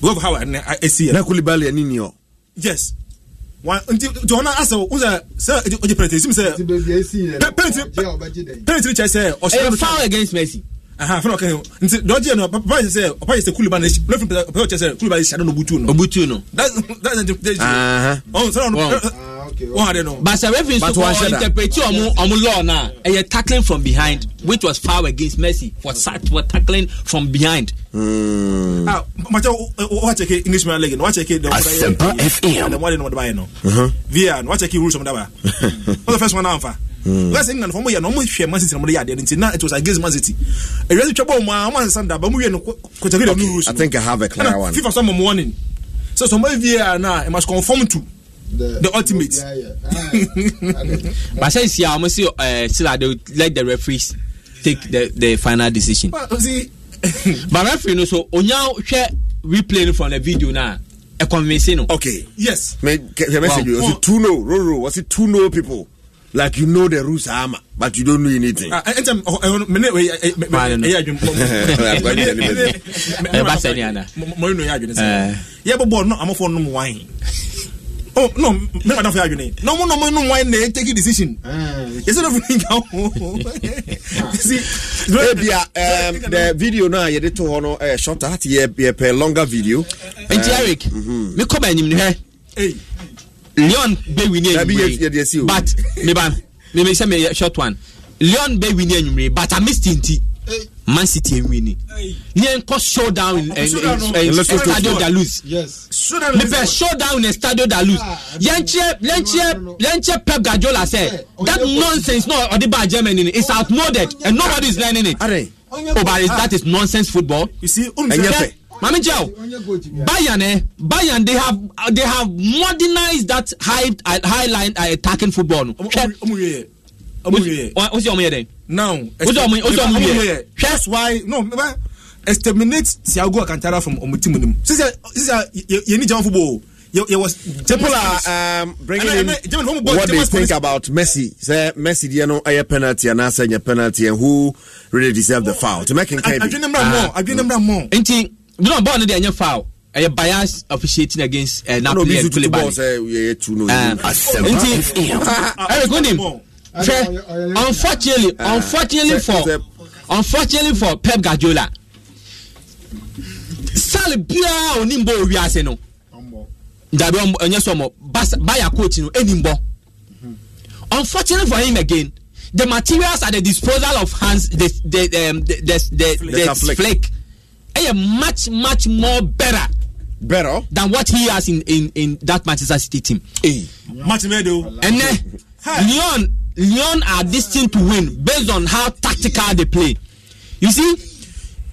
because how na ɛsi yɛ. na kulibali ɛni ni ɔ. yes wọn nti jɔn na asɛw n sɛ sɛ ɔjɛ pɛrɛtɛ sim sɛ. pɛrɛtɛ pɛrɛtɛ kyɛ sɛ ɔsɛ. ɛ foul against Messi. fɛn dɔ kɛ nti dɔw jɛ nɔ papa yɛ sɛ papa yɛ sɛ kulibali lɔfi papa yɛ sɛ kulibali sɛ n'o butu nɔ. o butu nɔ. that that is the place. ɔn sɛ ɔn wọn adi nɔ. basa referee sọ wọn interpreti ọmọ ọmọ law na ẹ yẹ tackling from behind which was foul against Messi for for tackling from behind. Ah, makyɛ uh, uh, wakyɛke english premier league no wakyɛke asɛmpa fm dɛm wade no wɔde baayɛ no via no wakyɛke rules ɔmo daba wɔsɛ first because england fɔ mo yɛ no ɔmo city na ɔmo de yɛ adeɛ it was against man city ewia ti twɛ bɔɔl mu a ɔmo ansa daba ɔmo yɛ no rules i think i have a clear one fifa sɔ mo so sɔ via na it must conform to the, the ultimate. Ah, but since you are almost uh, still at the let the referees take the the final decision. Well, see, but referee no so onya hwɛ replay no from the video na ɛ convince no. okay yes. me your message wow. was it two no ro. was it two no people like you know the rules ama ah, but you don't know anything. ɛntɛm mene ɛyɛ adwene pɔ. ɛba sɛ ni ana. mɔyɛ n'oyɛ adwene sɛ yɛ bɔ bɔɔl no amɔfɔ nom wine oh no make madam fẹ adwene na ọmọ náà ọmọ wọn na take decision yẹsẹ náà fún mi nka o. ebi a the video náà yẹ de to hɔ no ɛ uh, short at yɛ yɛ pɛ longer video. nti eh, eh, um, eh. eric mi kọ́ bẹ̀ ẹ̀yìn nìhẹ́ leon bẹ́ẹ̀ wí ní ẹ̀yìn but mi ba mi mi sẹ́ mi short one leon bẹ́ẹ̀ wí ní ẹ̀yìn but i missed it nti. Man City win and winning. Nien ko showdown in Estadio da Luz. Mepe showdown in Estadio da Luz. Yenche Pep Guardiola say that nonsense no Odiba Germany It's outmoded and nobody is learning it. Oh, but that is nonsense football. You see, Mami Jao, Bayern, eh, Bayern, they have they have modernized that high high line uh, attacking football. No? wọ́n sì ọmọ yẹ dẹ. now that's why no exterminate Thiago Alcantara from ọmọ tí mo ní mu sísè sísè yẹn ní jẹun fúnbọ people are um, bringing in what they think about Messi. Say Messi, you know, a penalty and I say penalty, and who really deserve the oh, foul? To make him I do number more. I do number more. Anything, ah. you know, born in the foul. A eh, bias officiating against uh, eh, Napoli and Koulibaly. No, no, no. Asɛmpa ah. FM. Eric, fẹ unfortunately ah, unfortunately for unfortunately for pep guardiola sal Bia oni mbɔ owi ase no dabi ɔmɔ ɛnyɛ sɔ ɔmɔ baya coach no ɛni mbɔ mhm. unfortunately for him again the materials at the disposal of hands the the um, the the the, the, the flake ɛyɛ much much more better. better than what he has in in in that manchester city team. Hey. match made o. ɛnɛ leon Leon are destined to win based on how tactical they play. You see,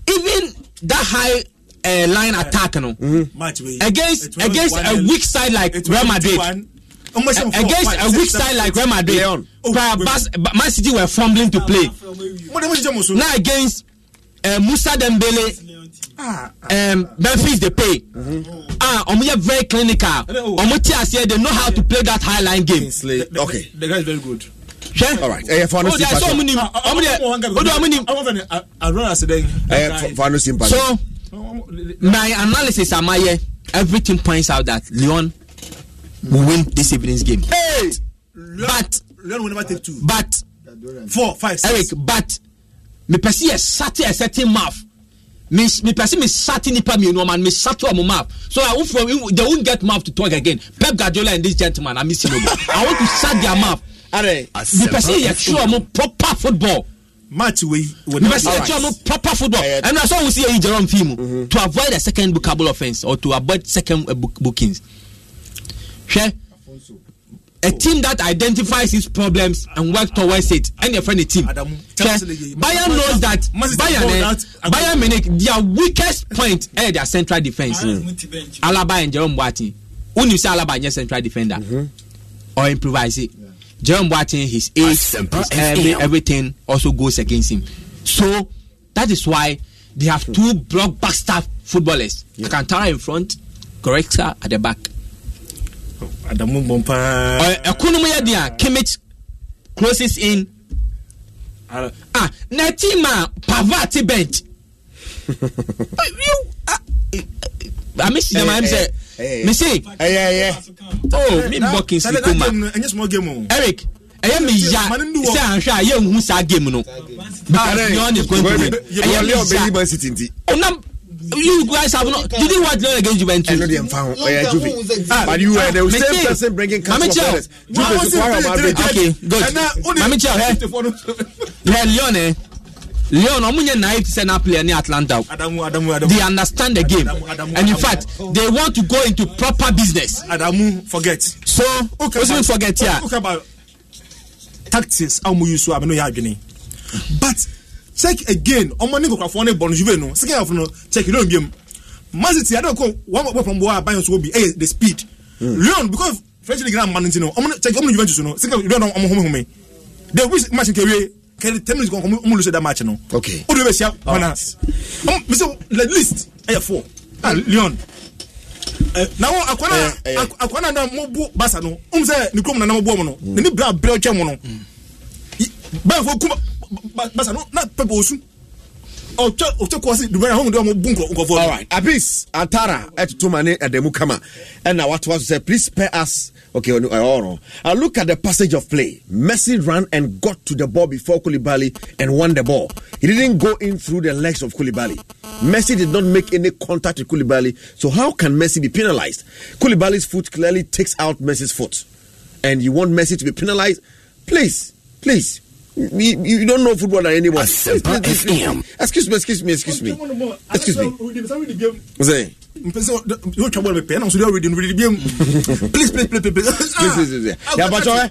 even that high uh, line attack, you know, mm-hmm. against against a weak side like Real Madrid. Oh, against a weak side like Real Madrid, Leon. Oh, Bas- Man City were fumbling to ah, play. Now against uh, eh, Musa Dembele, ah, ah. um, Memphis they pay. Mm-hmm. Ah, omo very clinical. Omotia, um, they know how to play that high line game. Okay, the, the, the guy is very good hwɛ. alright fanu si pati. o de ase ɔmu nim ah, ah, ɔmu de o de ɔmu nim. ɔmu fɛ ni arun ase dɛ. ɛyɛ fanu si pati. so my analysis amayɛ everything points out that leon will win this evening's game. Hey! but leon will never take two. but four five six. eric but mepɛsi yɛ sati a certain mouth mepɛsi me sati nipa mienu ɔman me sati ɔmo mouth so i won they won't get mouth to talk again pep guardiola and this gentleman i miss you no i want to shut their mouth mepɛ sɛ yɛkyerɛ ɔmo proper football match wei mepɛ sɛ yɛkyerɛ ɔmo proper football ɛno asɛ wo sɛ yɛyi jerome fii mu mhm. to avoid a second bookable offence or to avoid second uh, bookings hwɛ a team that identifies its problems and works towards it Any your friend the team Adam, Bayern knows that Bayern eh, Bayern Munich their weakest point eh, their central defence mm. Alaba and Jerome Boateng who knew say Alaba nye central defender mm-hmm. or improvise it. Yeah. Jerome Watson, his age, every, everything also goes against him. So that is why they have two blockbuster footballers. Yeah. Akantara in front, Goretzka at the back. Oh, Adamu Bompa. Ɛkunu yɛ deɛ Kimmich closes in. Ah, na team a Pavard bench. You, ah, I miss sinamá mi sɛ mese eh, oh, eh, eh, o mi bɔ kinsley koma eric ɛyɛ mi ya sɛ ahwɛ a yɛ nhu saa game no because ni ɔne kɔntini ɛyɛ mi ya ɔnam oh, you guys have not you did what Leon against Juventus. I know them found. Oh, yeah, Juve. Ah, but you were the same person bringing Mami Chao. Juve is the one Okay, good. Mami Chao, eh? Yeah, Leon, eh? Leon Omunye naive send our player near Atlanta. Adamu, Adamu, Adamu. They understand the game. Adamu, Adamu, and in fact, they want to go into proper business. Adamu, forget. So, okay, what's about, forget here? Okay, about tactics, how you so I know you But check again, ọmọ ní kòkòrò àfọwọ́n ní bọ̀lù juve nù, second half check ìlú òǹbíyẹn. Man City, adóko, wọ́n wọ́n pọ̀ mbọ́ abáyọ̀ sọ́wọ́ bi, ẹ̀yẹ the speed. Hmm. Leon, because French league náà mmanú ti nù, ọmọ check ọmọ Juventus nù, second half, Leon ọmọ homehomme. They wish match nkèwé kẹrin ten minutes kọ̀ọ̀kan mo lose that match no. okay o de bɛ siya one hours mi list ɛ e yɛ four ah leon eh, na wọn akwana eh, eh. akwana na mo bu basa no n um, sɛ ni kurom na na mo bu ɔmo mm. mm. no na ni bila abirɛ ɔtwɛn mo no báyìí fo kuma basa no na pɛpɛ osu. all right abis antara eh, please us okay i eh, uh, look at the passage of play messi ran and got to the ball before kulibali and won the ball he didn't go in through the legs of kulibali messi did not make any contact with kulibali so how can messi be penalized kulibali's foot clearly takes out messi's foot and you want messi to be penalized please please you, you don't know football anymore. anyone. FM. Excuse me, excuse me, excuse me. Excuse me. Say. Oh, you trouble me pay. I'm sorry already. Please, please, please, please, please. Please, please, ah. Yeah, but uh,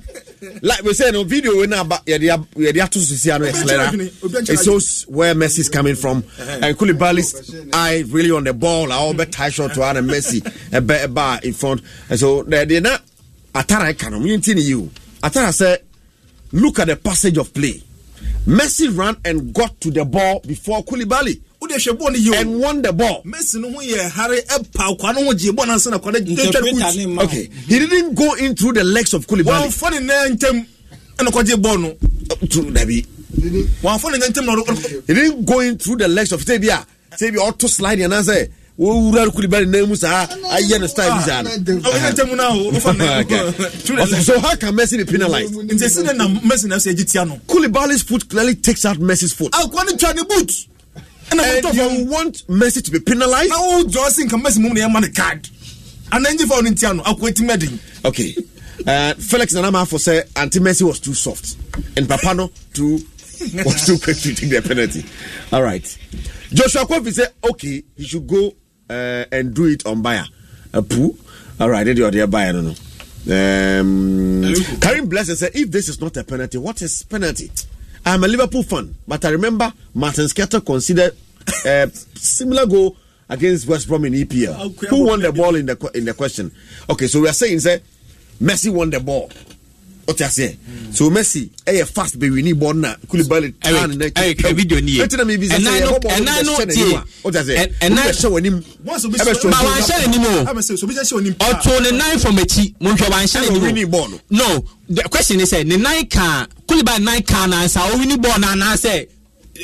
like we say no video we now but have to see ano where Messi is coming from uh-huh. and Koulibaly's eye really on the ball. I all bet tie shot to Ana Messi a bar in front. And so they they not atara kanom you. Atara said Look at the passage of play. Messi ran and got to the ball before Koulibaly. And won the ball. Okay. He didn't go in through the legs of Koulibaly. Uh, He didn't go in through the legs of Tebia. Tebia ought to slide and answer. wowura kulibali nan mu saa ayɛ no style ah, saa noso how can messi be penalized kulibali's foot clearly takes out messi's foot and, you want messi to be penalized na wo draw sin ka messi mum na yɛma ne card ananyi fa wo no ntia no akoatimi den okay uh, felix nanamafo sɛ anti messi was too soft and papa no too was too quick to take the penalty all right Joshua Kofi say okay, he should go uh, and do it on buyer. A poo. All right, then you're there buyer. No, no. Um, Karim Blessing said, if this is not a penalty, what is penalty? I'm a Liverpool fan, but I remember Martin Skelter considered a uh, similar goal against West Brom in EPL. Who won the ball in the in the question? Okay, so we are saying that Messi won the ball. ɔte aseɛ so messi ɛyɛ eh, fast bɛwini bɔ na kulibali taa ne nɛkɛ ɛwɔ video eh, eh, ni ye ɛtina mi bi sɛ ɛyɛ bɔbɔ ɛna no tie ɔte aseɛ ɛna hyɛ wɔ nim ɛbɛ sɔ ma wɔn ahyɛ ne nim o ɔto ne nan fɔm akyi mo n hwɛ wɔn ahyɛ ne nim o no the question is sɛ ne nan kan kulibali nan kan na nsa owini bɔɔl na anasɛ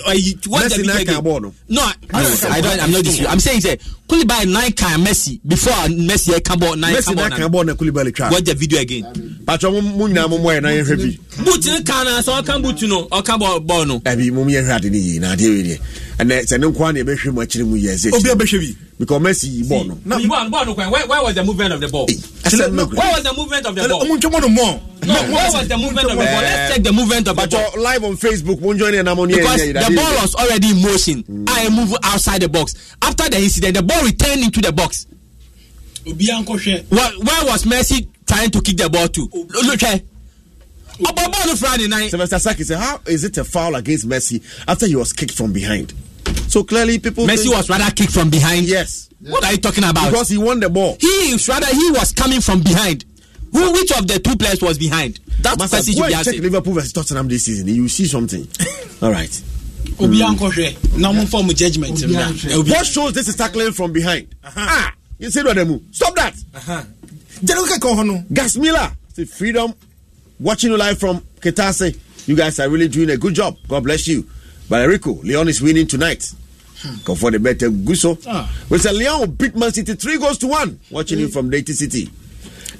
uh, what Messi Nike ball no. No, I, I don't. I'm not disputing. I'm saying say Koulibaly Nike Messi before Messi I can ball Nike. Messi Nike ball na Koulibaly try. Watch the video again. But mo mo nyina mo mo na yɛ hwɛ bi. Boot ne kan na so ɔka boot no ɔka ball ball no. Abi mo mo yɛ hwɛ ade ne yi na ade yɛ. Ɛnɛ sɛ ne nko a na ɛbɛhwɛ mu akyire mu yɛ sɛ. Obi a bɛhwɛ bi because Messi ball no. Na ball ball no where, where was the movement of the ball? I said no. Where was the movement of the ball? Mo ntwomo no more. No, where was the movement of the ball? Let's check the movement of the ball. live on Facebook, mo join and I'm on here. Because the ball was already in motion. Mm. I move outside the box. After the incident, the ball returned into the box. Obi ankɔhwɛ. Where, where was Messi trying to kick the ball to? Look here. Ọbọ bọ́ọ̀lù Friday night. Sylvester Saki said, How is it a foul against Messi after he was kicked from behind? So clearly, people. Messi was rather kicked from behind. Yes. yes. What are you talking about? Because he won the ball. He rather he was coming from behind. Who, which of the two players was behind? That Master, go and check Liverpool versus Tottenham this season. You see something. All right. Obi normal form of form judgment. What shows this is tackling from behind? Uh-huh. Ah, you said what Stop that. Uh-huh. Gasmila, see freedom. Watching you live from Ketase. You guys are really doing a good job. God bless you. But Rico, Leon is winning tonight. Go for the better Guso. Ah. We say Leon beat Man City three goals to one. Watching mm. you eh. from Deity City.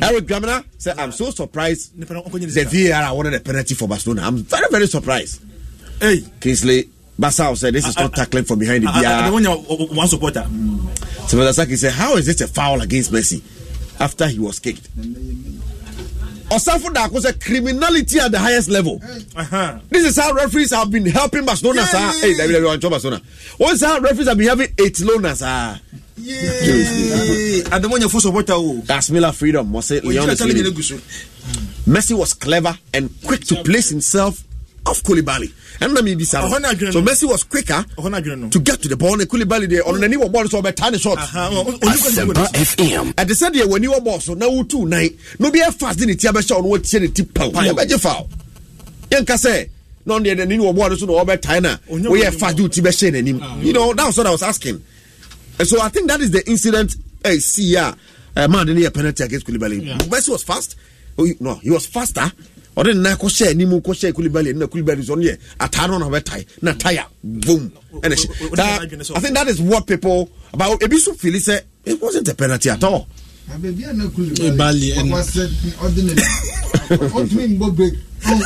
Eric Dramina said, I'm so surprised the VAR wanted a penalty for Barcelona. I'm very, very surprised. Hey. Kingsley Basao said, This is I, ah, ah, not I, tackling from behind the VAR. I, I, one supporter. Mm. Saki said, How is this a foul against Messi after he was kicked? Osafo Dako said criminality at the highest level. This is how referees have been helping Barcelona. Yeah, sir. Yeah, hey, yeah. Hey, David, Barcelona. What's how referees have been having eight loners? Sir. Ademonya for supporter. Oh. That's Miller freedom. Must oh, say Messi was clever and quick to place himself Of Koulibaly. And let me be sad. So Messi was quicker to get to the ball. And Koulibaly there on the new ball so by tiny shot. FM. At the same time, when you were boss, so now two night. No be fast didn't the tiabe shot. No tiabe tip pow. No be foul. Yanka say. No, the new ball so no be tiny. We are fast do tiabe in him. You know that was what I was asking. And so I think that is the incident. Hey, eh, see yeah, Uh, man, didn't he a penalty against Koulibaly? Yeah. Messi was fast. Oh, no, he was faster ɔde nna kɔ hyɛ anim kulibali ɛnna kulibali nso yɛ ataa no na ɔbɛtae na taya boom ɛna hyɛ i think that is what people about ebi so fili sɛ it wasn't a penalty at all abebi a n'ekuru bali ọkwasẹ ọdinari ọtumi mbọ break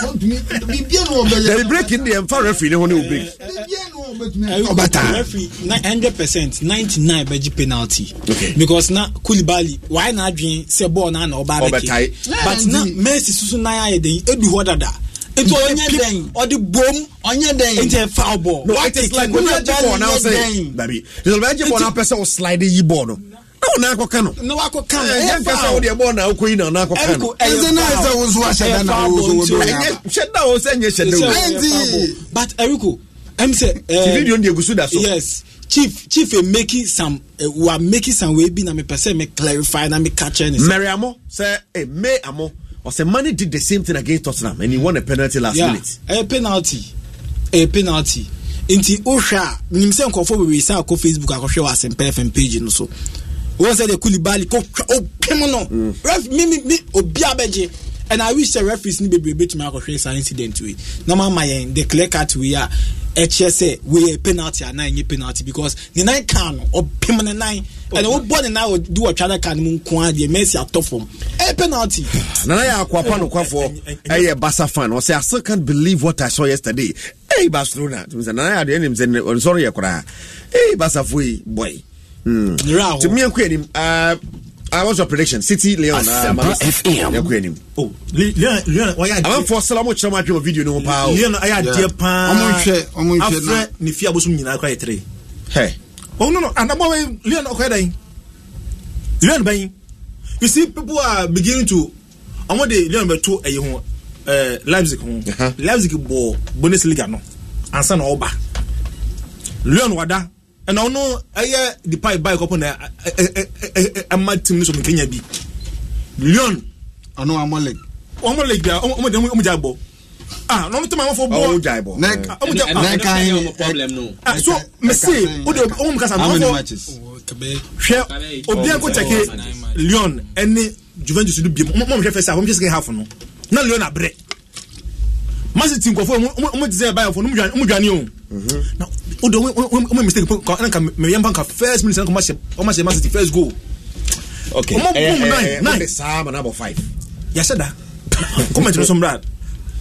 ọtumi bibi ẹnu ọbẹ yẹ. break ni ẹ nfa referee ni wọn ni o break. bibi ẹnu ọbẹ tumi ọba taa. referee hundred percent ninety nine bẹ ji penalty. okay because na Koulibaly wàá na adwin sẹ bọọlù náà na ọba abẹ kẹ but na Messi soso nan ayẹ dẹ edu hɔ dada e nti ɔnyɛ dɛn ɔde bom ɔnyɛ dɛn nti ɛfa ɔbɔ. no it is like wọn yɛ jẹ bɔɔl náà sɛ dabi wọn yɛ jẹ bɔɔl náà pɛ o slide yi bɔɔl na wọn n'akɔka no. na wakɔka eh, ɛyɛ faawo ɛyɛ faawo deɛ bɔɔl na akɔ yi na n'akɔka no. ɛyɛ faawo ɛyɛ faawo ɛyɛ faawo ɛyɛ faawo ɛyɛ faawo ɛyɛ faawo but eriko ɛm sɛ. Eh, video de egusu da so. yes chief chief e eh, making some e wa making some wey bi na me pɛsɛ me clarify na me catch any. mɛrɛ amɔ sɛ e may amɔ ɔsɛ mani did the same thing against tottenham and he won a penalty last yeah. minute. ɛyɛ penalty ɛyɛ penalty nti oh, o hwɛ a nim sɛ nkɔfo bebree sɛ akɔ facebook akɔhwɛ wɔ asɛmpa fm page no so wọn sẹ de kulibali kò pẹ́ mu nọ mm. ref mi mi mi obi abẹ́gye and i wish sɛ referees ni bebrebe tumi akɔhwɛ saa incident wei na ma ma yɛn the clear cut wei a ɛkyɛ sɛ wei yɛ penalty anan nye penalty because ne nan kaa no ɔpem ne nan ɛna wobɔ ne nan do ɔtwa ne kaa no mu nko a deɛ mercy atɔ fam ɛyɛ penalty. nana yɛ akwapa nokwafoɔ ɛyɛ basa fan ɔsɛ i still can't believe what i saw yesterday hey barcelona nana yɛ adeɛ nim sɛ ɔnsɔre yɛ koraa hey basafoɔ yi boy. Hmm. nti mmea nkɔ anim Uh, what's your prediction? City Leon. Asempa uh, FM. Yeah, him. Oh, Leon, Leon, why are you? I'm for Salamu Chama dream video no pa. Leon, I are dear pa. I'm going to I'm going to na. Afre ni fia bosum nyina kwa yetre. Hey. Oh no no, and about Leon okwa dan. Leon ban. You see people are beginning to I'm going to Leon beto eh ho eh Leipzig ho. Uh-huh. Leipzig bo Bundesliga no. Ansa na oba. Leon wada ɛna ɔno ɛyɛ dipa ba ɛkɔpɔ na ɛma tim no so Kenya bi leon ɔno ɔmɔ leg ɔmɔ leg bia ɔmɔ de ɔmɔ gya bɔ ah na ɔmɔ tɛmɛ amafo bɔ ɔmɔ gya bɔ ɔmɔ gya bɔ nɛkan ah so mese o de ɔmɔ mu kasa amafo hwɛ obiara ko kyɛke leon ɛne juventus no biem ɔmɔ mu hwɛ fɛ sɛ ɔmɔ mu hwɛ sɛ half no na leon abrɛ masi ti nkɔfo ɔmo ti sɛ bayafo ɔmo dwani ɔmo dwani mhm. o na o de ɔmo mistake po ɛna ka mɛyɛ mpa nka first minute ɛna ɔmo ahyɛ masi ti first goal. okay ɔmo boom eh, eh, nine eh, nine saa ma n'abɔ five. yasɛ da comment no so mbra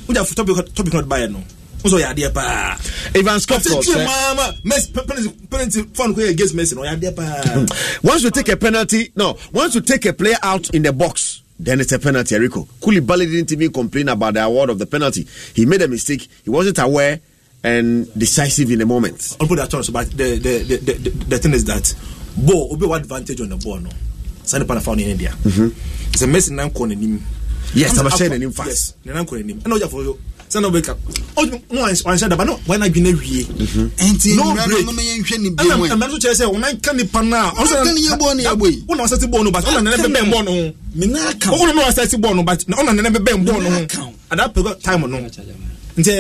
o de topic topic not bayɛ no o yɛ adeɛ paa. ivan scott kɔ sɛ maama penalty penalty fan ko yɛ against messi na o yɛ adeɛ paa. once you take a penalty no once you take a player out in the box. Then it's a penalty, Rico. Koulibaly didn't even complain about the award of the penalty. He made a mistake. He wasn't aware and decisive in the moment. I'll put that chance, but the, the, the, the, the thing is that Bo will be what advantage on the ball. No, Sunday Pana found in India. Mm-hmm. It's a mess in Nankon in him. Yes, I'm saying in him fast. Yes, Nankon in him. I know you're for you sani ọbẹ ka ọmọ ọ̀nṣẹ́ daba náà wọ́n adwene wie. nti nwura no mẹ yẹn nhwẹ ni bí wọn. ẹnna mẹrin tó kyerẹ sẹ wọn náà ká nípa náà. wọn náà yẹ bọ́ọ̀ ni yẹ bọ́ yìí. wọn náà ọsẹ ti bọ́ọ̀ nù bàtà ọ̀nà nẹ́nẹ́ bẹ́ẹ̀ bọ́ọ̀ nù. mi náà kàn. wọn náà ọsẹ ti bọ́ọ̀ nù bàtà ọ̀nà nẹ́nẹ́ bẹ́ẹ̀ bọ́ọ̀ nù. àdàpẹ̀ táìmù nù. nti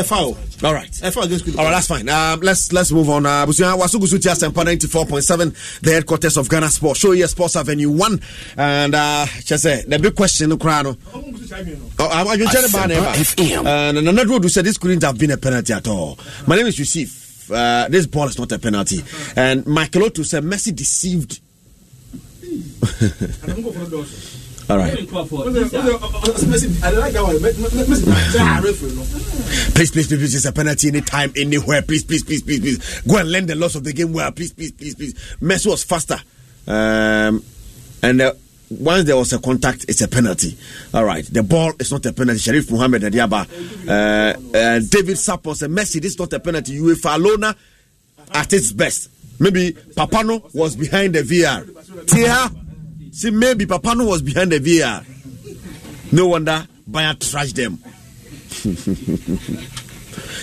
all right against Kudu. all right that's fine um, let's let's move on uh, wasugusu ti asempa ninety four point seven the headquarters of ghana sports show here sports avenue one and uh, kyesɛ the big question no koraa no. going oh, to baa na ɛba another road said this couldn't have been a penalty at all my name is yusuf uh, this ball is not a penalty and michael otto said messi deceived. All right. please, please, please, please. It's a penalty anytime, anywhere. Please, please, please, please, please. Go and learn the loss of the game well. Please, please, please, please. Messi was faster. Um, and uh, once there was a contact, it's a penalty. All right. The ball is not a penalty. Sharif Muhammad Adiaba, uh, uh, David Sappos and Messi. This is not a penalty. UEFA Lona at its best. Maybe Papano was behind the VR. Tia. See, maybe Papa no was behind the VR. No wonder buyer trashed them.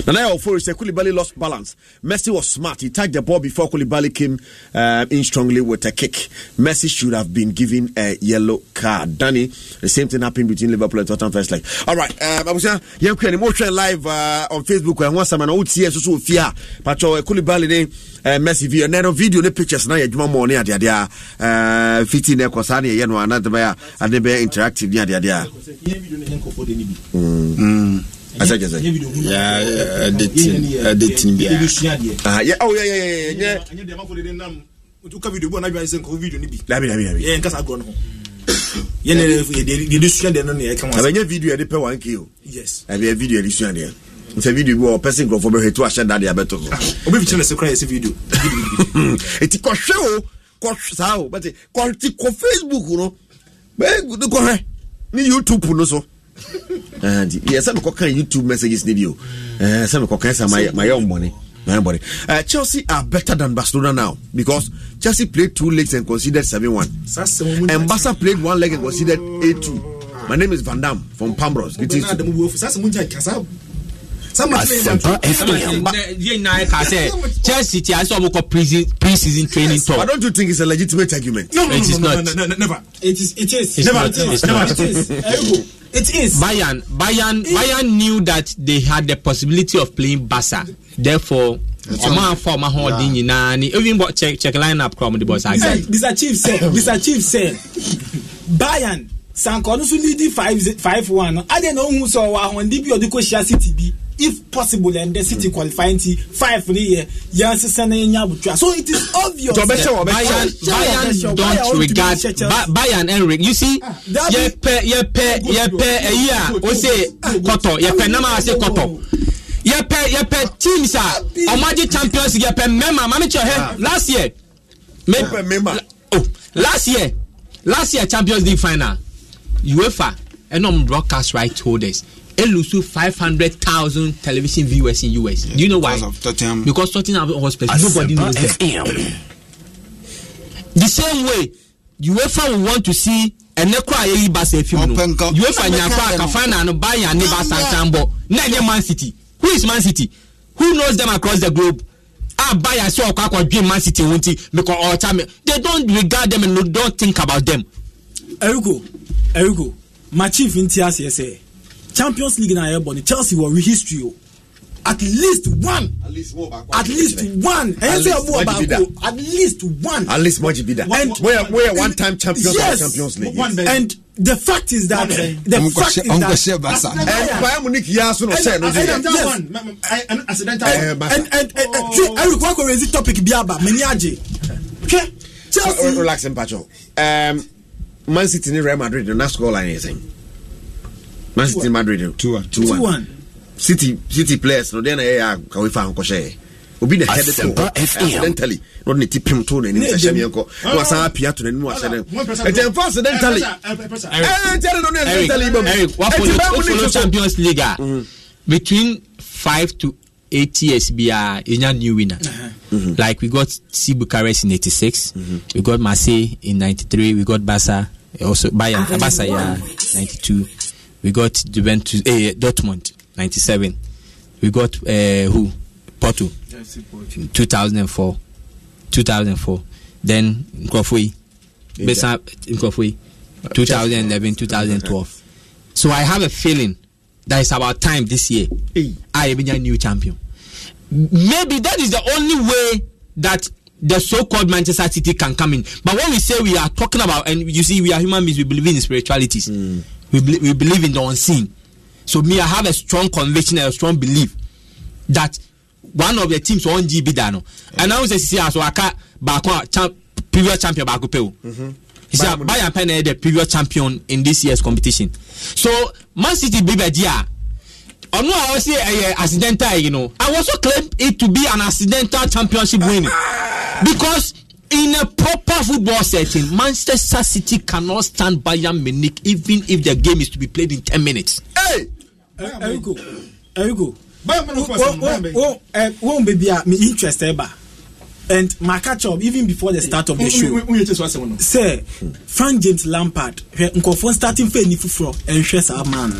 Nanaya Ofori said Koulibaly lost balance. Messi was smart. He tagged the ball before Koulibaly came uh, in strongly with a kick. Messi should have been given a yellow card. Danny, the same thing happened between Liverpool and Tottenham first leg. All right. Um, you was saying, more trend live uh, on Facebook. And want someone an old CS, so fear. But uh, Koulibaly, Messi, view. And then video, the pictures, now you're doing more near the idea. Fitting there, because I know another way, and they be interactive near the idea asɛkyɛ sɛ yɛde tin biaɛnyɛ video ɛde pɛ 1k o ɛbɛyɛ video ɛde sua deɛ nfɛ video bi wɔ ɔpɛ sɛ nkurɔfoɔ bɛhwɛ to ahyɛ dadeɛ abɛtɔ so ɛti kɔhwɛ o kɔhwɛ saa o bɛte kɔti kɔ facebook no bɛɛ kɔhwɛ ne youtube no so yɛsɛ mekɔka youtube messages no bio sɛ mekɔka sɛ mayɛ mbɔne Everybody. Uh, Chelsea are better than Barcelona now because Chelsea played two legs and considered 7 1. And Barca played one leg and considered 8 2. My name is Van Dam from Pambros. E, Chelsea ti aso ọmọ pre-season training yes. talk. don't you think it's a legitimate argument? it is not. never. It is. It is. never. it is. It is. Bayern, Bayern, Bayern knew that they had the possibility of playing Barca. Therefore, ọmọ afọ ọmọ ahọ ọdín nyinaa ni even bọ check check line up kọ ọmọ de bọ sa. Mr Chief said Mr Chief said Bayern sankọ nusu leading five five one adé na ohun sọ wà ahọ́ndí bí ọdún kò ṣíà sí ti bí if possible and the city mm. qualifying ti five ni yɛ yɛn sisan na yɛn nya abutua so it is obvious. jɔ bɛ sɛ wɔ bɛ sɛ Bayern don't regard Bayern enric you see yɛ pɛ yɛ pɛ yɛ pɛ ɛyi a o se kɔtɔ yɛ pɛ nama se kɔtɔ yɛ pɛ yɛ pɛ teams a ɔmɔ adi champions yɛ pɛ mɛma maame eh, ah. kyɛ hɛ last year. mɛma oh last year last year champions league final UEFA ɛnna eh, ɔmo broadcast right holders they lose to thousand television viewers in US. Yeah, Do you know why? Of Tottenham. Um, because Tottenham was special. Nobody knows FM. them. the same way, UEFA will want to see ɛnɛ kɔ a yɛyi basa efi mu no uefa nyakɔ a kafa na ano ba yan ne ba sansan bɔ na ɛnyɛ man city who is man city who knows them across the globe a ba yan sɛ ɔkɔ akɔ dream man city wɔn ti because ɔta oh, mi they don't regard them and don't think about them. eriko eriko ma chief n ti aseɛ sɛ champions league na yɛ bɔ ni chelsea wɔ re history o at least one at least one ɛyɛ sɛ ɛbu ɔbaako at least one at least mɔji bi da and mo yɛ one time champions yes, champions league and the fact is that the fact is that basa ɛn bayern munich yi aso na ɔsɛ ɛnu de yɛ and and and see oh. eric wakɔ rezi topic bi aba mɛ ni agye kɛ chelsea relax mpatsɔ um, man city ni real madrid na score line yɛ sɛn man city madrid no two one two one city city players no den na ɛyɛ a kawe fa nkɔhyɛ yɛ obi na head to accidentally na ɔde ne ti pim to n'anim sɛ hyɛ miɛnkɔ na wasan apia to n'anim wahyɛ dɛm ɛtɛ nfa accidentally ɛɛ kyɛrɛ no ne accidentally bɛ mu ɛti bɛ mu ni champions league a ah, mm-hmm. between five to eight years biara ah, enya new winner uh-huh. mm-hmm. like we got c bucharest in eighty six mm-hmm. we got marseille in ninety three we got barca also bayern barca yeah ninety two. We got Juventus, eh, Dortmund, 97. We got uh, who? Porto, 2004. 2004. Then Nkofui, Besa Nkofui, 2011, 2012. So I have a feeling that it's about time this year. I am a new champion. Maybe that is the only way that the so-called Manchester City can come in. But when we say we are talking about, and you see, we are human beings, we believe in spiritualities. Mm. We, be- we believe in the unseen. So me, I have a strong conviction and a strong belief that one of the teams won GB Dano. And now it's a so I can't back on previous champion back up. He said mm-hmm. Bayern Penn the previous champion in this year's competition. So Man City be dia. ọ̀nù àwọn sí ẹ̀yẹ accidental you know I also claim it to be an accidental championship winning because in a proper football setting, Manchester City cannot stand Bayern Munich even if their game is to be played in 10 minutes. Hey! go. Eriko, Eriko. go. bèbí a mi interest ẹ̀ bá and my catch up even before the start of the show Sir, Frank James Lampard nkọ̀fọ́ starting fẹ́ ni foforọ ẹ̀ ah, man.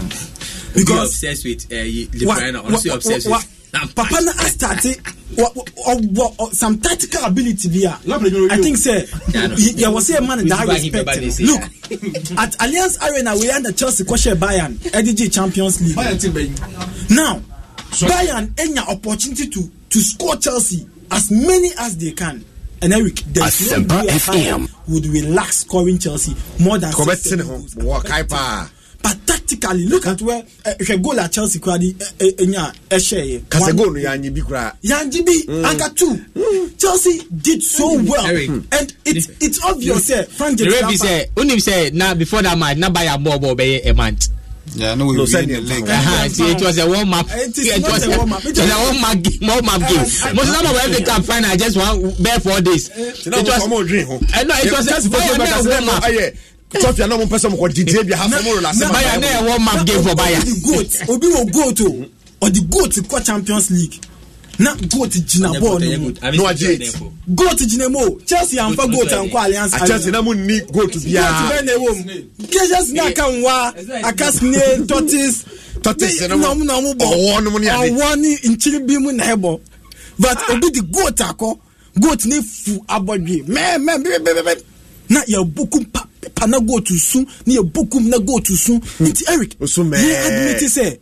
because obsessed with uh, eh, Lefrena honestly obsessed with papa na asitati ɔwɔ some tactical ability bi a i think sɛ yɛwɔ sɛ ɛma no daa respect look at alliance arena wei under chelsea kɔhyɛ bayern ɛde gye champions league now bayern anya opportunity to to score chelsea as many as they can and Eric, there's no way would relax scoring Chelsea more than. Kọbẹ tí but tactically look at where hwɛ goal a chelsea kura di enya ɛhyɛ yɛ. kasa goal no yanyi bi kura. yanyi bi anka two chelsea did so well and it it's obvious sɛ frank james rafa. the referee sɛ onim say na before that match na bayern ball ball bɛyɛ a month. Yeah, no, we no, win the league. Uh-huh. See, it was a warm up. It, was a warm up. It was a warm up Warm up game. Most of them were FA Cup final. Just one bare four days. it was. Uh, no, it was just tɔfia náà mo pɛ sɛ mo kɔ didi ebi ahafa mo rola sɛma baya ne yɛ wɔ map game for baya. obi wɔ goat o ɔdi goat kɔ champions league na goat gyina bɔɔl no mu no wa gate goat gyina mu o chelsea anfa goat ankɔ alliance A chelsea na mu ni goat biara goat bɛn na ewo mu chelsea na aka nwa aka sine tortoise tortoise na mu na mu bɔ ɔwɔ no mu ni ade ɔwɔ ni nkyiri bi mu na ɛbɔ but obi di goat akɔ goat ne fu abɔdwe mɛɛ mɛɛ bɛbɛbɛbɛ na yɛbokum papa na gootu um hmm. oh, so na yɛbokum na gootu so nti eric yɛadmit sɛ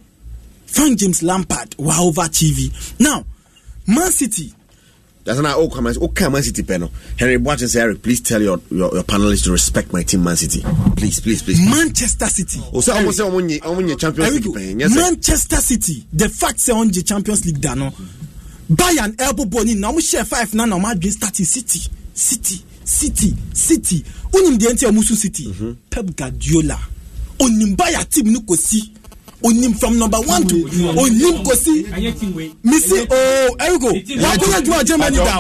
frank james lampard wa over tv now man city that's not oh, man, Okay, man City panel. Henry Boateng say, Eric, please tell your, your, your panelists to respect my team, Man City. Please, please, please. please. Manchester City. Oh, so almost say omunye omunye Champions Eric, League. Yes, Manchester City. The fact say on the Champions League dano. Bayern elbow boni Now we share five. Now na ma dream starting City. City city city wonim deɛ nti a ɔmo so city mhm. pep guardiola onimba yɛ atim no kɔsi onim from number one to onim kosi misi ooo eriko wakoye juma germany da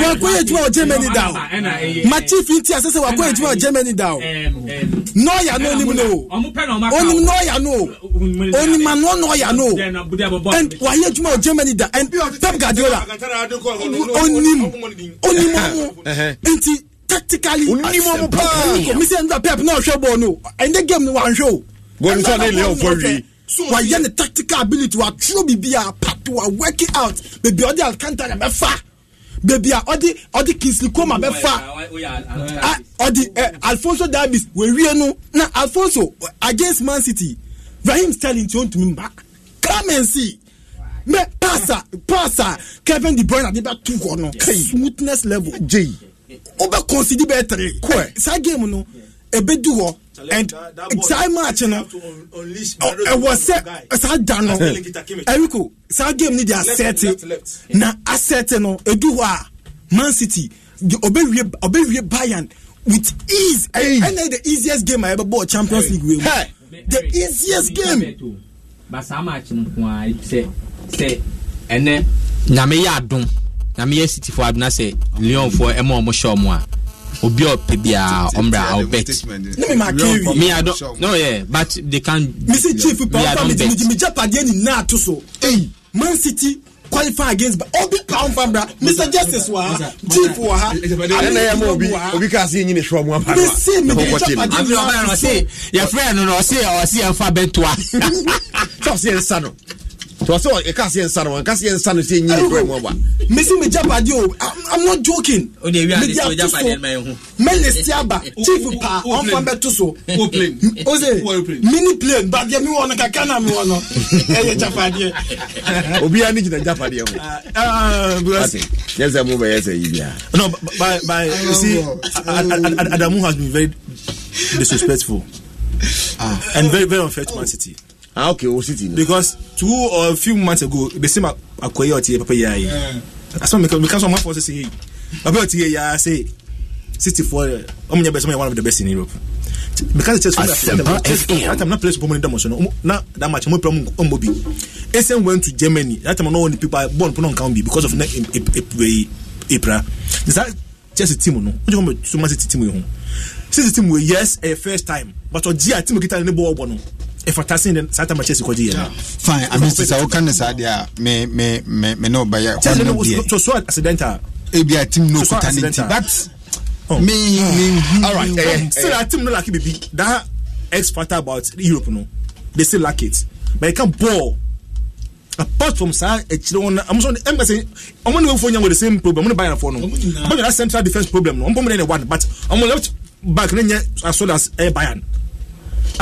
wakoye juma germany da ma chief ti asese wakoye juma germany da n'oya no onim no onim n'oya no onim ma no n'oya no and waye juma germany da and pep gadiola. onim onim ọmọ nti tactically onim ọmọ paa mi sẹ n da pep náà ṣe bọ ọ no ẹni game ni wà á ṣe o wɔnusɔ ne ilé ɔfɔ wi. wayɛ ne tactical ability watwerɛ biribia ah, pato a working out baabi ɔde alcantara bɛfa baabi a ɔde ɔde kinsley coma bɛfa ɔde alfonso davis wɔwie no na alfonso against man city rahim sterling tí o ntumi mba clemency mɛ pasa pasa kevin de bruyne adi bɛ tu hɔ smoothness level jay o bɛ consider bɛ tere eh, saa game no ebe du hɔ and saa match no ɛwɔ sɛ saa da no eriko saa game no de asɛte na asɛte no edu hɔ ah, a man city ɔbɛwie ɔbɛwie bayern with ease ɛnna the easiest game a yɛbɛbɔ champions league wey mu the easiest game. basa match no ko a sɛ sɛ ɛnɛ nyame yɛ adum nyame yɛ city fo adum na sɛ leon fo ɛma ɔmo hyɛ ɔmo a obi ɔpɛ bia a awo bet. ne mi ma kiri. mi a dɔn no yɛ but they can. misi chief paul fa mi jimi mi jẹ padeɛ ni naa to so. man city qualify against ba obi paul fa bra mr justice wa ha chief wa ha alimi wa ha. obi Obi, ka se ɲini sɔ mu apa. mi se mi jẹ padeɛ ni naa to so. yɛ fɛ yan nɔ ɔsi ɔsi yɛ fa bɛ to a. sɔ si yɛ nsa nɔ tɔsɛ ɛka seɛ nsa no ɛka seɛ nsa no sɛ nyini kura mu aba mesi me japade o i'm not joking mede ato so mɛlɛsi aba chief pa ɔmfa bɛto so ose mini plane but deɛ mewɔ no kaka na mewɔ no ɛyɛ japadeɛ obiaa ne gyina japadeɛ ho yɛ sɛ mobɛyɛ sɛ yi bia no by, by, you see Adamu has been very disrespectful ah. and very very unfair to Man City ah okay o city. because two or few months ago besim akoye ọtí papa yẹ ayé asọmọ mi kan sọ ọmọ afọ sẹsẹ yẹ papa ọtí yẹ yà á sẹ city ọmọ yẹ sọmọ yẹ one of the best in Europe because the church that time na place for money damos no na that match mo problem on mobi esen went to germany that time no one people born pon count be because of na epra is that just team no what you come to man city team we ho city team we yes a first time but o gia team kita ne bo obo no ɛfata sen de saa tama kyɛsi kɔgye yɛ no fine amesi sɛ woka ne saa deɛ a me me me me ne ɔbɛyɛ hɔ so accident a ebi eh, a tim no kuta ne ti but me me alright ɛyɛ still a tim no laki bibi that ex factor about europe no they still lack it but ɛka ball apart from saa akyire wɔn na ɔmo sɔn ɛmu kase ɔmo ne wofo nyango the same problem ɔmo ne bayana fo no ɔmo nyinaa central defence problem no ɔmo pɔmu ne ne one but ɔmo left back ne nyɛ as solid as ɛyɛ eh, bayana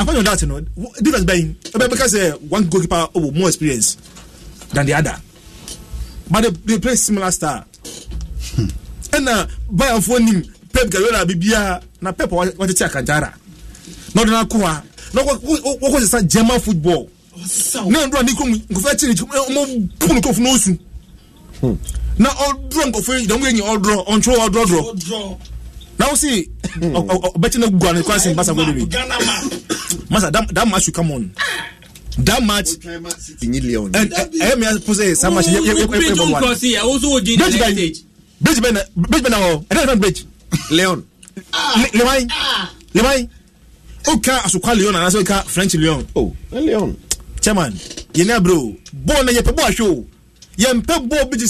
apart from that you know, difference bẹyìn ẹbẹ because uh, one goalkeeper oh, more experience than the other but they, they play similar style ɛna hmm. uh, bayern fo nim pep guardiola bibia na pep watete akantara na ɔde n'akɔ ha na wɔkɔ sisa german football na ndura ne kurom nkɔfra kyerɛ eh, kyerɛ ɔmo pum ne kɔfu n'osu hmm. na ɔdurɔ nkɔfra yi dɔm yɛ nyɛ ɔdurɔ ɔntwerɛ ɔdurɔ durɔ. Now see, se ɔbɛkyɛ no gua no kwanse mbasa go that, match should come on that match Leon. ɛyɛ eh, eh, me apo sɛ eh, some match oh, You Bridge bɛna hɔ ɛdɛ fɛn bage leon lewan lewan woka asokwa leon anaasɛ woka french leon Oh, leon chairman You know, bro. bɔɔ na yepe boy show. o boy bɔɔ bi gye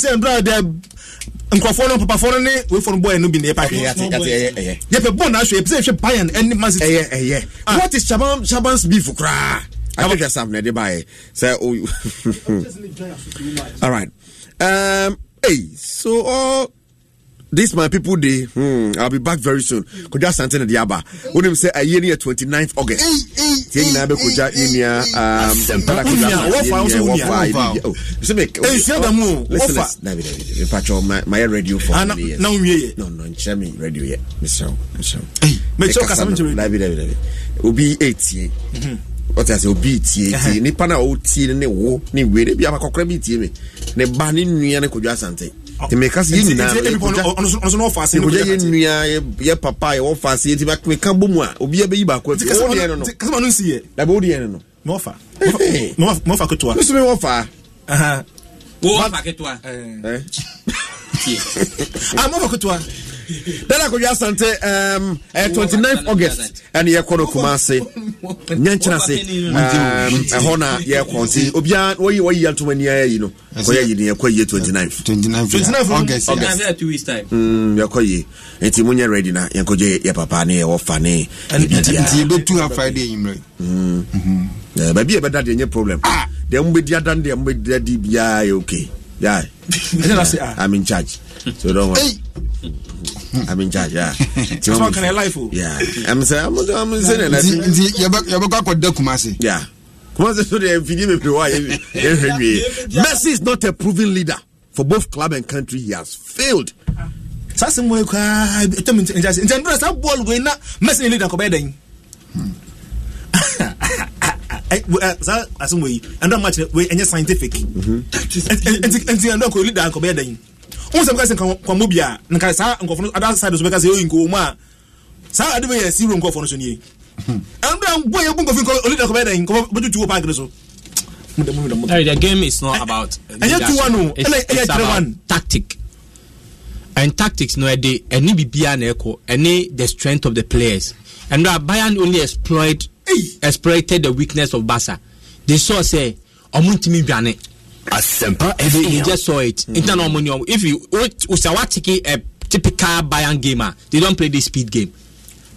nkurɔfoɔ no papafoɔ no ne wefoɔ no bɔɔyɛ no bi na yɛpa hwɛ yɛpɛ bɔɔl na ahwɛ yɛpɛ sɛ yɛhwɛ bayern ɛne man city ɛyɛ ɛyɛ ah. what is shaban shaban's beef koraa ahwehwɛ sam na ɛde baayɛ sɛ o all right um, hey, so all uh, this my people day hmm, i'll be back very soon kọjá santana diaba. When him say a year ni yẹ twenty nine august tiẹ nyinaa bẹ kọjá yẹnia mpara kọjá yẹnia wọfà yẹnia sẹmi kẹwọ lẹsẹlẹ dabi dabi mpatsọ ma yẹ radio for ah, many years na nwunye yẹ no no nkyẹn mi radio yẹ misirawo misirawo mẹtsọ kasa mi nkyẹn mi dabi dabi dabi obi etie mm-hmm. wọ́n uh-huh. ti sẹ́ obi tie tie nípa náà o tie ne wo ne wéere bi abakọkọrẹ bi tie mi ne ba ne nua ne kọjá santana mɛka sɛ yɛnyinaayɛ yɛ papa yɛwɔ faase nti meka mu a obia bɛyi baako afiwodeɛ no no mesome wɔfaa mɔfa ketewa dada akɔdwa asante um, uh, eh, 29 august ɛne yɛkɔ no kuma ase nyankyena se ɛhɔ um, eh, na yɛkɔ nti obiaa wɔyi wɔyi yɛntoma ni no kɔyɛ yi ne yɛkɔ yie 29yɛkɔ yie nti monyɛ ready na yɛnkɔgye yɛ papa ne yɛwɔ fa ne baabi yɛ bɛda deɛ nyɛ problem deɛ mobɛdi adan deɛ mobɛdi biaa yɛ okay yeah. Ah. I'm in charge so don't worry I'm in charge. Yeah. Ti wọn kan life o. Oh. Yeah. I'm say I'm I'm say na na. Nti yabakọ akọda Kumasi. Yeah. Kumasi so dey fidi bebree wa ye ye Messi is not a proven leader for both club and country. He has failed. Sasi mu ekwa eto mi nti nti nti sa ball wey na Messi ni leader kọ bẹ dẹyin. saa eh, eh, asem wei ɛndɔ match wei ɛnyɛ scientific mm-hmm. eh, nti ɛndɔ kɔ leader nkɔ bɛ dɛyin wọn sɛ bɛka sɛ nkwammɔ bi nka saa nkɔfo ada side so bɛka sɛ ɛyɛ mu a saa ade bɛyɛ siro nkɔfo so nie hmm. ɛno da yɛ bu nkɔfo nkɔfo olida kɔbɛyɛ dɛn nkɔfo bɛtutu wɔ paaki no so Hey, the game is not about uh, ɛyɛ two one o ɛna ɛyɛ three one tactic and tactics no ɛde ɛne bibia na ɛkɔ ɛne the strength of the players and that Bayern only exploit exploited the weakness of Barca they saw say ɔmo ntumi dwane asempa fm you just saw it mm-hmm. internal money if you usawa tiki a eh, typical bayern gamer they don't play the speed game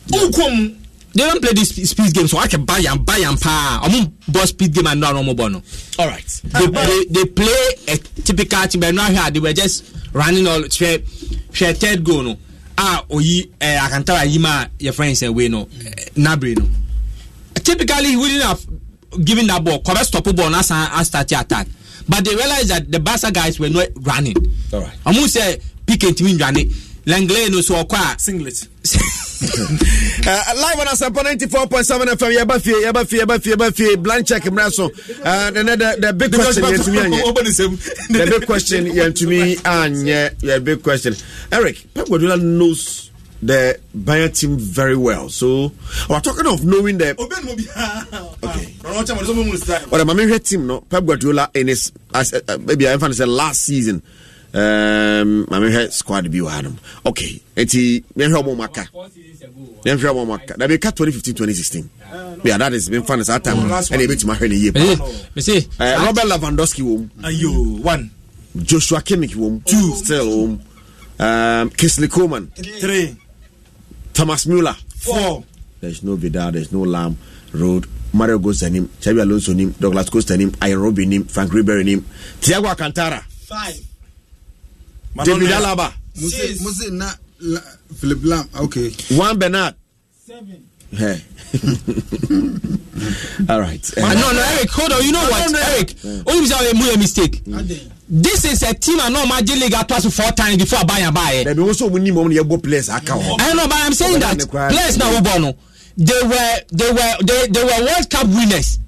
yeah. ukum they don't play the speed game so i can buy and buy and pa i'm boss speed game and not normal no. all right they, they, they play a typical team but now here they were just running all share share third goal no ah oyi eh, i can tell ayima your friend say we no eh, no typically he wouldn't have given that ball correct stop ball na san start attack but they realized that the Barca guys were not running. All right. Ọmọ sẹ PK ntumi running. Langley no so ọkọ Singlet. Uh, live on asampa ninety four point seven fm yaba fie yaba fie yaba fie yaba fie blank check mìíràn so ẹnẹ dẹ dẹ big question yẹn tumi anyẹ dẹ big question yẹn tumi anyẹ yẹ big question Eric Pep Guardiola knows the Bayern team very well. So we're talking of knowing the okay. Well, the Mamere team, no Pep Guardiola in his as, uh, uh maybe I'm fan last season. Um, Mamere squad be one. Okay, and he. Mamere Maka. Mamere Maka. That be cut 2015, 2016. Yeah, that is been fun as that time. And a bit to my friend a year. See, Robert Lewandowski womb. You one. Joshua Kimmich womb. Two still womb. Um, Kisley Coleman. Three. Thomas Muller four. There's no Vidal, there's no Lam, Road, Mario Gosens nim, Xabi Alonso nim, Douglas Costa nim, Ayen Robin nim, Frank Ribery nim, Thiago Alcantara five. David Alaba six. Musi na la, Philip Lam ah, okay. Juan Bernard seven. Hey. All right. Uh, no, no, Eric, hold on. You know what, Eric? Only because I made a mistake. Mm this is a team and ọmọ ajé league ato twice four times before abayan abayẹ. ẹbí wọn sọ wọn ní mọ ní yẹ players aka wọn. i know but i'm saying that players na wọ́n no they were they were they, they were world cup winners.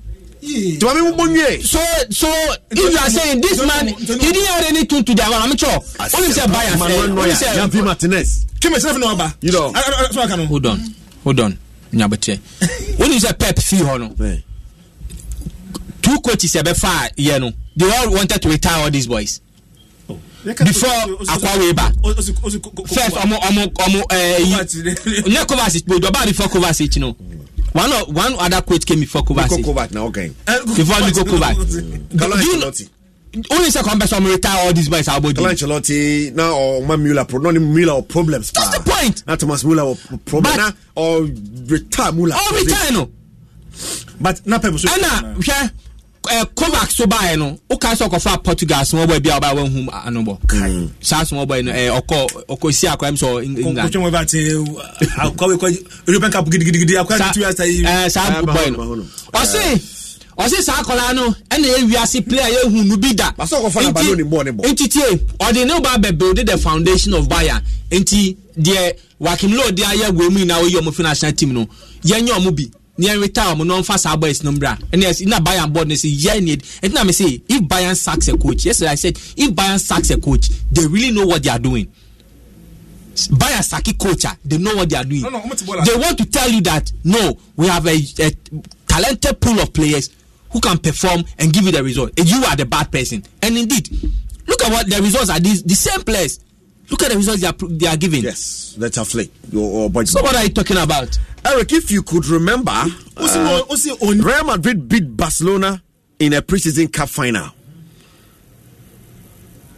tiwa mi wọ́n yẹ. so so if you are saying this man he didn't add anything to their man i'm sure only say bayan ẹ only say. yan p martinez. kí mi sẹ́fì náà wà bá. yìí dọ̀ hold on hold on nyabẹ́tẹ́ wọ́n ní sẹ́ pep fi hàn no two coaches ɛbɛfa a yɛ no they all wanted to retire all these boys before akwaweba first ọmọ ọmọ ọmọ ẹyi nye Kovacic gbọdọ ọba before Kovacic no one of one other coach came before Kovacic before Niko Kovac only second person to retire all these boys abodu. Carlo Ancelotti na ọma Mueller pro not mula or problems. That's the point. Na Thomas mula or problem na or retire mula. Or retire no. But na pẹ̀lú so. Ẹna hwẹ́. Eh, kovac so baeɛ no woka sɛ ɔkɔfa portugal asomɔbɔ bi a wɔba wahu anobɔ saa asomɔbɔ no ɔkɔ ɔkɔsi akɔa m sɛ saa bɔe no ɔse ɔse saa akɔla no ɛna ewiase player yehu no bi da nti tie ɔde ne ba bɛ build the foundation of Bayern nti deɛ wakimlo de ayɛ wɔ mu nyinaa oyi ɔmo fi national team no yɛnyɛ ɔmo bi near retire mo no nfa saa boys number. mbra ɛna ɛsi na bayern board ne sɛ yɛ ne ɛti na mi say if bayern sacks a coach yesterday i said if bayern sacks a coach they really know what they are doing bayern sacki coach ah, they know what they are doing they want to tell you that no we have a, a talented pool of players who can perform and give you the result and you are the bad person and indeed look at what the results are these the same players look at the results they are, they are giving. Yes, let's have flick. Your, so, what are you talking about? Eric, if you could remember, uh, Real Madrid beat Barcelona in a preseason cup final.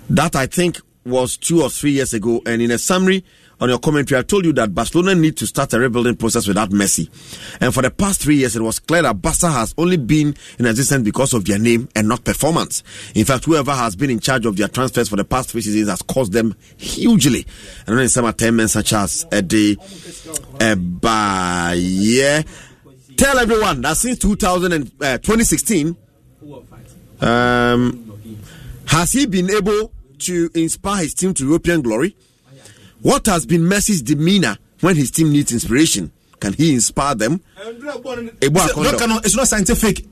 That I think was two or three years ago. And in a summary, on your commentary, I told you that Barcelona need to start a rebuilding process without Messi. And for the past three years, it was clear that Barca has only been in existence because of their name and not performance. In fact, whoever has been in charge of their transfers for the past three seasons has cost them hugely. And in some attainments such as Eddie Ebaye. Uh, Tell everyone that since 2016, uh, um, has he been able to inspire his team to European glory? What has been Messi's demeanor when his team needs inspiration? Can he inspire them? It's not scientific.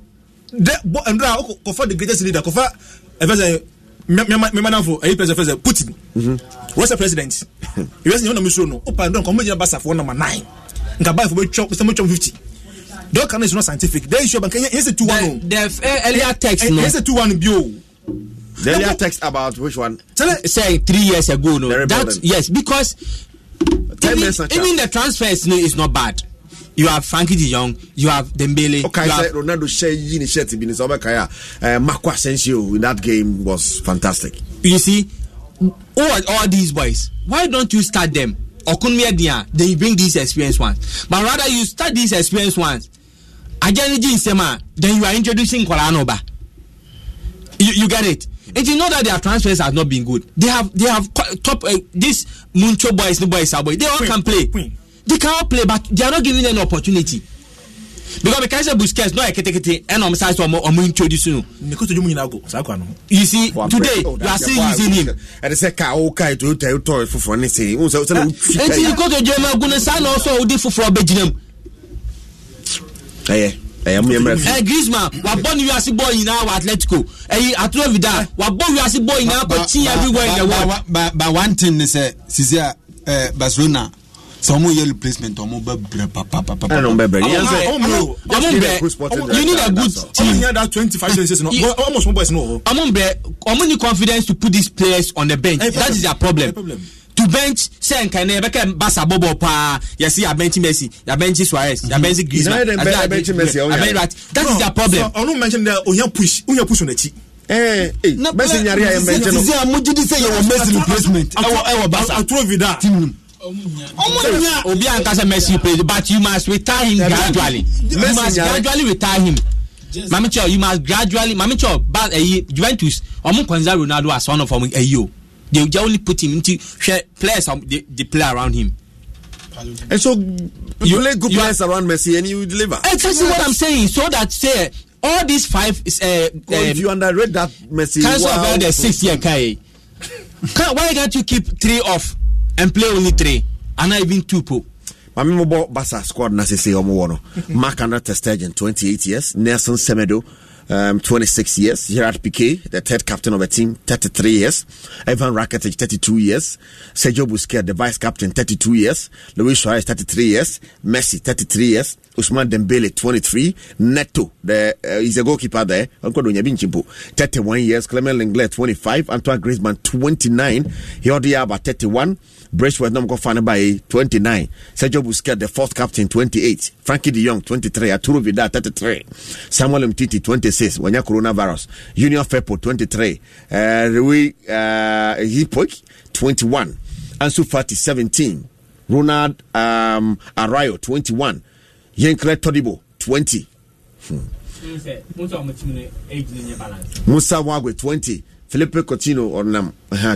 Ndra kofa the greatest leader kofa efese mema nanfo eyi pese efese Putin Russia president US nyɛ ɔnam esuro no opa ndra nkɔmɔ gyina basa fo ɔnam nine nka baa fo bɛ twɛ sɛ mo twɛ fifty dɔw kan no is not scientific de issue banka yɛn sɛ two one o. the earlier text no yɛn sɛ two one bi o. Then earlier text about which one? Say three years ago, no. That, yes, because even, even the transfers no, is not bad. You have Frankie De Jong, you have Dembele. Okay, you have, Ronaldo Sheyi ni sheti bin sobe kaya. Marco Asensio in that game was fantastic. You see, all, all these boys, why don't you start them? Okunmiya Dia, they bring these experienced ones. But rather you start these experienced ones. Ajaniji Nsema, then you are introducing Kolanoba. You, you get it? It is not that their transfers have not been good. They have they have top uh, this Muncho boys, new boys, boy. They all can play. They can play, but they are not giving them an opportunity. Because the because Busquets not a ketekete and I'm sorry to I'm introduce you. Because you mean go. You see today you are still using him. And they say ka o ka to to to for for ni say. Unse unse. Enti because Jema Gunesa also odi for for beginam. Eh grisma wabɔ ne wiase bɔ nyinaa wɔ atletico ɛyi atoro vida wabɔ wiase bɔ nyinaa kɔ kyi everywhere in the world. ba one thing ni sɛ sisi a eh, barcelona sọ mo yẹ replacement ọmọ bẹ brẹ papapapa. ẹ n'o bẹ brẹ yẹn fẹ ọmọ brẹ you need a good team. ọmọ yẹn da twenty five twenty six na ọmọ sọ bọ ẹsẹ náà. ọmọ brẹ ọmọ need confidence to put these players on the bench that is their problem to bench sɛ nkan na yɛbɛkɛ basa bɔbɔ paa yɛsi abɛnchi messi yabɛnchi suarez yabɛnchi mm-hmm. griezmann abɛnchi messi abɛnchi oh, rat that is their problem. ɔno mention dɛ onya push onya push n'akyi. Eh, eh, mɛsi nyari a yɛ mɛnkyɛ no. sisi a mo jidi sɛ yɛwɔ messi replacement ɛwɔ ɛwɔ eh, basa. aturo vida. ɔmunya obi ankasa messi play but you must retire him gradually you must gradually retire him mami chɔ you must gradually mami chɔ ba juventus ɔmu consider ronaldo as one of ɔmu ɛyi they will only put him into players they, play around him. And so you, you good players around Messi and you deliver. Exactly what I'm saying. So that say all these five is uh, oh, um, if you underrate that Messi. Cancel wow, about the six year guy. why can't you keep three off and play only three and not even two po? maame mobɔ basa squad na sese ɔmo wɔ no mark andra testegen 28 years nelson semedo um, 26 years. Gerard Piquet, the third captain of the team, 33 years. Evan Rakitic, 32 years. Sergio Busquets, the vice captain, 32 years. Luis Suarez, 33 years. Messi, 33 years. Usman Dembele, 23. Neto, the uh, he's a goalkeeper there. 31 years. Clement Lenglet, 25. Antoine Griezmann, 29. Jordi Alba, 31. Breshworth na mokɔ fa no baɛ 29 Sergio Busquets the fourth captain twenty eight. Frankie de Jong twenty 23 Arturo Vidal three. Samuel Mtiti six. wanya coronavirus Union Fepo 23 uh, eh, Rui uh, eh, Hipoik one. Ansu Fati seventeen. Ronald um, twenty one. Yenkre Todibo twenty. hmm. Eh, Musa Wagwe twenty. filipe cotino ɔnam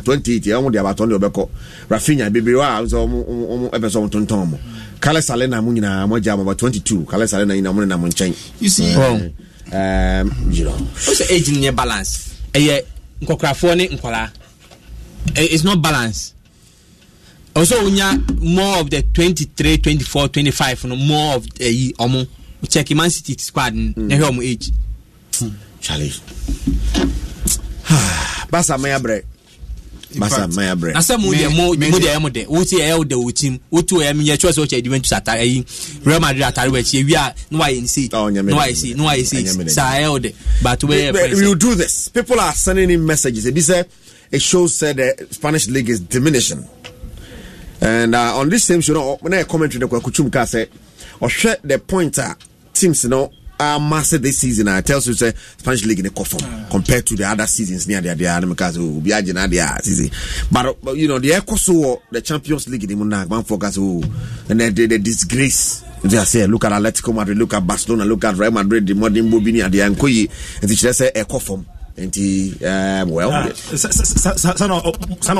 twenty eight ɛwɔn de abatɔ ne ɔbɛkɔ rafinha bebree wa sɛ ɔmo ɔmo ɛbɛ sɛ ɔmo tontɔn mo kale sale na mo nyinaa ba twenty two na nyinaa mo nenam nkyɛn. you see ehm, ehm, o sɛ age eh, ni yɛ balance ɛyɛ nkɔkorafoɔ ne nkɔla eh, it's not balance so onya more of the twenty three twenty four twenty five no more of ɛyi eh, ɔmo check man city squad hmm. age. basa maya basa maya na sɛ mo deɛ mo deɛ ɛyɛ mo dɛ wotu ɛyɛ wo dɛ wo wotu ɛyɛ mi yɛ kyerɛ sɛ wotu Juventus ata ɛyi Real Madrid atare wɔ akyi ewia no ayɛ nse oh, no ayɛ se no ayɛ se saa ɛyɛ wo dɛ but yɛ fɛn we will do this people are sending in messages ebi sɛ it shows that the Spanish league is diminishing and uh, on this same show na ɛ commentary na kwakutum kaa sɛ ɔhwɛ the point a teams no. uh, ah, massive this season. I tell you, say Spanish league in a coffin compared to the other seasons near the other because oh, we be adding the season. Uh, but, you know, the echo so uh, the Champions League in the Munag, one focus, oh, and then the, disgrace. nti say look at atletico madrid look at barcelona look at real madrid the modern bobini adeɛ ankɔyi nti kyerɛ say a fam nti sana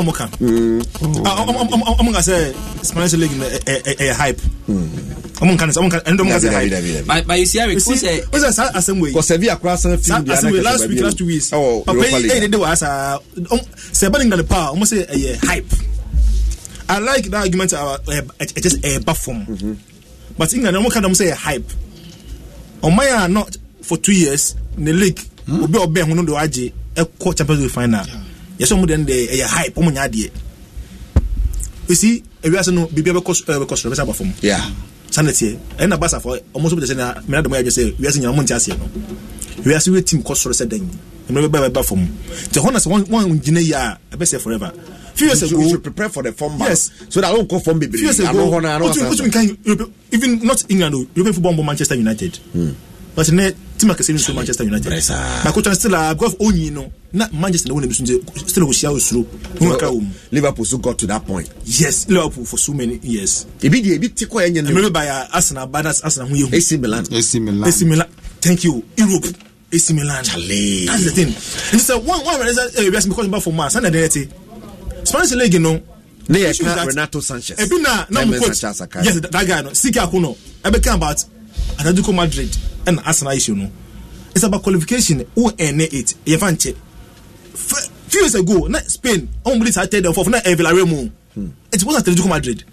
ɔmo ka ɔmo ka sɛ spanish league ɛyɛ hype ɔmo nka ɔmo nka ɛnudɔ ɔmo ka sɛ hype but you see Eric o sɛ o sɛ saa asɛm wei kɔsɛbi akora san fi bi anakɛsɛ baabi last week last two weeks papa yi ɛyɛ de de wa asa sɛ ɛbɛn england pa ɔmo sɛ ɛyɛ hype I like that argument about uh, uh, just a uh, bad but England ɔmo ka dɔm sɛ ɛyɛ hype ɔmo yɛ not for two years in the league. Mm. obi a ɔbɛn ho no de wagye ɛkɔ champions league final yɛsɛ ɔmo deɛ no deɛ ɛyɛ hype ɔmo nya adeɛ esi ewiase no biribi abɛkɔ ɛɛ bɛkɔ soro bɛsɛ aba fam sanni tiɛ ɛna basafo ɔmo nso bi de sɛ na mɛna dɔm yɛ adwo sɛ wiase nyina ɔmo nti aseɛ no wiase wi tim kɔ soro sɛ dan ɛmɛ bɛba bɛba fam nti hɔn na sɛ wɔn gyina yi ɛbɛsɛ forever few years ago you should prepare for the form back yes so that i won't go form bebree few years ago otu otu nkan even not england o european football mbɔ manchester united. Mm but ne team akɛse bi so manchester united bakotwa still a because onyi no na manchester na wɔn na bi so nse still wɔhyia osoro wɔn kakra wɔn mu. liverpool so got to that point. yes liverpool for so many years. ebi di ebi ti kɔ yɛ nyɛ no. emele baya uh, asena bada asena ho yehu. ac milan. ac milan. ac milan thank you europe. AC Milan. Chale. That's the thing. And so one one reason eh, because because about for mass and identity. Spanish league you know. Ne yɛ ka Renato Sanchez. Ebi na na mu coach. Yes that, guy no. Siki Akuno. Ebe kan about Atletico Madrid ɛna asena issue no it's about qualification who earn it yɛfa nkyɛ few years ago na spain ɔmo bi saa third and fourth na ɛ villarreal mu it was atletico madrid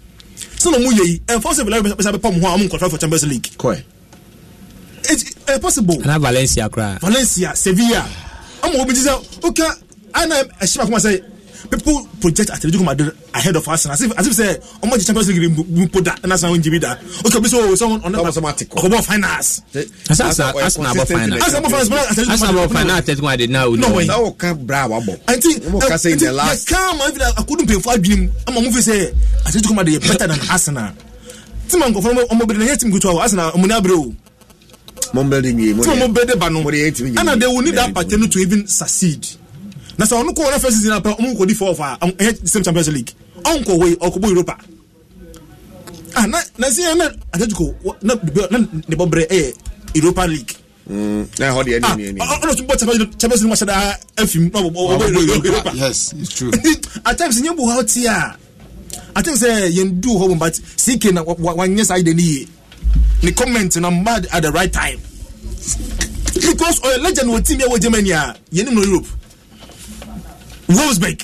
sɛ na ɔmo yɛ yi ɛnfa sɛ villarreal bɛsa bɛpa mu hɔ a ɔmo for champions league kɔɛ it's uh, possible. ana valencia koraa. valencia sevilla ɔmo obi ti sɛ oka ana ɛhyɛ baako ma sɛ people project Atletico Madrid ahead of Arsenal as if as if say ọmọ jẹ Champions League mu po da ẹna san oúnjẹ bi da o kò bí so sọwọn ọ̀nà ọ̀bọ̀ finals. Arsenal bọ̀ finals Arsenal bọ̀ finals Arsenal bọ̀ finals Atletico Madrid náà o ní wọ̀nyí. sáwọ kan bra wa bọ. ẹnti ẹnti yẹ ká maa fi da akudu mpẹ̀fọ́ adwiri mu ama mo fi sẹ Atletico Madrid yẹ better than Arsenal tí ma nkọ̀fọ́ ọmọ bẹ̀rẹ̀ yẹ ti mi kutu awọ Arsenal ọmọ ní abẹ́rẹ́ o. mo n bẹ̀rẹ̀ de nyi mo de yẹ ti mi nyi. ẹna de wo need that partner to even succeed na sɛ ɔno kɔɔ na first season apa ɔmo nkɔdi four a ɛyɛ same champions league ɔnkɔ wei ɔkɔbɔ europa ah na na si na atletico na na ne bɔbrɛ ɛyɛ europa league. Mm, na ɛhɔ deɛ ɛni ah, ni ɛni. ɔno tun bɔ champions league wahyɛ daa efim na ɔbɔ europa yes it's true. at times nye bu ha ɔti a at times eh, yɛn du hɔ mu but ck na wa wa saa yi de ni ye ne comment na mba at the right time because ɔyɛ eh, legend wɔ team yɛ wɔ germany a yɛn ni mu europe wolfsburg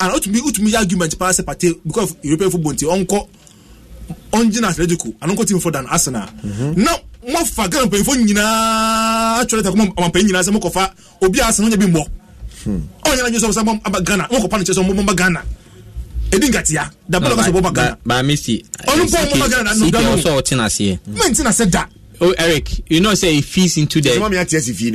and otumi otumi yɛ argument paa sɛ pate because of european football nti ɔnkɔ ɔngyina atletico and ɔnkɔ team for than arsenal na mɔfa ghana mpanyinfoɔ nyinaa atwere takoma ɔmampanyin nyinaa sɛ mokɔfa obi a arsenal ɔnyɛ bi mmɔ ɔnyɛ n'adwene sɛ ɔsɛ aba ghana mokɔpa no kyerɛ sɛ ɔmɔ ghana ɛdi nkatea dabɛlɛ ɔkasɛ ɔbɔ ba ghana ɔno mpɔ ɔmɔ ghana na no da no mɛntina sɛ da oh Eric, you know say it feeds into the You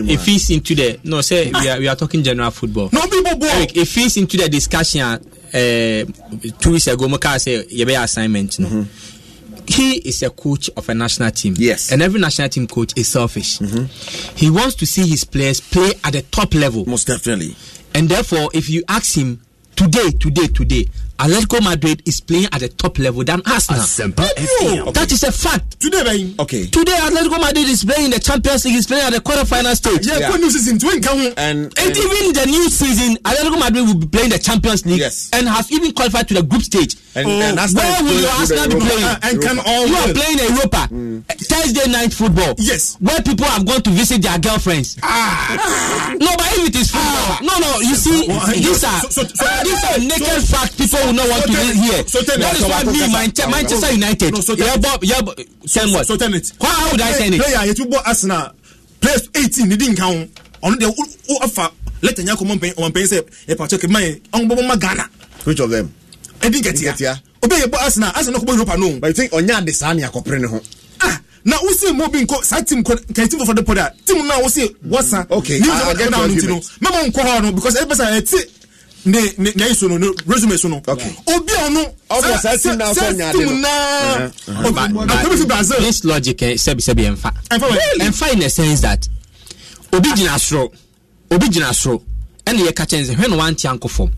if it feeds into the no say we are we are talking general football. No people boy. Eric, it feeds into the discussion uh, two weeks ago. Moka say your assignment. No. Mm-hmm. He is a coach of a national team. Yes. And every national team coach is selfish. Mm-hmm. He wants to see his players play at the top level. Most definitely. And therefore, if you ask him today, today, today, Atletico Madrid is playing at the top level than Arsenal. That is a fact. Today, man. Okay. Today, Atletico Madrid is playing the Champions League. Is playing at the quarterfinal stage. Yeah, yeah. new season. And, and, and even the new season, Atletico Madrid will be playing the Champions League. Yes. And has even qualified to the group stage. And, oh, and where will your Arsenal be playing? Uh, and can all you are playing Europa mm. Thursday night football. Yes. Where people have gone to visit their girlfriends. Ah. no, but if it is football, ah. no, no. You see, this these are so, so, so, these are naked fact people. will not want so to be here. So that is why me, Manchester, Manchester United. No, so send what? So tell it. How, would I send it? Player, you bought Arsenal. Place 18, he didn't count. On the offer, let the Yakuman pay on pay say, a particular man, on Bobo Ghana. Which of them? I didn't get here. Obey your Arsenal, Arsenal, no Europa, no. But you think on Yard the Sania Copreno. Ah! now we see bi nkɔ saa tim kɔ kɛntɛ fɔfɔ de pɔ de a tim na wosi wasa. ok i i get down argument. mɛmɔ nkɔ hɔ no because ɛbɛsa ɛti ne ne ne so ne resume so no obi ɔno sɛ sɛ sɛtum naa ɔbɛbi fi brazil. this logic ɛ eh, sɛbi sɛbi ɛnfa ɛnfa in a sense that obi gyina soro obi gyina soro ɛna yɛ kakyɛ nsɛ hwɛ na wanti ankɔ fam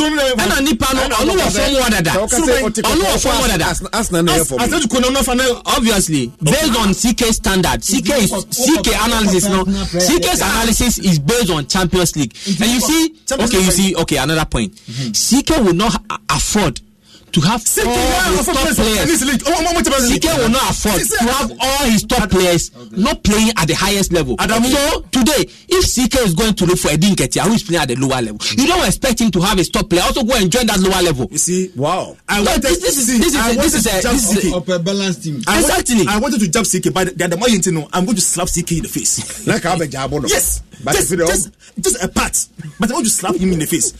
ɛna nipa no ɔno wɔ fɔm wɔ dada ɔno wɔ fɔm wɔ dada asɛnju kuna ɔno fana obviously based on ck standard ck is ck analysis no ck's analysis is based on champions league and you see okay you see okay another point mm-hmm. ck will not afford to have all his top players. Sike will not afford to have all his top players not playing at the highest level. Adamu. So today, if Sike is going to look for Edin Ketia, who is playing at the lower level, you don't expect him to have his top player also go and join that lower level. You see, wow. I wanted, this, is this is a, this is a, balanced team. exactly. I wanted to jump Sike, but the more you know, I'm going to slap Sike in the face. like I have a jab on Yes. just, just, just a part, but I want to slap him in the face.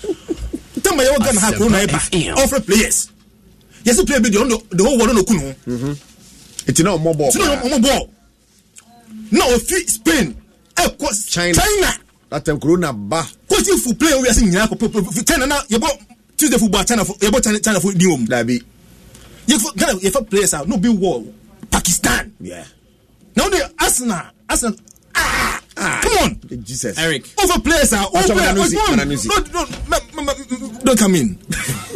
Tell my young gun how Corona ever offer players yɛsi player bi deɛ the whole world no kun ho. eti na ɔmɔ bɔɔl. eti na ɔmɔ bɔɔl na ofi spain ɛkɔ china china. latin corona ba. kóòtù fún player wo yasi nyinaa kɔ pɛpɛ china na yɛbɔ tuesday fún bɔ china fún yɛbɔ china china fún di wɔm. dabi. yɛfɔ ghana yɛfɔ players a n'o bi wɔ pakistan. Yeah. na o arsenal arsenal aa. Ah, come on, Jesus, Eric. Over players are over. No, no, no, don't come in.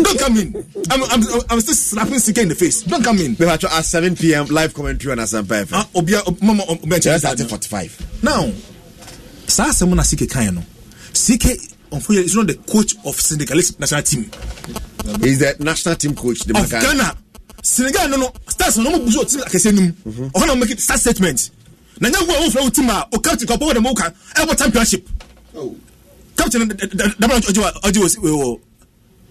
don't come in. I'm, I'm, I'm still slapping Sika in the face. Don't come in. We have at 7 p.m. live commentary on Asampa FM. Ah, Obia, Mama, Obia, just at 45. Now, saa asɛm na Sika kan no. Sika, unfortunately, is not the coach of Senegalese national team. Is the national team coach the of Ghana? Senegal, no, no. Stars, no, no, no, no, no, no, no, no, no, make it. no, statement na nyɛ wo a wofra wo team a o captain kɔpɔ wo dɛm woka ɛbɔ championship captain dabra ɔgye wɔ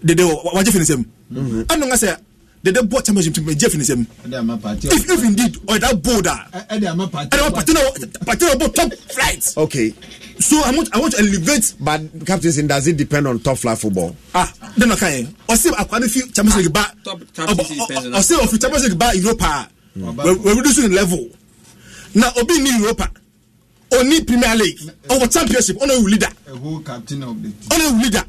dede wagye fi ne nsɛm mhm. ɛno nga sɛ dede bɔ championship team ɛgye fi ne nsɛm if if indeed ɔyɛ da bold a ɛde ma party na na ɔbɔ top flight okay so i want i want to elevate. but captain does it depend on top flight football. ah den na kan ye ɔsi akwari fi champions league ba ɔsi ɔfi champions league ba europa mm. we reduce the level na obi ni europa oni premier league ɔwɔ championship ɔna ewu leader ɔna ewu leader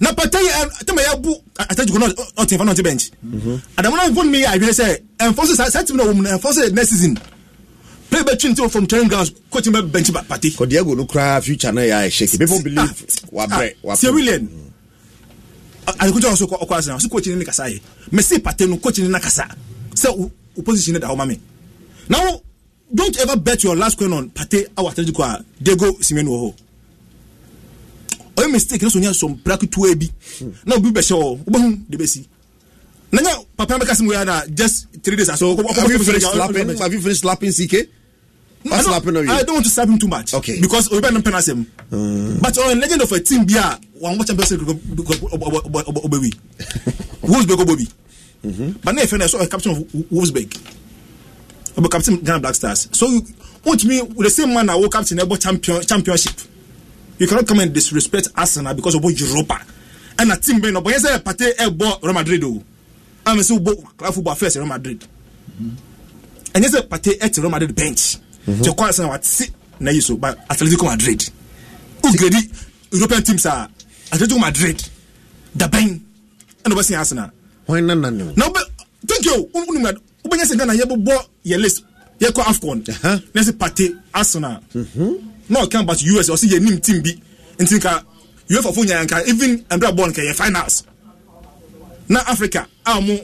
na pata yi tẹmɛ ya bu atẹjugu náà ɔtí nfa náà ɔtí bench adamu náà fún mi yà àwìn sɛ ɛnfɔsí sáà tìmí náà wò mu na ɛnfɔsí next season play bɛ twin ti from training grounds coaching bɛ bench ba pati. kɔdiago no kura future náà yà ẹ ṣe people ah, believe wà brẹ wà brẹ. sewilian adekunjɛ ɔsọ ɔkọ asan ɔsọ coach ni ne kasa yɛ mɛ se pate no coach ni na kasa sɛ o position ne da hɔ ma mi now don't ever bet your last coin on pate our atletico a dego simen wɔ hɔ ɔyɛ mistake na so nya sɔm praketewa bi na obi bɛhyɛ wɔ wobɛhu de bɛsi na nya papa bɛka sɛ mu yɛ na just three days asɛ have you finished slapping have you finished slapping ck What's I slapping on you? I don't want to slap him too much. Okay. Because we don't penalize him. But on legend of a team, be a one watch champion Wolfsburg Bobby. But now if I saw a captain of Wolves Wolfsburg, ɔbɛ captain ghana black stars so wontumi with the same man na wo captain ɛbɔ champion championship you cannot come and disrespect arsenal because ɔbɔ europa ɛna team bɛn na ɔbɔ yɛn sɛ pate ɛbɔ real madrid o ɛmɛ sɛ wobɔ club football affairs real madrid ɛnyɛ sɛ pate ɛte real madrid bench nti ɔkɔ arsenal wate na yi so but atletico madrid ugredi european teams a atletico madrid dabɛn ɛna ɔbɛsɛn arsenal. wɔn nan nan ne mu. na ɔbɛ thank you ɔnum wobɛnya sɛ ghana yɛbobɔ yɛ list yɛkɔ afcon na sɛ pate arsenal na ɔka about us ɔsɛ yɛnim team bi nti nka uefa fo nyanka even ɛmbrɛ bɔɔl nka yɛ finals na africa a mo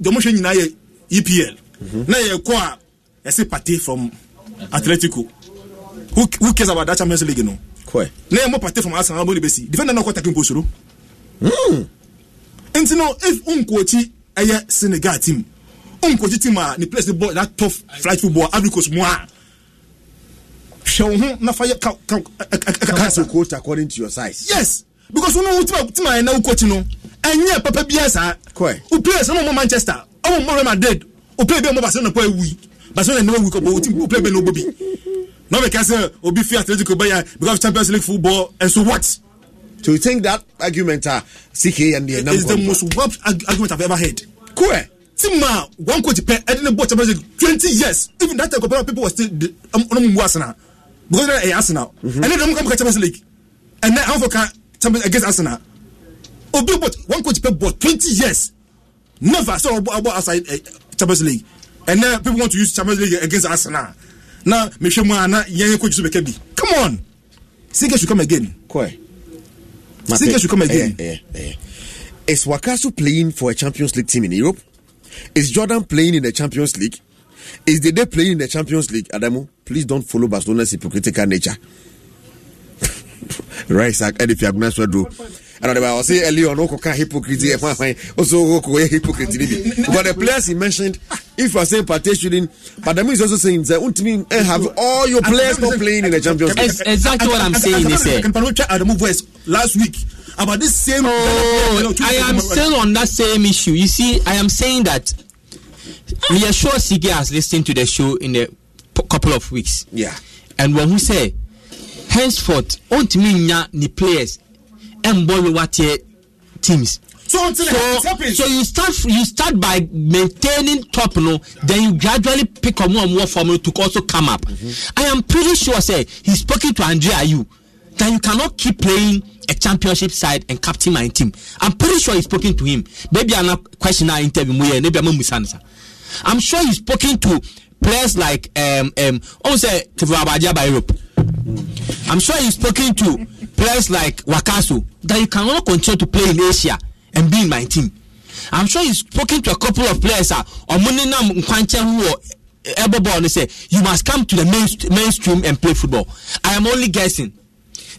deɛ ɔmohwɛ nyinaa yɛ epl mhm. na yɛkɔ a yɛse pate from atletico who, who cares about that champions league no na yɛmɔ pate from arsenal bɔne bɛsi defender no ɔkɔ taking posoro nti no if wonkɔɔkyi ɛyɛ senegal team um coach team a place the ball that tough flight football Africa's mu a hwɛ wo ho na fa yɛ kasa coach according to your size yes because wọn wọn tí ma yẹn náà coach no ẹnyẹ pẹpẹ bíyẹn sá o players ọmọ ọmọ Manchester ọmọ ọmọ Real Madrid o player bẹẹ ọmọ Barcelona kọ ewu Barcelona ní wọn wí kọ bọ o tí o player bẹẹ ní o bọ bi náà bẹ kẹsẹ obi fi Atletico bẹyà because of Champions League football and so what. to so think that argument ah uh, CK and the number. is the most warped argument I've ever heard. cool team a one coach pɛ ɛde ne bɔ champions league twenty years even that time kɔpɛrɛ people were still de ɔno mu Arsenal because ɛyɛ Arsenal ɛne dɛm kan bɔ champions league ɛnɛ anfɔ ka champions against Arsenal obi bɔ one coach pɛ bɔ twenty years never sɛ ɔbɔ ɔbɔ outside ɛ eh, champions league ɛnɛ people want to use champions league against Arsenal na mehwɛ mu a na yɛn yɛ coach so bɛka bi come on Sinke should come again. Koi. Sinke should come eh, again. Eh, eh, eh. Is Wakaso playing for a Champions League team in Europe? Is Jordan playing in the Champions League? Is the day playing in the Champions League? Adamu, please don't follow Barcelona's hypocritical nature. right, sir. And Zach, Eddie Fiaguna Swedro. And I don't know was saying earlier on, Okoka hypocrite, also Okoye hypocrisy. But the players he mentioned, if you are saying Pate shouldn't, but that means also saying that Untimi eh, have all your players not playing in the Champions League. Exactly what I'm saying is last week about this same. Oh, I am still on that same issue. You see, I am saying that we are sure Sige has listened to the show in a p- couple of weeks. Yeah. And when we say, henceforth, won't mean the players and boy what teams. So, until so, so you start you start by maintaining top no, then you gradually pick up more and more from to also come up. Mm-hmm. I am pretty sure say he's spoken to Andrea you that you cannot keep playing a championship side and captain my team. I'm pretty sure he's spoken to him. Maybe I'm not question I interview Muye, maybe I'm Musansa. I'm sure he's spoken to players like um um also by Europe. I'm sure he's spoken to players like Wakasu that you cannot continue to play in Asia and be in my team. I'm sure he's spoken to a couple of players uh, or Muninam Nkwanche who are say you must come to the main, mainstream and play football. I am only guessing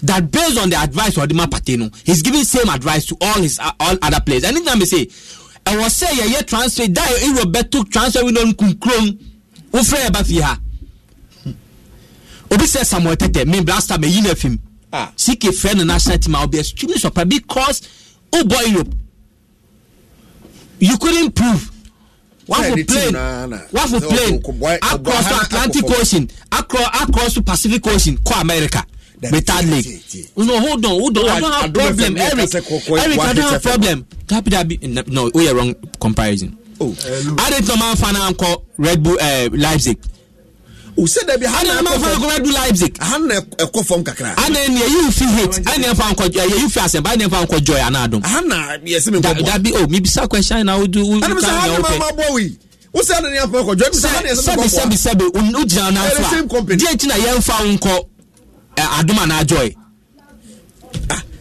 that based on the advice of Pate no he's giving same advice to all his uh, all other players And anytime he say ɛwɔ sɛ yɛyɛ transfer da ɛwɔ bɛto transfer window nkunkurom wofrɛ yɛ ba fie ha obi sɛ samuel tɛtɛ me blaster mɛyi na fim sike frɛ no national team a wobe extremely surprised because Oh boy, you couldn't prove What for playing? What for playing? across the atlantic ocean across across the pacific ocean kɔ america better league. No, hold on, hold on. Oh, I don't have problem, Eric. Eric, I don't have problem. that be? no, we oh, are wrong comparison. Oh, I didn't know my fan call Red Bull uh, Leipzig. o sɛ dabi hali n'a ma fɔ ko red bull leipzig. I hali a ɛkɔ fɔm kakra. a na yɛ yiw fi hate a na yɛ fa nkɔ yɛ yiw fi asɛnba a na yɛ fa I don't. yɛ a n'a dɔn. a hali na yɛsɛ mi question na o do. o kan yɛ o fɛ. ɛnimisɛn hali n'a ma bɔ o ye o sɛ hali n'a yɛ fa nkɔ jɔ ɛnimisɛn hali adum anaa joy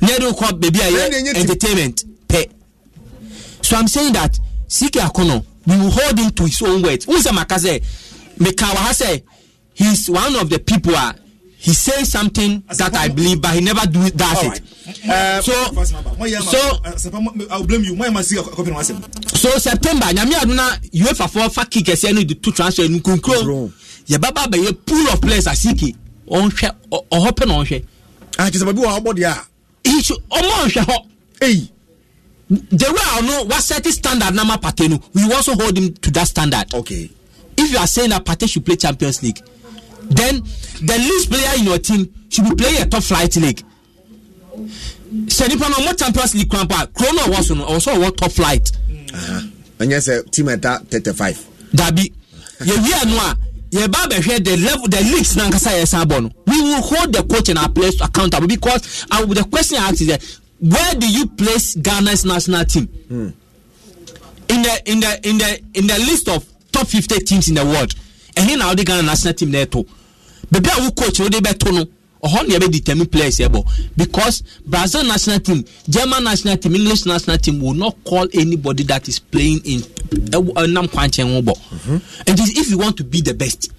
nyɛ de kɔ baabi a yɛ entertainment pɛ so i'm saying that sike akono we will hold him to his own words n sɛ maka sɛ meka wɔ ha sɛ he is one of the people ah, a he say something that I believe, but he never do it, does right. it. Uh, so, uh, so, uh, so September, nyami aduna UEFA for fa kick ɛsɛ no two transfer nkunkuro yɛ baba bɛ yɛ pool of players asiki ɔnhwɛ ɔhɔ pɛ na ɔnhwɛ. akyesɛ ah, baabi wɔ abɔ deɛ a. isu ɔmo ɔnhwɛ hɔ. eyi. the way I know ɔno wasɛti standard nama pate no we also hold him to that standard. okay. if you are saying that pate should play champions league then the least player in your team should be playing a top flight league. sɛ nipa na ɔmo champions league kwan pa kuro na ɔwɔ so no ɔwɔ so ɔwɔ top flight. ɛnyɛ ah, sɛ team ɛta thirty five. dabi yɛ wi ɛnu a yɛba abɛhwɛ the level the leagues nankasa yɛsan bɔ no we will hold the coach and our players accountable because uh, the question i ask is that where do you place ghana's national team mm. in the in the in the in the list of top fifty teams in the world ɛhin na ɔde ghana national team na ɛto beebi a wo coach wo de bɛ to no ɔhɔ ne yɛbɛ determine players yɛ bɔ because brazil national team german national team english national team will not call anybody that is playing in ɛnam kwankyɛn ho bɔ and if you want to be the best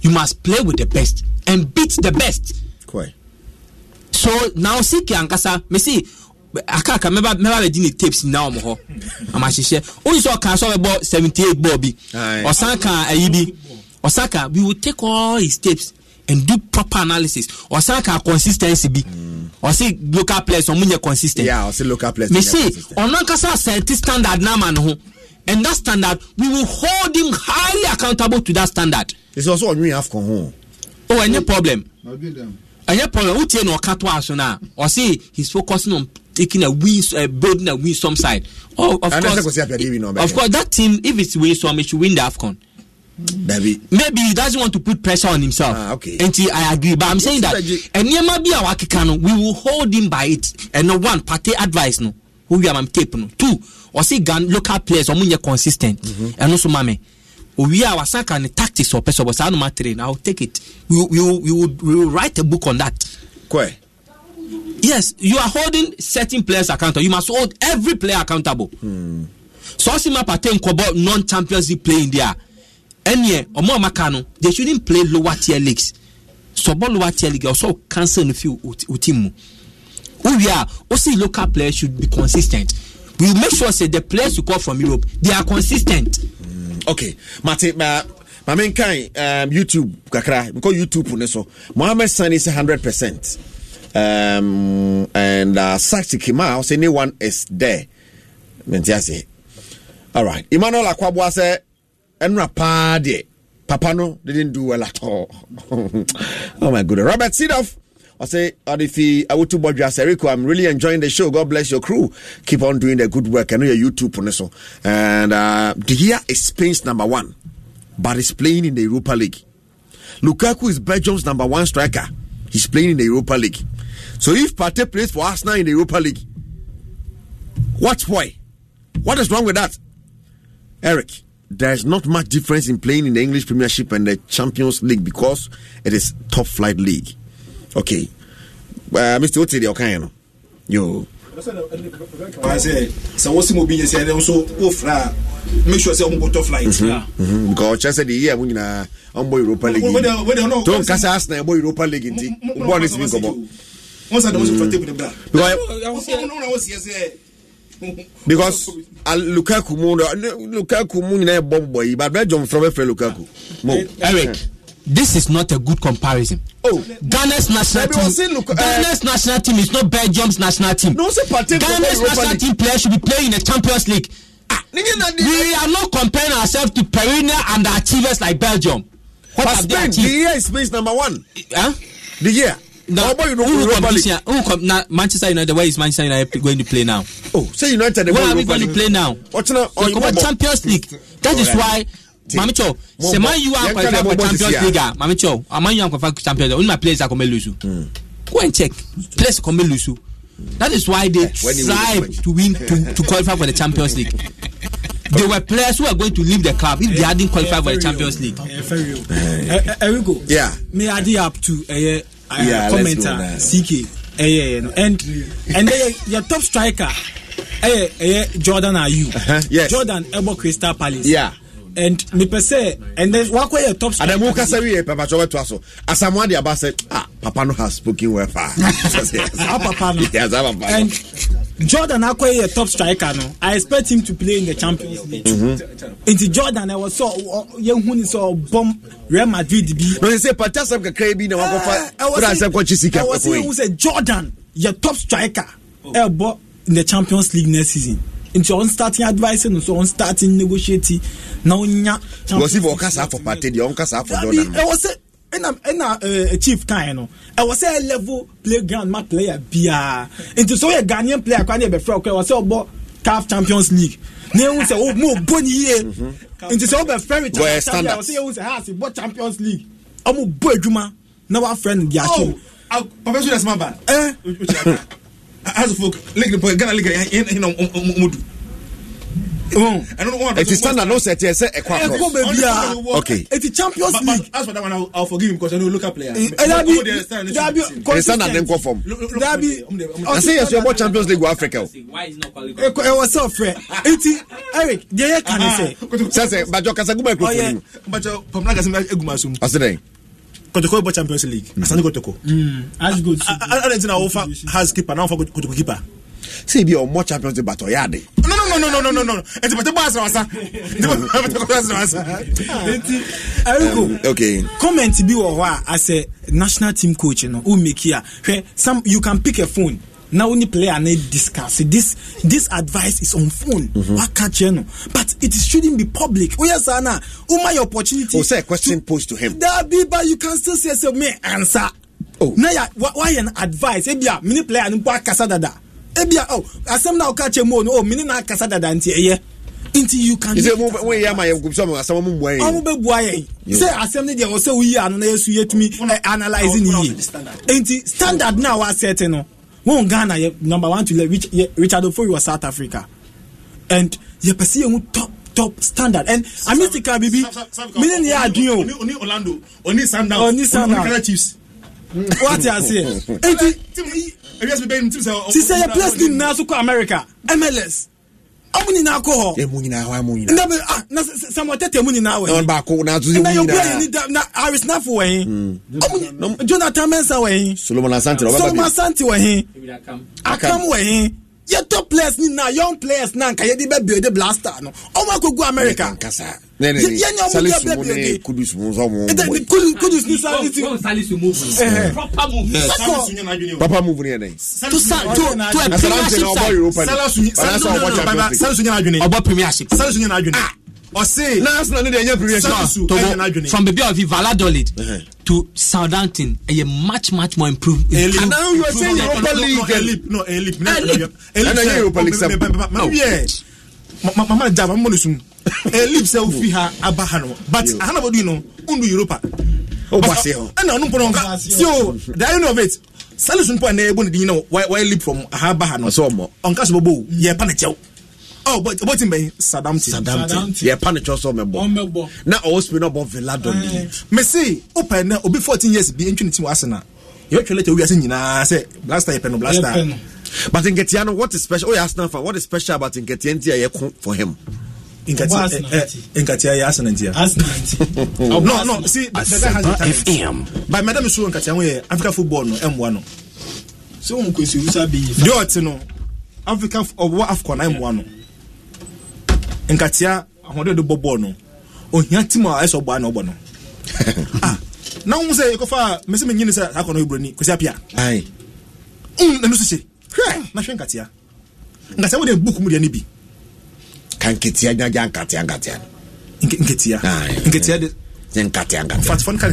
you must play with the best and beat the best. Quite. so now siki ankasa mesi akaka mẹba mẹba bẹ di ni tapes na ọmọ hɔ ama hyehyɛ onyisɛ ɔkan so ɔbɛbɔ seventy eight ball bi ɔsan kan ayi eh, bi ɔsan kan we will take all his tapes and do proper analysis ɔsan ka consistency bi ɔsi local players ɔmo nyɛ consistent yeah ɔsi local players me say ɔno ankasa asɛnti standard naama ne ho and that standard we will hold him highly accountable to that standard. It's also on ɔnwin afcon ho. o ɛnyɛ problem ɛnyɛ um, problem o tie na ɔka to aso na ɔsi he's focusing on taking a win uh, building a win some side. Oh, of course of course that team if it's win some it should win the afcon. Dabi. maybe he doesn't want to put pressure on himself ah, okay. until i agree but i'm yes, saying that and might be a wakeka no we will hold him by it and no one party advice no owia mam tape no two see gun local players ɔmo nyɛ consistent ɛno mm-hmm. so ma mi owia wasan ka ne tactics or sɔbɔ was anuma train i take it we will we we will, we will write a book on that. kɔɛ. yes you are holding certain players accountable you must hold every player accountable. Hmm. sɔɔsi so, ma pate about non-champions playing there ɛneɛ ɔmo amaka no they shouldn't play lower tier leagues sɔbɔ lower tier league ɔsɔ cancel no fi o team mu wowie a osi local players should be consistent we make sure say the players you call from europe they are consistent. Mm, okay mate ma maame nkan um, youtube kakra nkɔ youtube ne so mohammed sani say hundred percent um, and uh, sachi kima ɔsɛ ne is there mɛ n ti ase all right emmanuel akwabuase. Enrapade, paa papa no didn't do well at all oh my goodness robert sidoff I say, Adifi, I would to Seriko. I'm really enjoying the show. God bless your crew. Keep on doing the good work. I know your YouTube on so. And uh, year is Spain's number one, but he's playing in the Europa League. Lukaku is Belgium's number one striker. He's playing in the Europa League. So if Pate plays for Arsenal in the Europa League, what's why? What is wrong with that, Eric? there's not much difference in playing in the English Premiership and the Champions League because it is top flight league. Okay. Uh, Mr. Otidi okay, Yo. I say, so what's the mobile? You know. also, oh, fra. Make sure say, I'm going to flight. Because just the year, we're going to Europa League. Don't cast us now, boy, Europa League. What is it? Once I know, I'm going to take with the bra. Because lukaku mu lukaku mu nyinaa yɛ bɔ bɔ yi babra jɔn fura bɛ fɛ lukaku. eric this is not a good comparison. Oh, Ghana's national team. Was uh, Ghana's national team is not Belgium's national team. No, Ghana's national team players should be playing in the Champions League. Ah, we are not comparing ourselves to perennial achievers like Belgium. What but have Spain, they achieved? The year is Spain's number one. Huh? The year now you know, who competition who now Manchester United where is Manchester United going to play now oh say United where are we going to play now what's now oh, you Champions League that is why Mamicho. Cho, se man you are qualified for Champions League, Mami Cho, a man you are qualified for Champions League, only my players are coming hmm. Go and check. Players coming lose. That is why they strive to win to, to qualify for the Champions League. They were players who are going to leave the club if they hadn't qualified for the Champions League. Uh, yeah. Me, I did up to uh, uh, yeah, commenter CK. Eh, yeah, yeah, no. And and then your top striker, eh, eh, Jordan Are Uh-huh, yes. Jordan Ebo Crystal Palace. Yeah. and mepɛ sɛ ɛnɛ wakɔ yɛ top adamu kasa wiye pɛpatɔ bɛto aso asamoa de aba sɛ ah papa no has spoken well paa ah papa no yes ah papa and jordan akɔ yɛ top striker no i expect him to play in the champions league mhm. nti jordan ɛwɔ sɛ yɛn hu ni saw bomb real madrid bi. na ɔyɛ sɛ pata sɛm kakra bi na wakɔfa kura eh, sɛm kɔkye sika kɔkɔ yi ɛwɔ sɛ jordan yɛ top striker oh. ɛbɔ in the champions league next season nti ɔn starting advice no so ɔn starting negotiate na ɔnya. wɔsi bɔ ɔkasa afɔ pate deɛ ɔnkasa afɔ dɔn na. ɛwɔ sɛ ɛna chief kan no ɛwɔ sɛ level playground ma player biara nti so yɛ ghanaian player kwan yɛ bɛ fɛ ɔkɔ ɛwɔ sɛ ɔbɔ caf champions league ne ehun sɛ o mo bɔ ni yie nti sɛ ɔbɛ fɛn return champion ɛwɔ sɛ ehun sɛ ha si bɔ champions league ɔmo bɔ edwuma na wa fɛ no di akyɛw. ɔ professor yasuma ba asofo eh, eh, eh, standard no set here say Ekwa ah. Okay. Champions League. But, but as for that one I'll, Champions League with Africa. Oh. Why is not qualified? Eric, there can ah, ah. say. Say say but oh, you can say go back Kotoko bought Champions League. Mm. Mm-hmm. Asante Kotoko. Mm. As good. Argentina offer has keeper now for Kotoko keeper. See, be more Champions League battle yade. No no no no no no no no. Enti bata basa wasa. Enti bata basa wasa. Enti um, Arugo. Okay. Comment bi wo ho a as a national team coach no, who make here. Some you can pick a phone na only player na discuss this this advice is on phone mm-hmm. waka kyerɛ no but it shouldn't be public oyɛ oh, saa na woma oh, your opportunity. o oh, a question to, posed to him. dabi but you can still say say me answer. Oh. na yà wáyɛ no advice ebi a ah, mini player no bɔ akasa dada ebi a ah, oh asɛm na ɔka kyerɛ mu o no o mini na akasa dada nti ɛyɛ. Eh, nti you can. ṣe mu wo yẹ ama yẹ gubi sọmi asọmọ mu bu ayẹ. ọmọ bẹ bu ayẹ Say asẹm ni deɛ ɔsɛ say, ano ah, na yɛ su yɛ tumi analyze ni yie nti standard now wa sɛti eh, no wọn ghana yɛ number one to reach yɛ richard ofori wɔ south africa and yɛ pɛ si yɛn mu top top standard and amistika bibi mini ni yɛ adun o oni orlando oni sandown oni sandown oni kala chiefs wati ase yɛ eti sisɛ yɛ place ni nina so kɔ america mls amu nyinaa kɔ hɔ. emu nyinaa hɔ amu nyinaa. ndabe ah na samuwa tete mu nyinaa wɔ yen. baako na atuzi mu nyinaa. na yobia yini da na aris nafo wɔ yen. Mm. jonathan mensa wɔ yen. solomon asante wɔ yen. solomon asante wɔ yen. akam wɔ yen yɛtɔ players ni na young players na nka yɛde bɛ build blaster no ɔmo akogu america yɛnyɛ ɔmo yɛ bɛ build kudus ni salisu mu papa move ni yɛ dɛ to sa to to a premier ship sa salisu nyɛ n'adwene ɔbɔ premier ship salisu nyɛ n'adwene ɔse na arsenal no deɛ ɛnyɛ premier club togo from baabi a ɔfi valladolid uh eh, eh. to southampton eh, ye much much more improved and now you are saying europa league no elip no elip ɛnna europa league sɛm mami yɛ mama ja mama mɔni sun elip sɛ ofi ha aba ha no but ahana bɛ dun no undu europa ɛnna ɔnu nkɔnɔ nka so the irony of it salisu npo ɛnna ɛbɔ ne di ɲinɛ wa elip from ha aba ha no ɔnka sɔbɔ bo yɛ pa ne kyɛw oh but bó ti mẹyin Saddam ti Yeah, ti also pan ìtọ́ sọ mẹ bọ na ọwọ́ spain náà bọ villa dundee. mẹsì ó pẹ̀ náà obi fourteen years be entering ni ti wọ́n asẹ̀ náà yóò twẹ́ lẹ́tẹ̀ owíyásí nyinaa sẹ́ blaster yẹ pẹ̀ blaster but in no what is special Oh, yẹ Arsenal fan what is special about in ntí yẹ kún for him. In nkatia yɛ asena ntia no no see Asepa FM by madam so nkatia ho yɛ Africa football no M1. so nkwesi wusa bi yi deɛ ɔte no Africa ɔwɔ afcon ɛmmoa no nkatea ahoɔden de bɔ bɔɔl no ohia tim a ɛsɛ ɔbɔ a ɔbɔ no na wɔn sɛ ekɔfa mesi mi nyini sɛ akɔnɔ eburoni kosi apia n nanu so se na hwɛ nkatea nkatea wo de buku mu deɛ ne bi. ka nketea nyagya nkatea nkatea. nketea nketea de ne nkatea nkateabɛka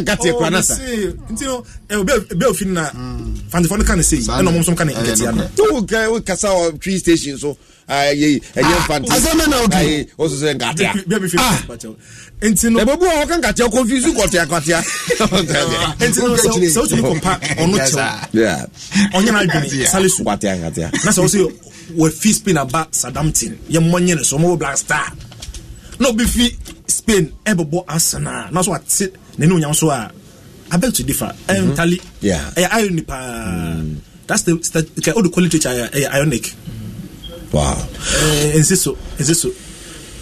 nkatea kora no saobɛofin eh, na mm. fantefoɔ eh, no ka ne sei ɛna ɔmom so ka ne nkatea no wokasa tree station so ɛyɛ mfanti ɛyɛ osise nkatea nti no ɛbɛbu wɔn ka nkatea kɔnfiisu kɔtea kɔtea nti no sɛ sɛ wotumi kɔmpa ɔno kyɛw ɔnyɛ n'adwene salisu kɔtea nkatea na sɛ wɔsɛ wɔfi spain aba sadamtin yɛ mmɔnyɛ ne so ɔmɔwɔ black star na obi fi spain ɛbɛbɔ asana na so ate ah, n'ani onyam so a abeg to differ ɛntali eh, mm-hmm. ɛyɛ eh, irony paa mm. that's the o de call literature eh, ɛyɛ ironic. Mm wow eh, nsi so nsi so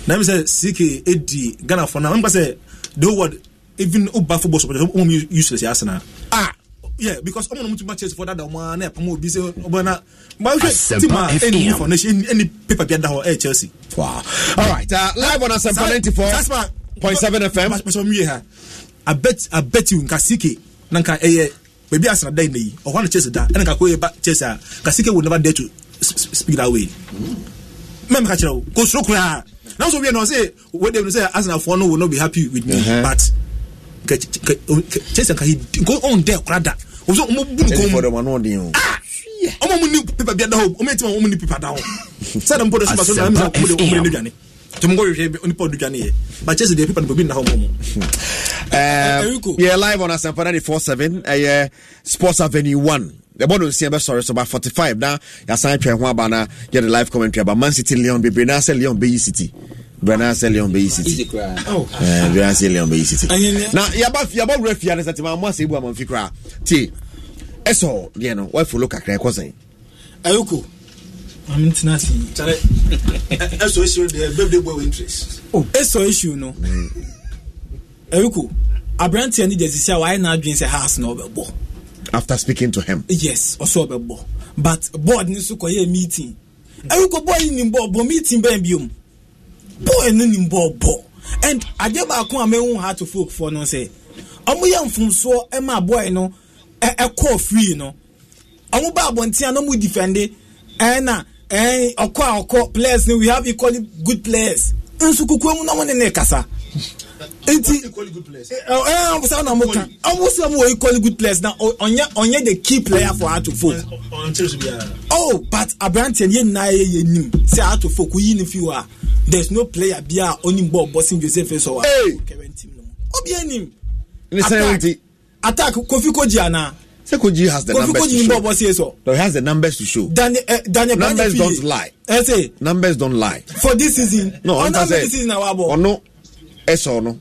na mi sɛ ck edi ghana fɔ na mi sɛ the whole world even uba football supporters ɔmu mi useless yɛ asena ah yeah because ɔmu na mu ti ma chase for dada ɔmu na ɛpam obi sɛ ɔbɛ na but ɛhwɛ team a ɛni uniform na ɛni ɛni paper bi ada hɔ ɛyɛ chelsea. wow alright uh, live on asempa ninety four point seven fm. pàṣẹ mi yẹ ha i bet i bet you nka ck na nka ɛyɛ baabi asena da yi yi ɔhɔ na chase da ɛna nka ko yɛ ba chase a nka ck will never dare to speak that way mɛmi ka kyerɛ o ko soro koraa na so wiye na ɔsɛ wɔde mu sɛ asinafoɔ no will not be happy with me uh-huh. but kyesɛ ka he go on there koraa da o sɛ ɔmo bu ne kɔn mu ɔmo ah! mu ni pepa bi da hɔ ɔmo etima ɔmo ni pepa da hɔ sɛ ɛdɛm pɔdɔ suba so na ɛmi de ɔmo de ne dwane tɔmɔ kɔ hwehwɛ nipa ɔdo dwane but kyesɛ deɛ pepa no bɛbi na hɔ ɔmo mu. Uh, yeah, live on Asampana 4 7, uh, Sports Avenue One. The ɛbɔ no nsia Sorry, so ba 45 na yɛasan twɛn ho aba na the live commentary about man city leon bebree na sɛ leon bɛyi city brana sɛ leon bɛyi city brana sɛ leon bɛyi city na yɛba yɛba wura fia no sɛ tema mo asɛ bu amamfi koraa tie ɛsɔ deɛ no woafolo kakra ɛkɔ sɛn ayoko maame n tena ase kyare ɛsɔ issue deɛ bɛbde bɔ wɔ interest ɛsɔ oh. issue no mm. ayoko aberanteɛ no gyasisi a waayɛ n'adwene sɛ house na ɔbɛbɔ after speaking to him. yes ọsọ ọbẹ bọ but board ni so kọ yẹ meeting ẹrúkọ boy ni bọ bọ meeting bẹẹ bi o boy ni ni bọ bọ and adeɛ baako a mɛhu heart to folk fo no sɛ ɔmo yɛ mfomsoɔ ɛma boy no ɛkɔɔ free no ɔmo ba abɔnten a na ɔmo defende ɛna ɛn ɔkɔ a ɔkɔ players no we have equally good players nso kukuo mu na ɔmo ne ne kasa nti ɛɛ saa na mo kan ɔmo sɛ ɔmo wɔ equally good players na ɔnyɛ ɔnyɛ the key player for ato folk eh, oh but aberanteɛ yɛ nyinaa yɛ yɛ nim sɛ ato folk oyi ne fi hɔ a there is no player bi a ɔnim bɔɔl bɔsin joseph esɔ wa kɛrɛn team attack attack kofi koji ana. Sekoji has the numbers to show. Kofi Koji so. He has the numbers to show. Daniel, uh, Daniel numbers don't lie. I eh, say. Numbers don't lie. For this season. No, on how many season our ball? Ono ɛsɔ no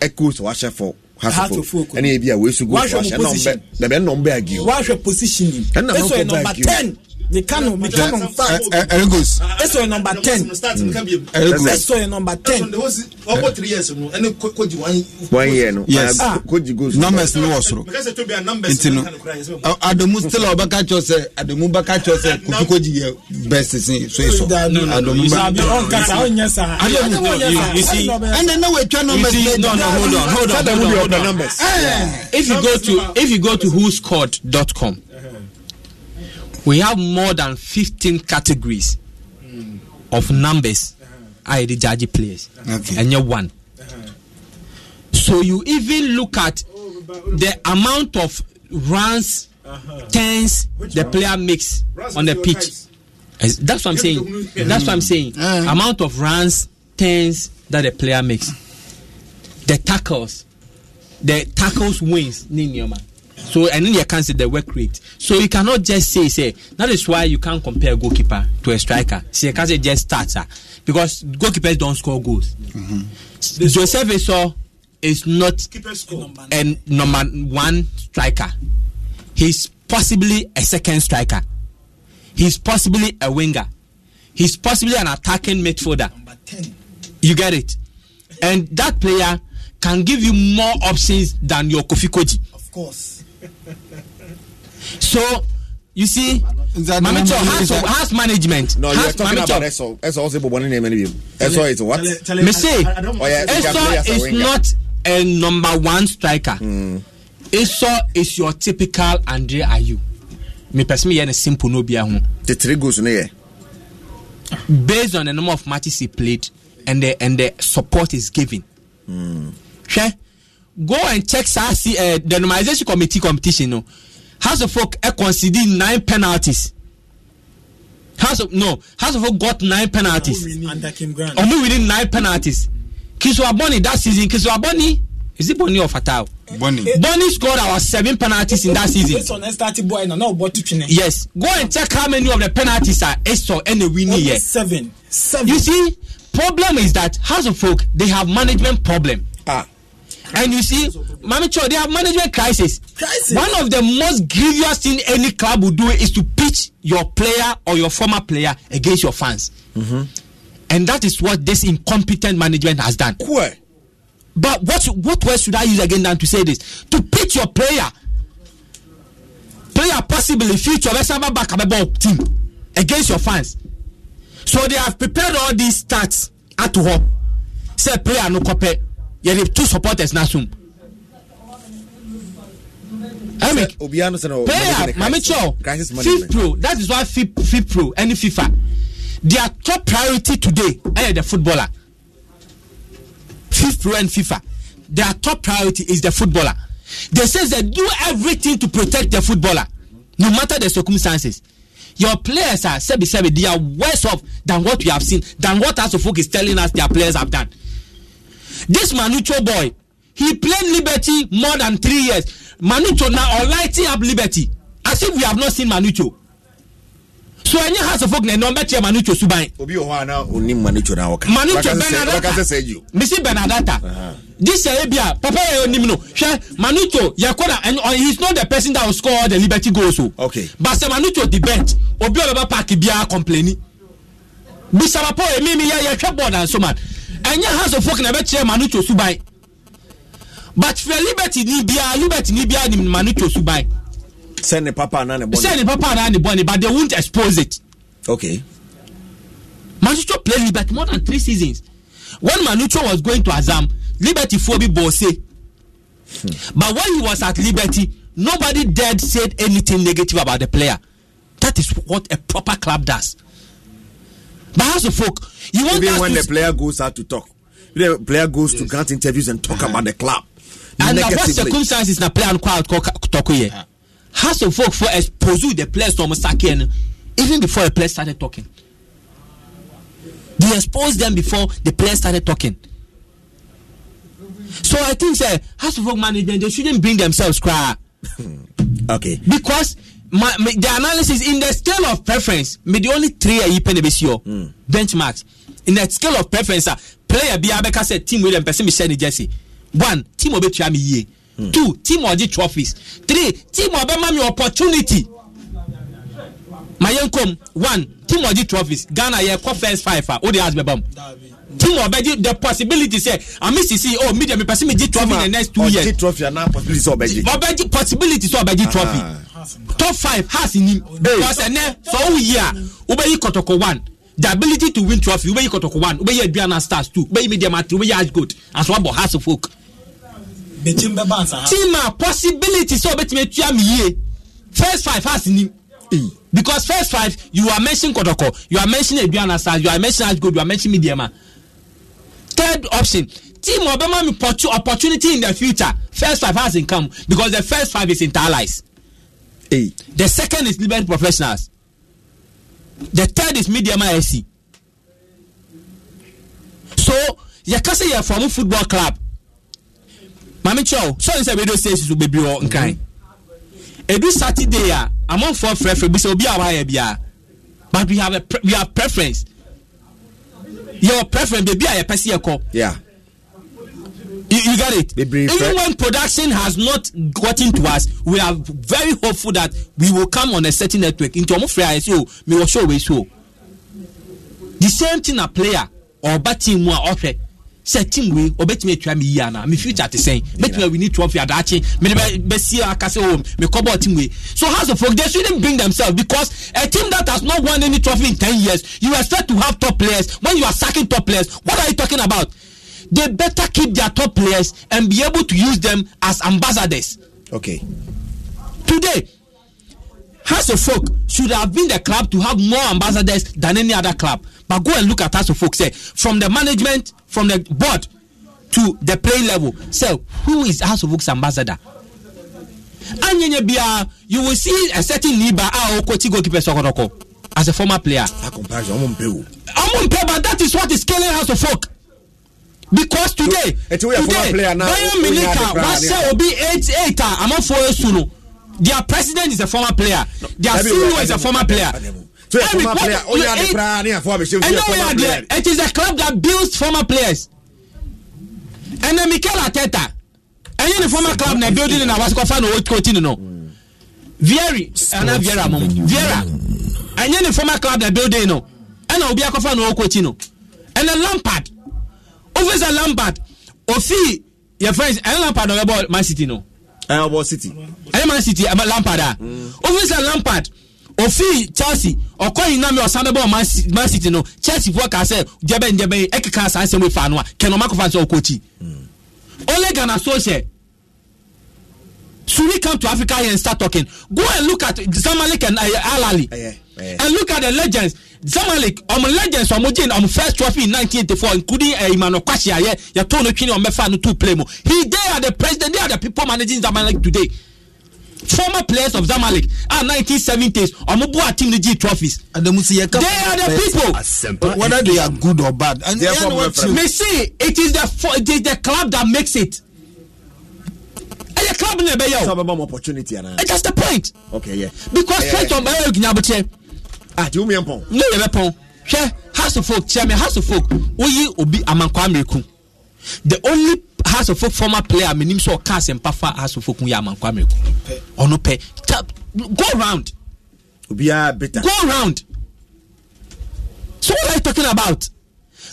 ɛkó sɛ wahyɛ fɔ hasofo ɛne ebi a woesu goal wahyɛ na ɔmbɛ dabi ɛna ɔmbɛ agi o wahwɛ positioning ɛna ɔmbɛ agi o the canon the canon five erigos eso ye number ten erigos eso ye number ten. ọkọ three years mu ẹni koji one year. one no yes koji goes. numbers ni wọ soro nti no adomu still ọba kachọ sẹ adomu ba kachọ sẹ kofi koji yẹ bẹẹ sisin so eso adomu ba. ọnkasa ọnyẹ sa adomu ẹnna ne wo etwa numbers. you see no no hold on hold on hold on hold on if you go to if you go to whoscored dot com we have more than 15 categories mm. of numbers uh-huh. I uh-huh. the judge players okay. and you one uh-huh. so you even look at the amount of runs uh-huh. turns the one? player makes runs on the pitch As, that's what I'm saying that's what I'm saying uh-huh. uh-huh. amount of runs turns that the player makes the tackles the tackles wins Ninioma. So and then you can see the work rate. So you cannot just say say that is why you can't compare a goalkeeper to a striker. So you can't say just starter because goalkeepers don't score goals. Mm-hmm. Joseph Esau is not a number one striker. He's possibly a second striker. He's possibly a winger. He's possibly an attacking midfielder. You get it? And that player can give you more options than your Kofi Koji. Of course. so you see maame chɔ house of house management no, house maame chɔ ɛsɔ ɔsɛ bɔbɔ ne name ne bi mu ɛsɔ is what Me say, ɛsɔ is not a number one striker ɛsɔ mm. is your typical andre ayew mepɛsɛ meyɛ no simple no obia ho the three goals no yɛ based on the number of matches he played and the and the support he is giving. hwɛ mm go and check saa si uh, eh, the normalization committee competition no house of folk uh, conceded nine penalties house of no house of folk got nine penalties ọmọ winning nine penalties kiswa bonny that season kiswa bonny is it bonny or fatal. bonny eh, bonny scored our seven penalties in that season. based on estati boy na na obo yes go and check how many of the penalties are and ene winnie here. seven seven. you see problem is that house of folk they have management problem. ah and you see mami they have management crisis. crisis one of the most grievous thing any club will do is to pitch your player or your former player against your fans. Mm-hmm. and that is what this incompetent management has done. Eh? But what what word should I use again than to say this? To pitch your player, player possibly future back, team against your fans. So they have prepared all these stats at home. Say player no copy. yɛde two supporters n'asom eric player maame chow fipro that is why fipro ɛne fifa their top priority today ɛyɛ the footballer fipro and fifa their top priority is the footballer they say they do everything to protect the footballer no matter the circumstances your players are sebi sebi they are worse off than what we have seen than what asofok is telling us their players have done this manucho boy he played liberty more than three years manucho na or lighting up liberty as if we have not seen manucho so ɛnyɛ house of folk na ɛnɛ ɔbɛkyerɛ manucho suban. obi wɔ hɔ a na oh. oni manucho na ɔka. manucho bɛnadata misi bɛnadata this ɛyɛ bi papa yɛ onim no hwɛ manucho yɛkɔ na ɛn uh, he is not the person that will score all the liberty goals o. Oh. okay but sɛ manucho di bench obi ɔbɛba park biara complaining bisabapɔ emi mi yɛ yɛhwɛ and so man ɛnyɛ house of work na ɛbɛkyerɛ ma no tɔ suban but fɛ liberty ni biara liberty ni biara ni ma no tɔ suban. sɛ ne papa ana ne bɔ ne sɛ ne papa ana ne bɔ ne but they won't expose it. okay. Manucho played Liberty more than three seasons. When Manucho was going to Azam, Liberty Phoebe Bose. Hmm. but when he was at Liberty, nobody dared said anything negative about the player. That is what a proper club does. But as a folk, you want even when to... the player goes out to talk, the player goes yes. to grant interviews and talk uh-huh. about the club. And now what circumstances the player and talk here? Uh-huh. Has a folk for expose the players to Musakian even before the players started talking. They exposed them before the players started talking. So I think sir, uh, to of Folk management they shouldn't bring themselves cry. okay. Because my, my the analysis in the scale of preference me the only three ayi pɛ na ebi mm. benchmarks in the scale of preference a ah, player bi abɛka said, team wey dem pɛ sɛ mi hyɛ one team obetua mi yie mm. two team ɔgye trophies three team ɔbɛma mi opportunity ma yɛn kɔm one team ɔgye trophies ghana yɛ kɔ first five a o de me bam team ɔbɛgye the possibility sɛ ami sisi o oh, media mi pɛsi mi gye trophy in the next two years ɔgye trophy ana possibility sɛ ɔbɛgye ɔbɛgye possibility sɛ ɔbɛgye trophy ah. top five has nim because ɛnɛ sɛ ɔwɔ yi a wobɛyi kɔtɔkɔ one the ability to win trophy wobɛyi kɔtɔkɔ one wobɛyi aduana stars two wobɛyi media ma three wobɛyi ash gold aso abɔ house of folk. team a possibility sɛ ɔbɛtumi etua mi yie first five has nim because first five you are mentioning kotoko you are mentioning eduana you are mentioning asgod you are mentioning midiama third option team obama mi pursue opportunity in the future first five has income because the first five is interlies hey. the second is liberal professionals the third is midiama fc so yɛka sɛ yɛfɔm football club maame kyerɛw sɔre sɛ radio stations bebree wɔ nkan. Mm -hmm edu saturday a amanfoɔ frɛfrɛ bi sɛ obi a wayɛ bia but we have a we have preference Your preference beebi a yɛpɛ si yɛkɔ. Yeah. You, you got it. Even when production has not gotten to us, we are very hopeful that we will come on a certain network. Into Omofrea, I say, me was show we so. The same thing a player or bat team or okay sɛ team wei ɔbɛtumi atua me yie anaa me future te sɛn bɛtumi a we need to up your dachi me de bɛsi aka sɛ oh me kɔbɔ team wei so house of folk they shouldn't bring themselves because a team that has not won any trophy in ten years you expect to have top players when you are sacking top players what are you talking about they better keep their top players and be able to use them as ambassadors. okay. today house of folk should have been the club to have more ambassadors than any other club. But go and look at us, folks. Say eh, from the management, from the board to the play level. So who is House of Books ambassador? anyenye bia you will see a certain liba a okoti goalkeeper sokoroko as a former player. ọmọ mpẹ but that is what is killing house of folk because today today bayern milita wase obi eight eight a amafo esu no their president is a former player their ceo is a former player so your former player o yà de kura ni àfọ àbẹsẹ fi your former player. it is a club that builds former players ẹnna mikel ateta ẹyin ni former club na building na wasikọ fa na o kò tí ni nọ vieri ana viera mọ viera ẹyin ni former club na building nọ ẹnna obi akọ fa na o kò tí nọ ẹnna lampard ofisa lampard ofi yẹ friends ẹnna lampard ọbẹ bọ man city nọ. ẹ ọ bọ city. ẹ eh, man city lampard ah. mm. a ofisa lampard. Mm ofii chelsea ɔkɔyin na mi ɔsan bɛ bɔ man city no chelsea fo ka sɛ jɛbɛ njɛbɛ ɛkeka san sɛm efa ano a kɛnɛ ɔmako fan sɛ ɔkɔ akyi ole ghana sohyɛ should we come to africa here and start talking go and look at zamalek and uh, eh, alali uh, eh, yeah, eh. and look at the legends zamalek ɔmo legends ɔmo gye ɔmo first trophy in nineteen eighty four including uh, emmanuel kwasi ayɛ yɛtɔn no twini ɔmo ɛfa no two play mu he dey are the president they are the people managing zamalek today former players of zamalek a 1970s ọmọ bu team to G trophies. adamu si they are the people whether they are good or bad. and they are from referee. me see it is the it is the club that makes it. ɛyɛ eh, club na ɛbɛyɛ o. sábà bá mu opportunity àná. Eh, that's the point. okay yeah. because first of all ɛyɛ ògìnyàbọ̀kyẹ. àti omi yẹn pọn. ne yẹ bẹ pọn hwɛ house of folk chairman house of folk woyi obi amankwamiriku the only Has hasofo former player menim sɛ ɔka asɛmpa fa hasofo kun yɛ amankwa mɛko ɔno pɛ go round obiara beta go round so what are you talking about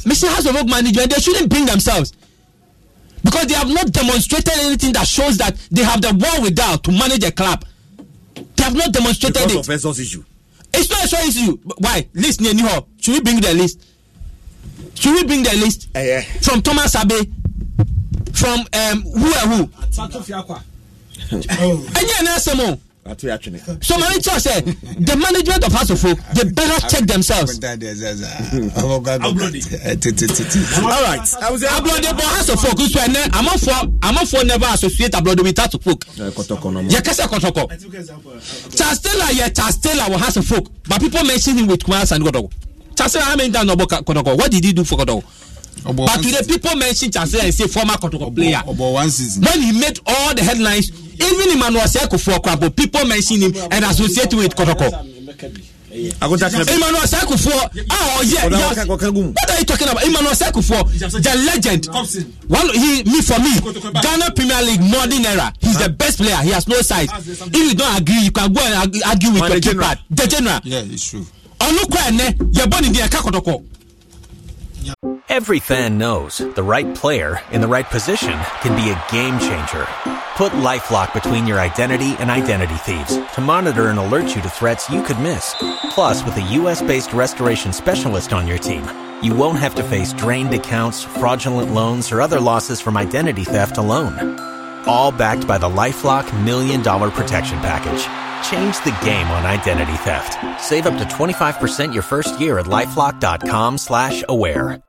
mr hasofo manager they shouldn't bring themselves because they have not demonstrated anything that shows that they have the wherewithal to manage a club they have not demonstrated because it because of resource issue it's not a sure issue why list ni eni hɔ should we bring the list should we bring the list uh, eh, yeah. from thomas abe from um, who and who. ẹnyẹn náà sẹ mo. so my teacher say the management of asofo they better check themselves. alright ablode bɔ asofo kusu ɛnɛ amafo amafo never associate ablode with eh, uh, asofo. yɛ kɛsɛ kɔtɔkɔ chastela yɛ chastela wɔ asofo but people mention him with kumasi and kɔtɔkɔ chastela how many times na ɔbɔ kɔtɔkɔ what did he do for Godogo? but today people mention chance and say former kotoko player about one when he made all the headlines even emmanuel seko for kwabo people mention him and associate with kotoko emmanuel seko for ah, oh yeah, what are you talking about emmanuel seko for the legend one he me for me ghana premier league modern era he's the best player he has no size if you don't agree you can go and argue with the keeper the general yeah it's true ọlọkọ ne, nẹ yẹ in the ẹ Every fan knows the right player in the right position can be a game changer. Put LifeLock between your identity and identity thieves to monitor and alert you to threats you could miss. Plus, with a U.S.-based restoration specialist on your team, you won't have to face drained accounts, fraudulent loans, or other losses from identity theft alone all backed by the LifeLock Million Dollar Protection Package. Change the game on identity theft. Save up to 25% your first year at LifeLock.com slash aware.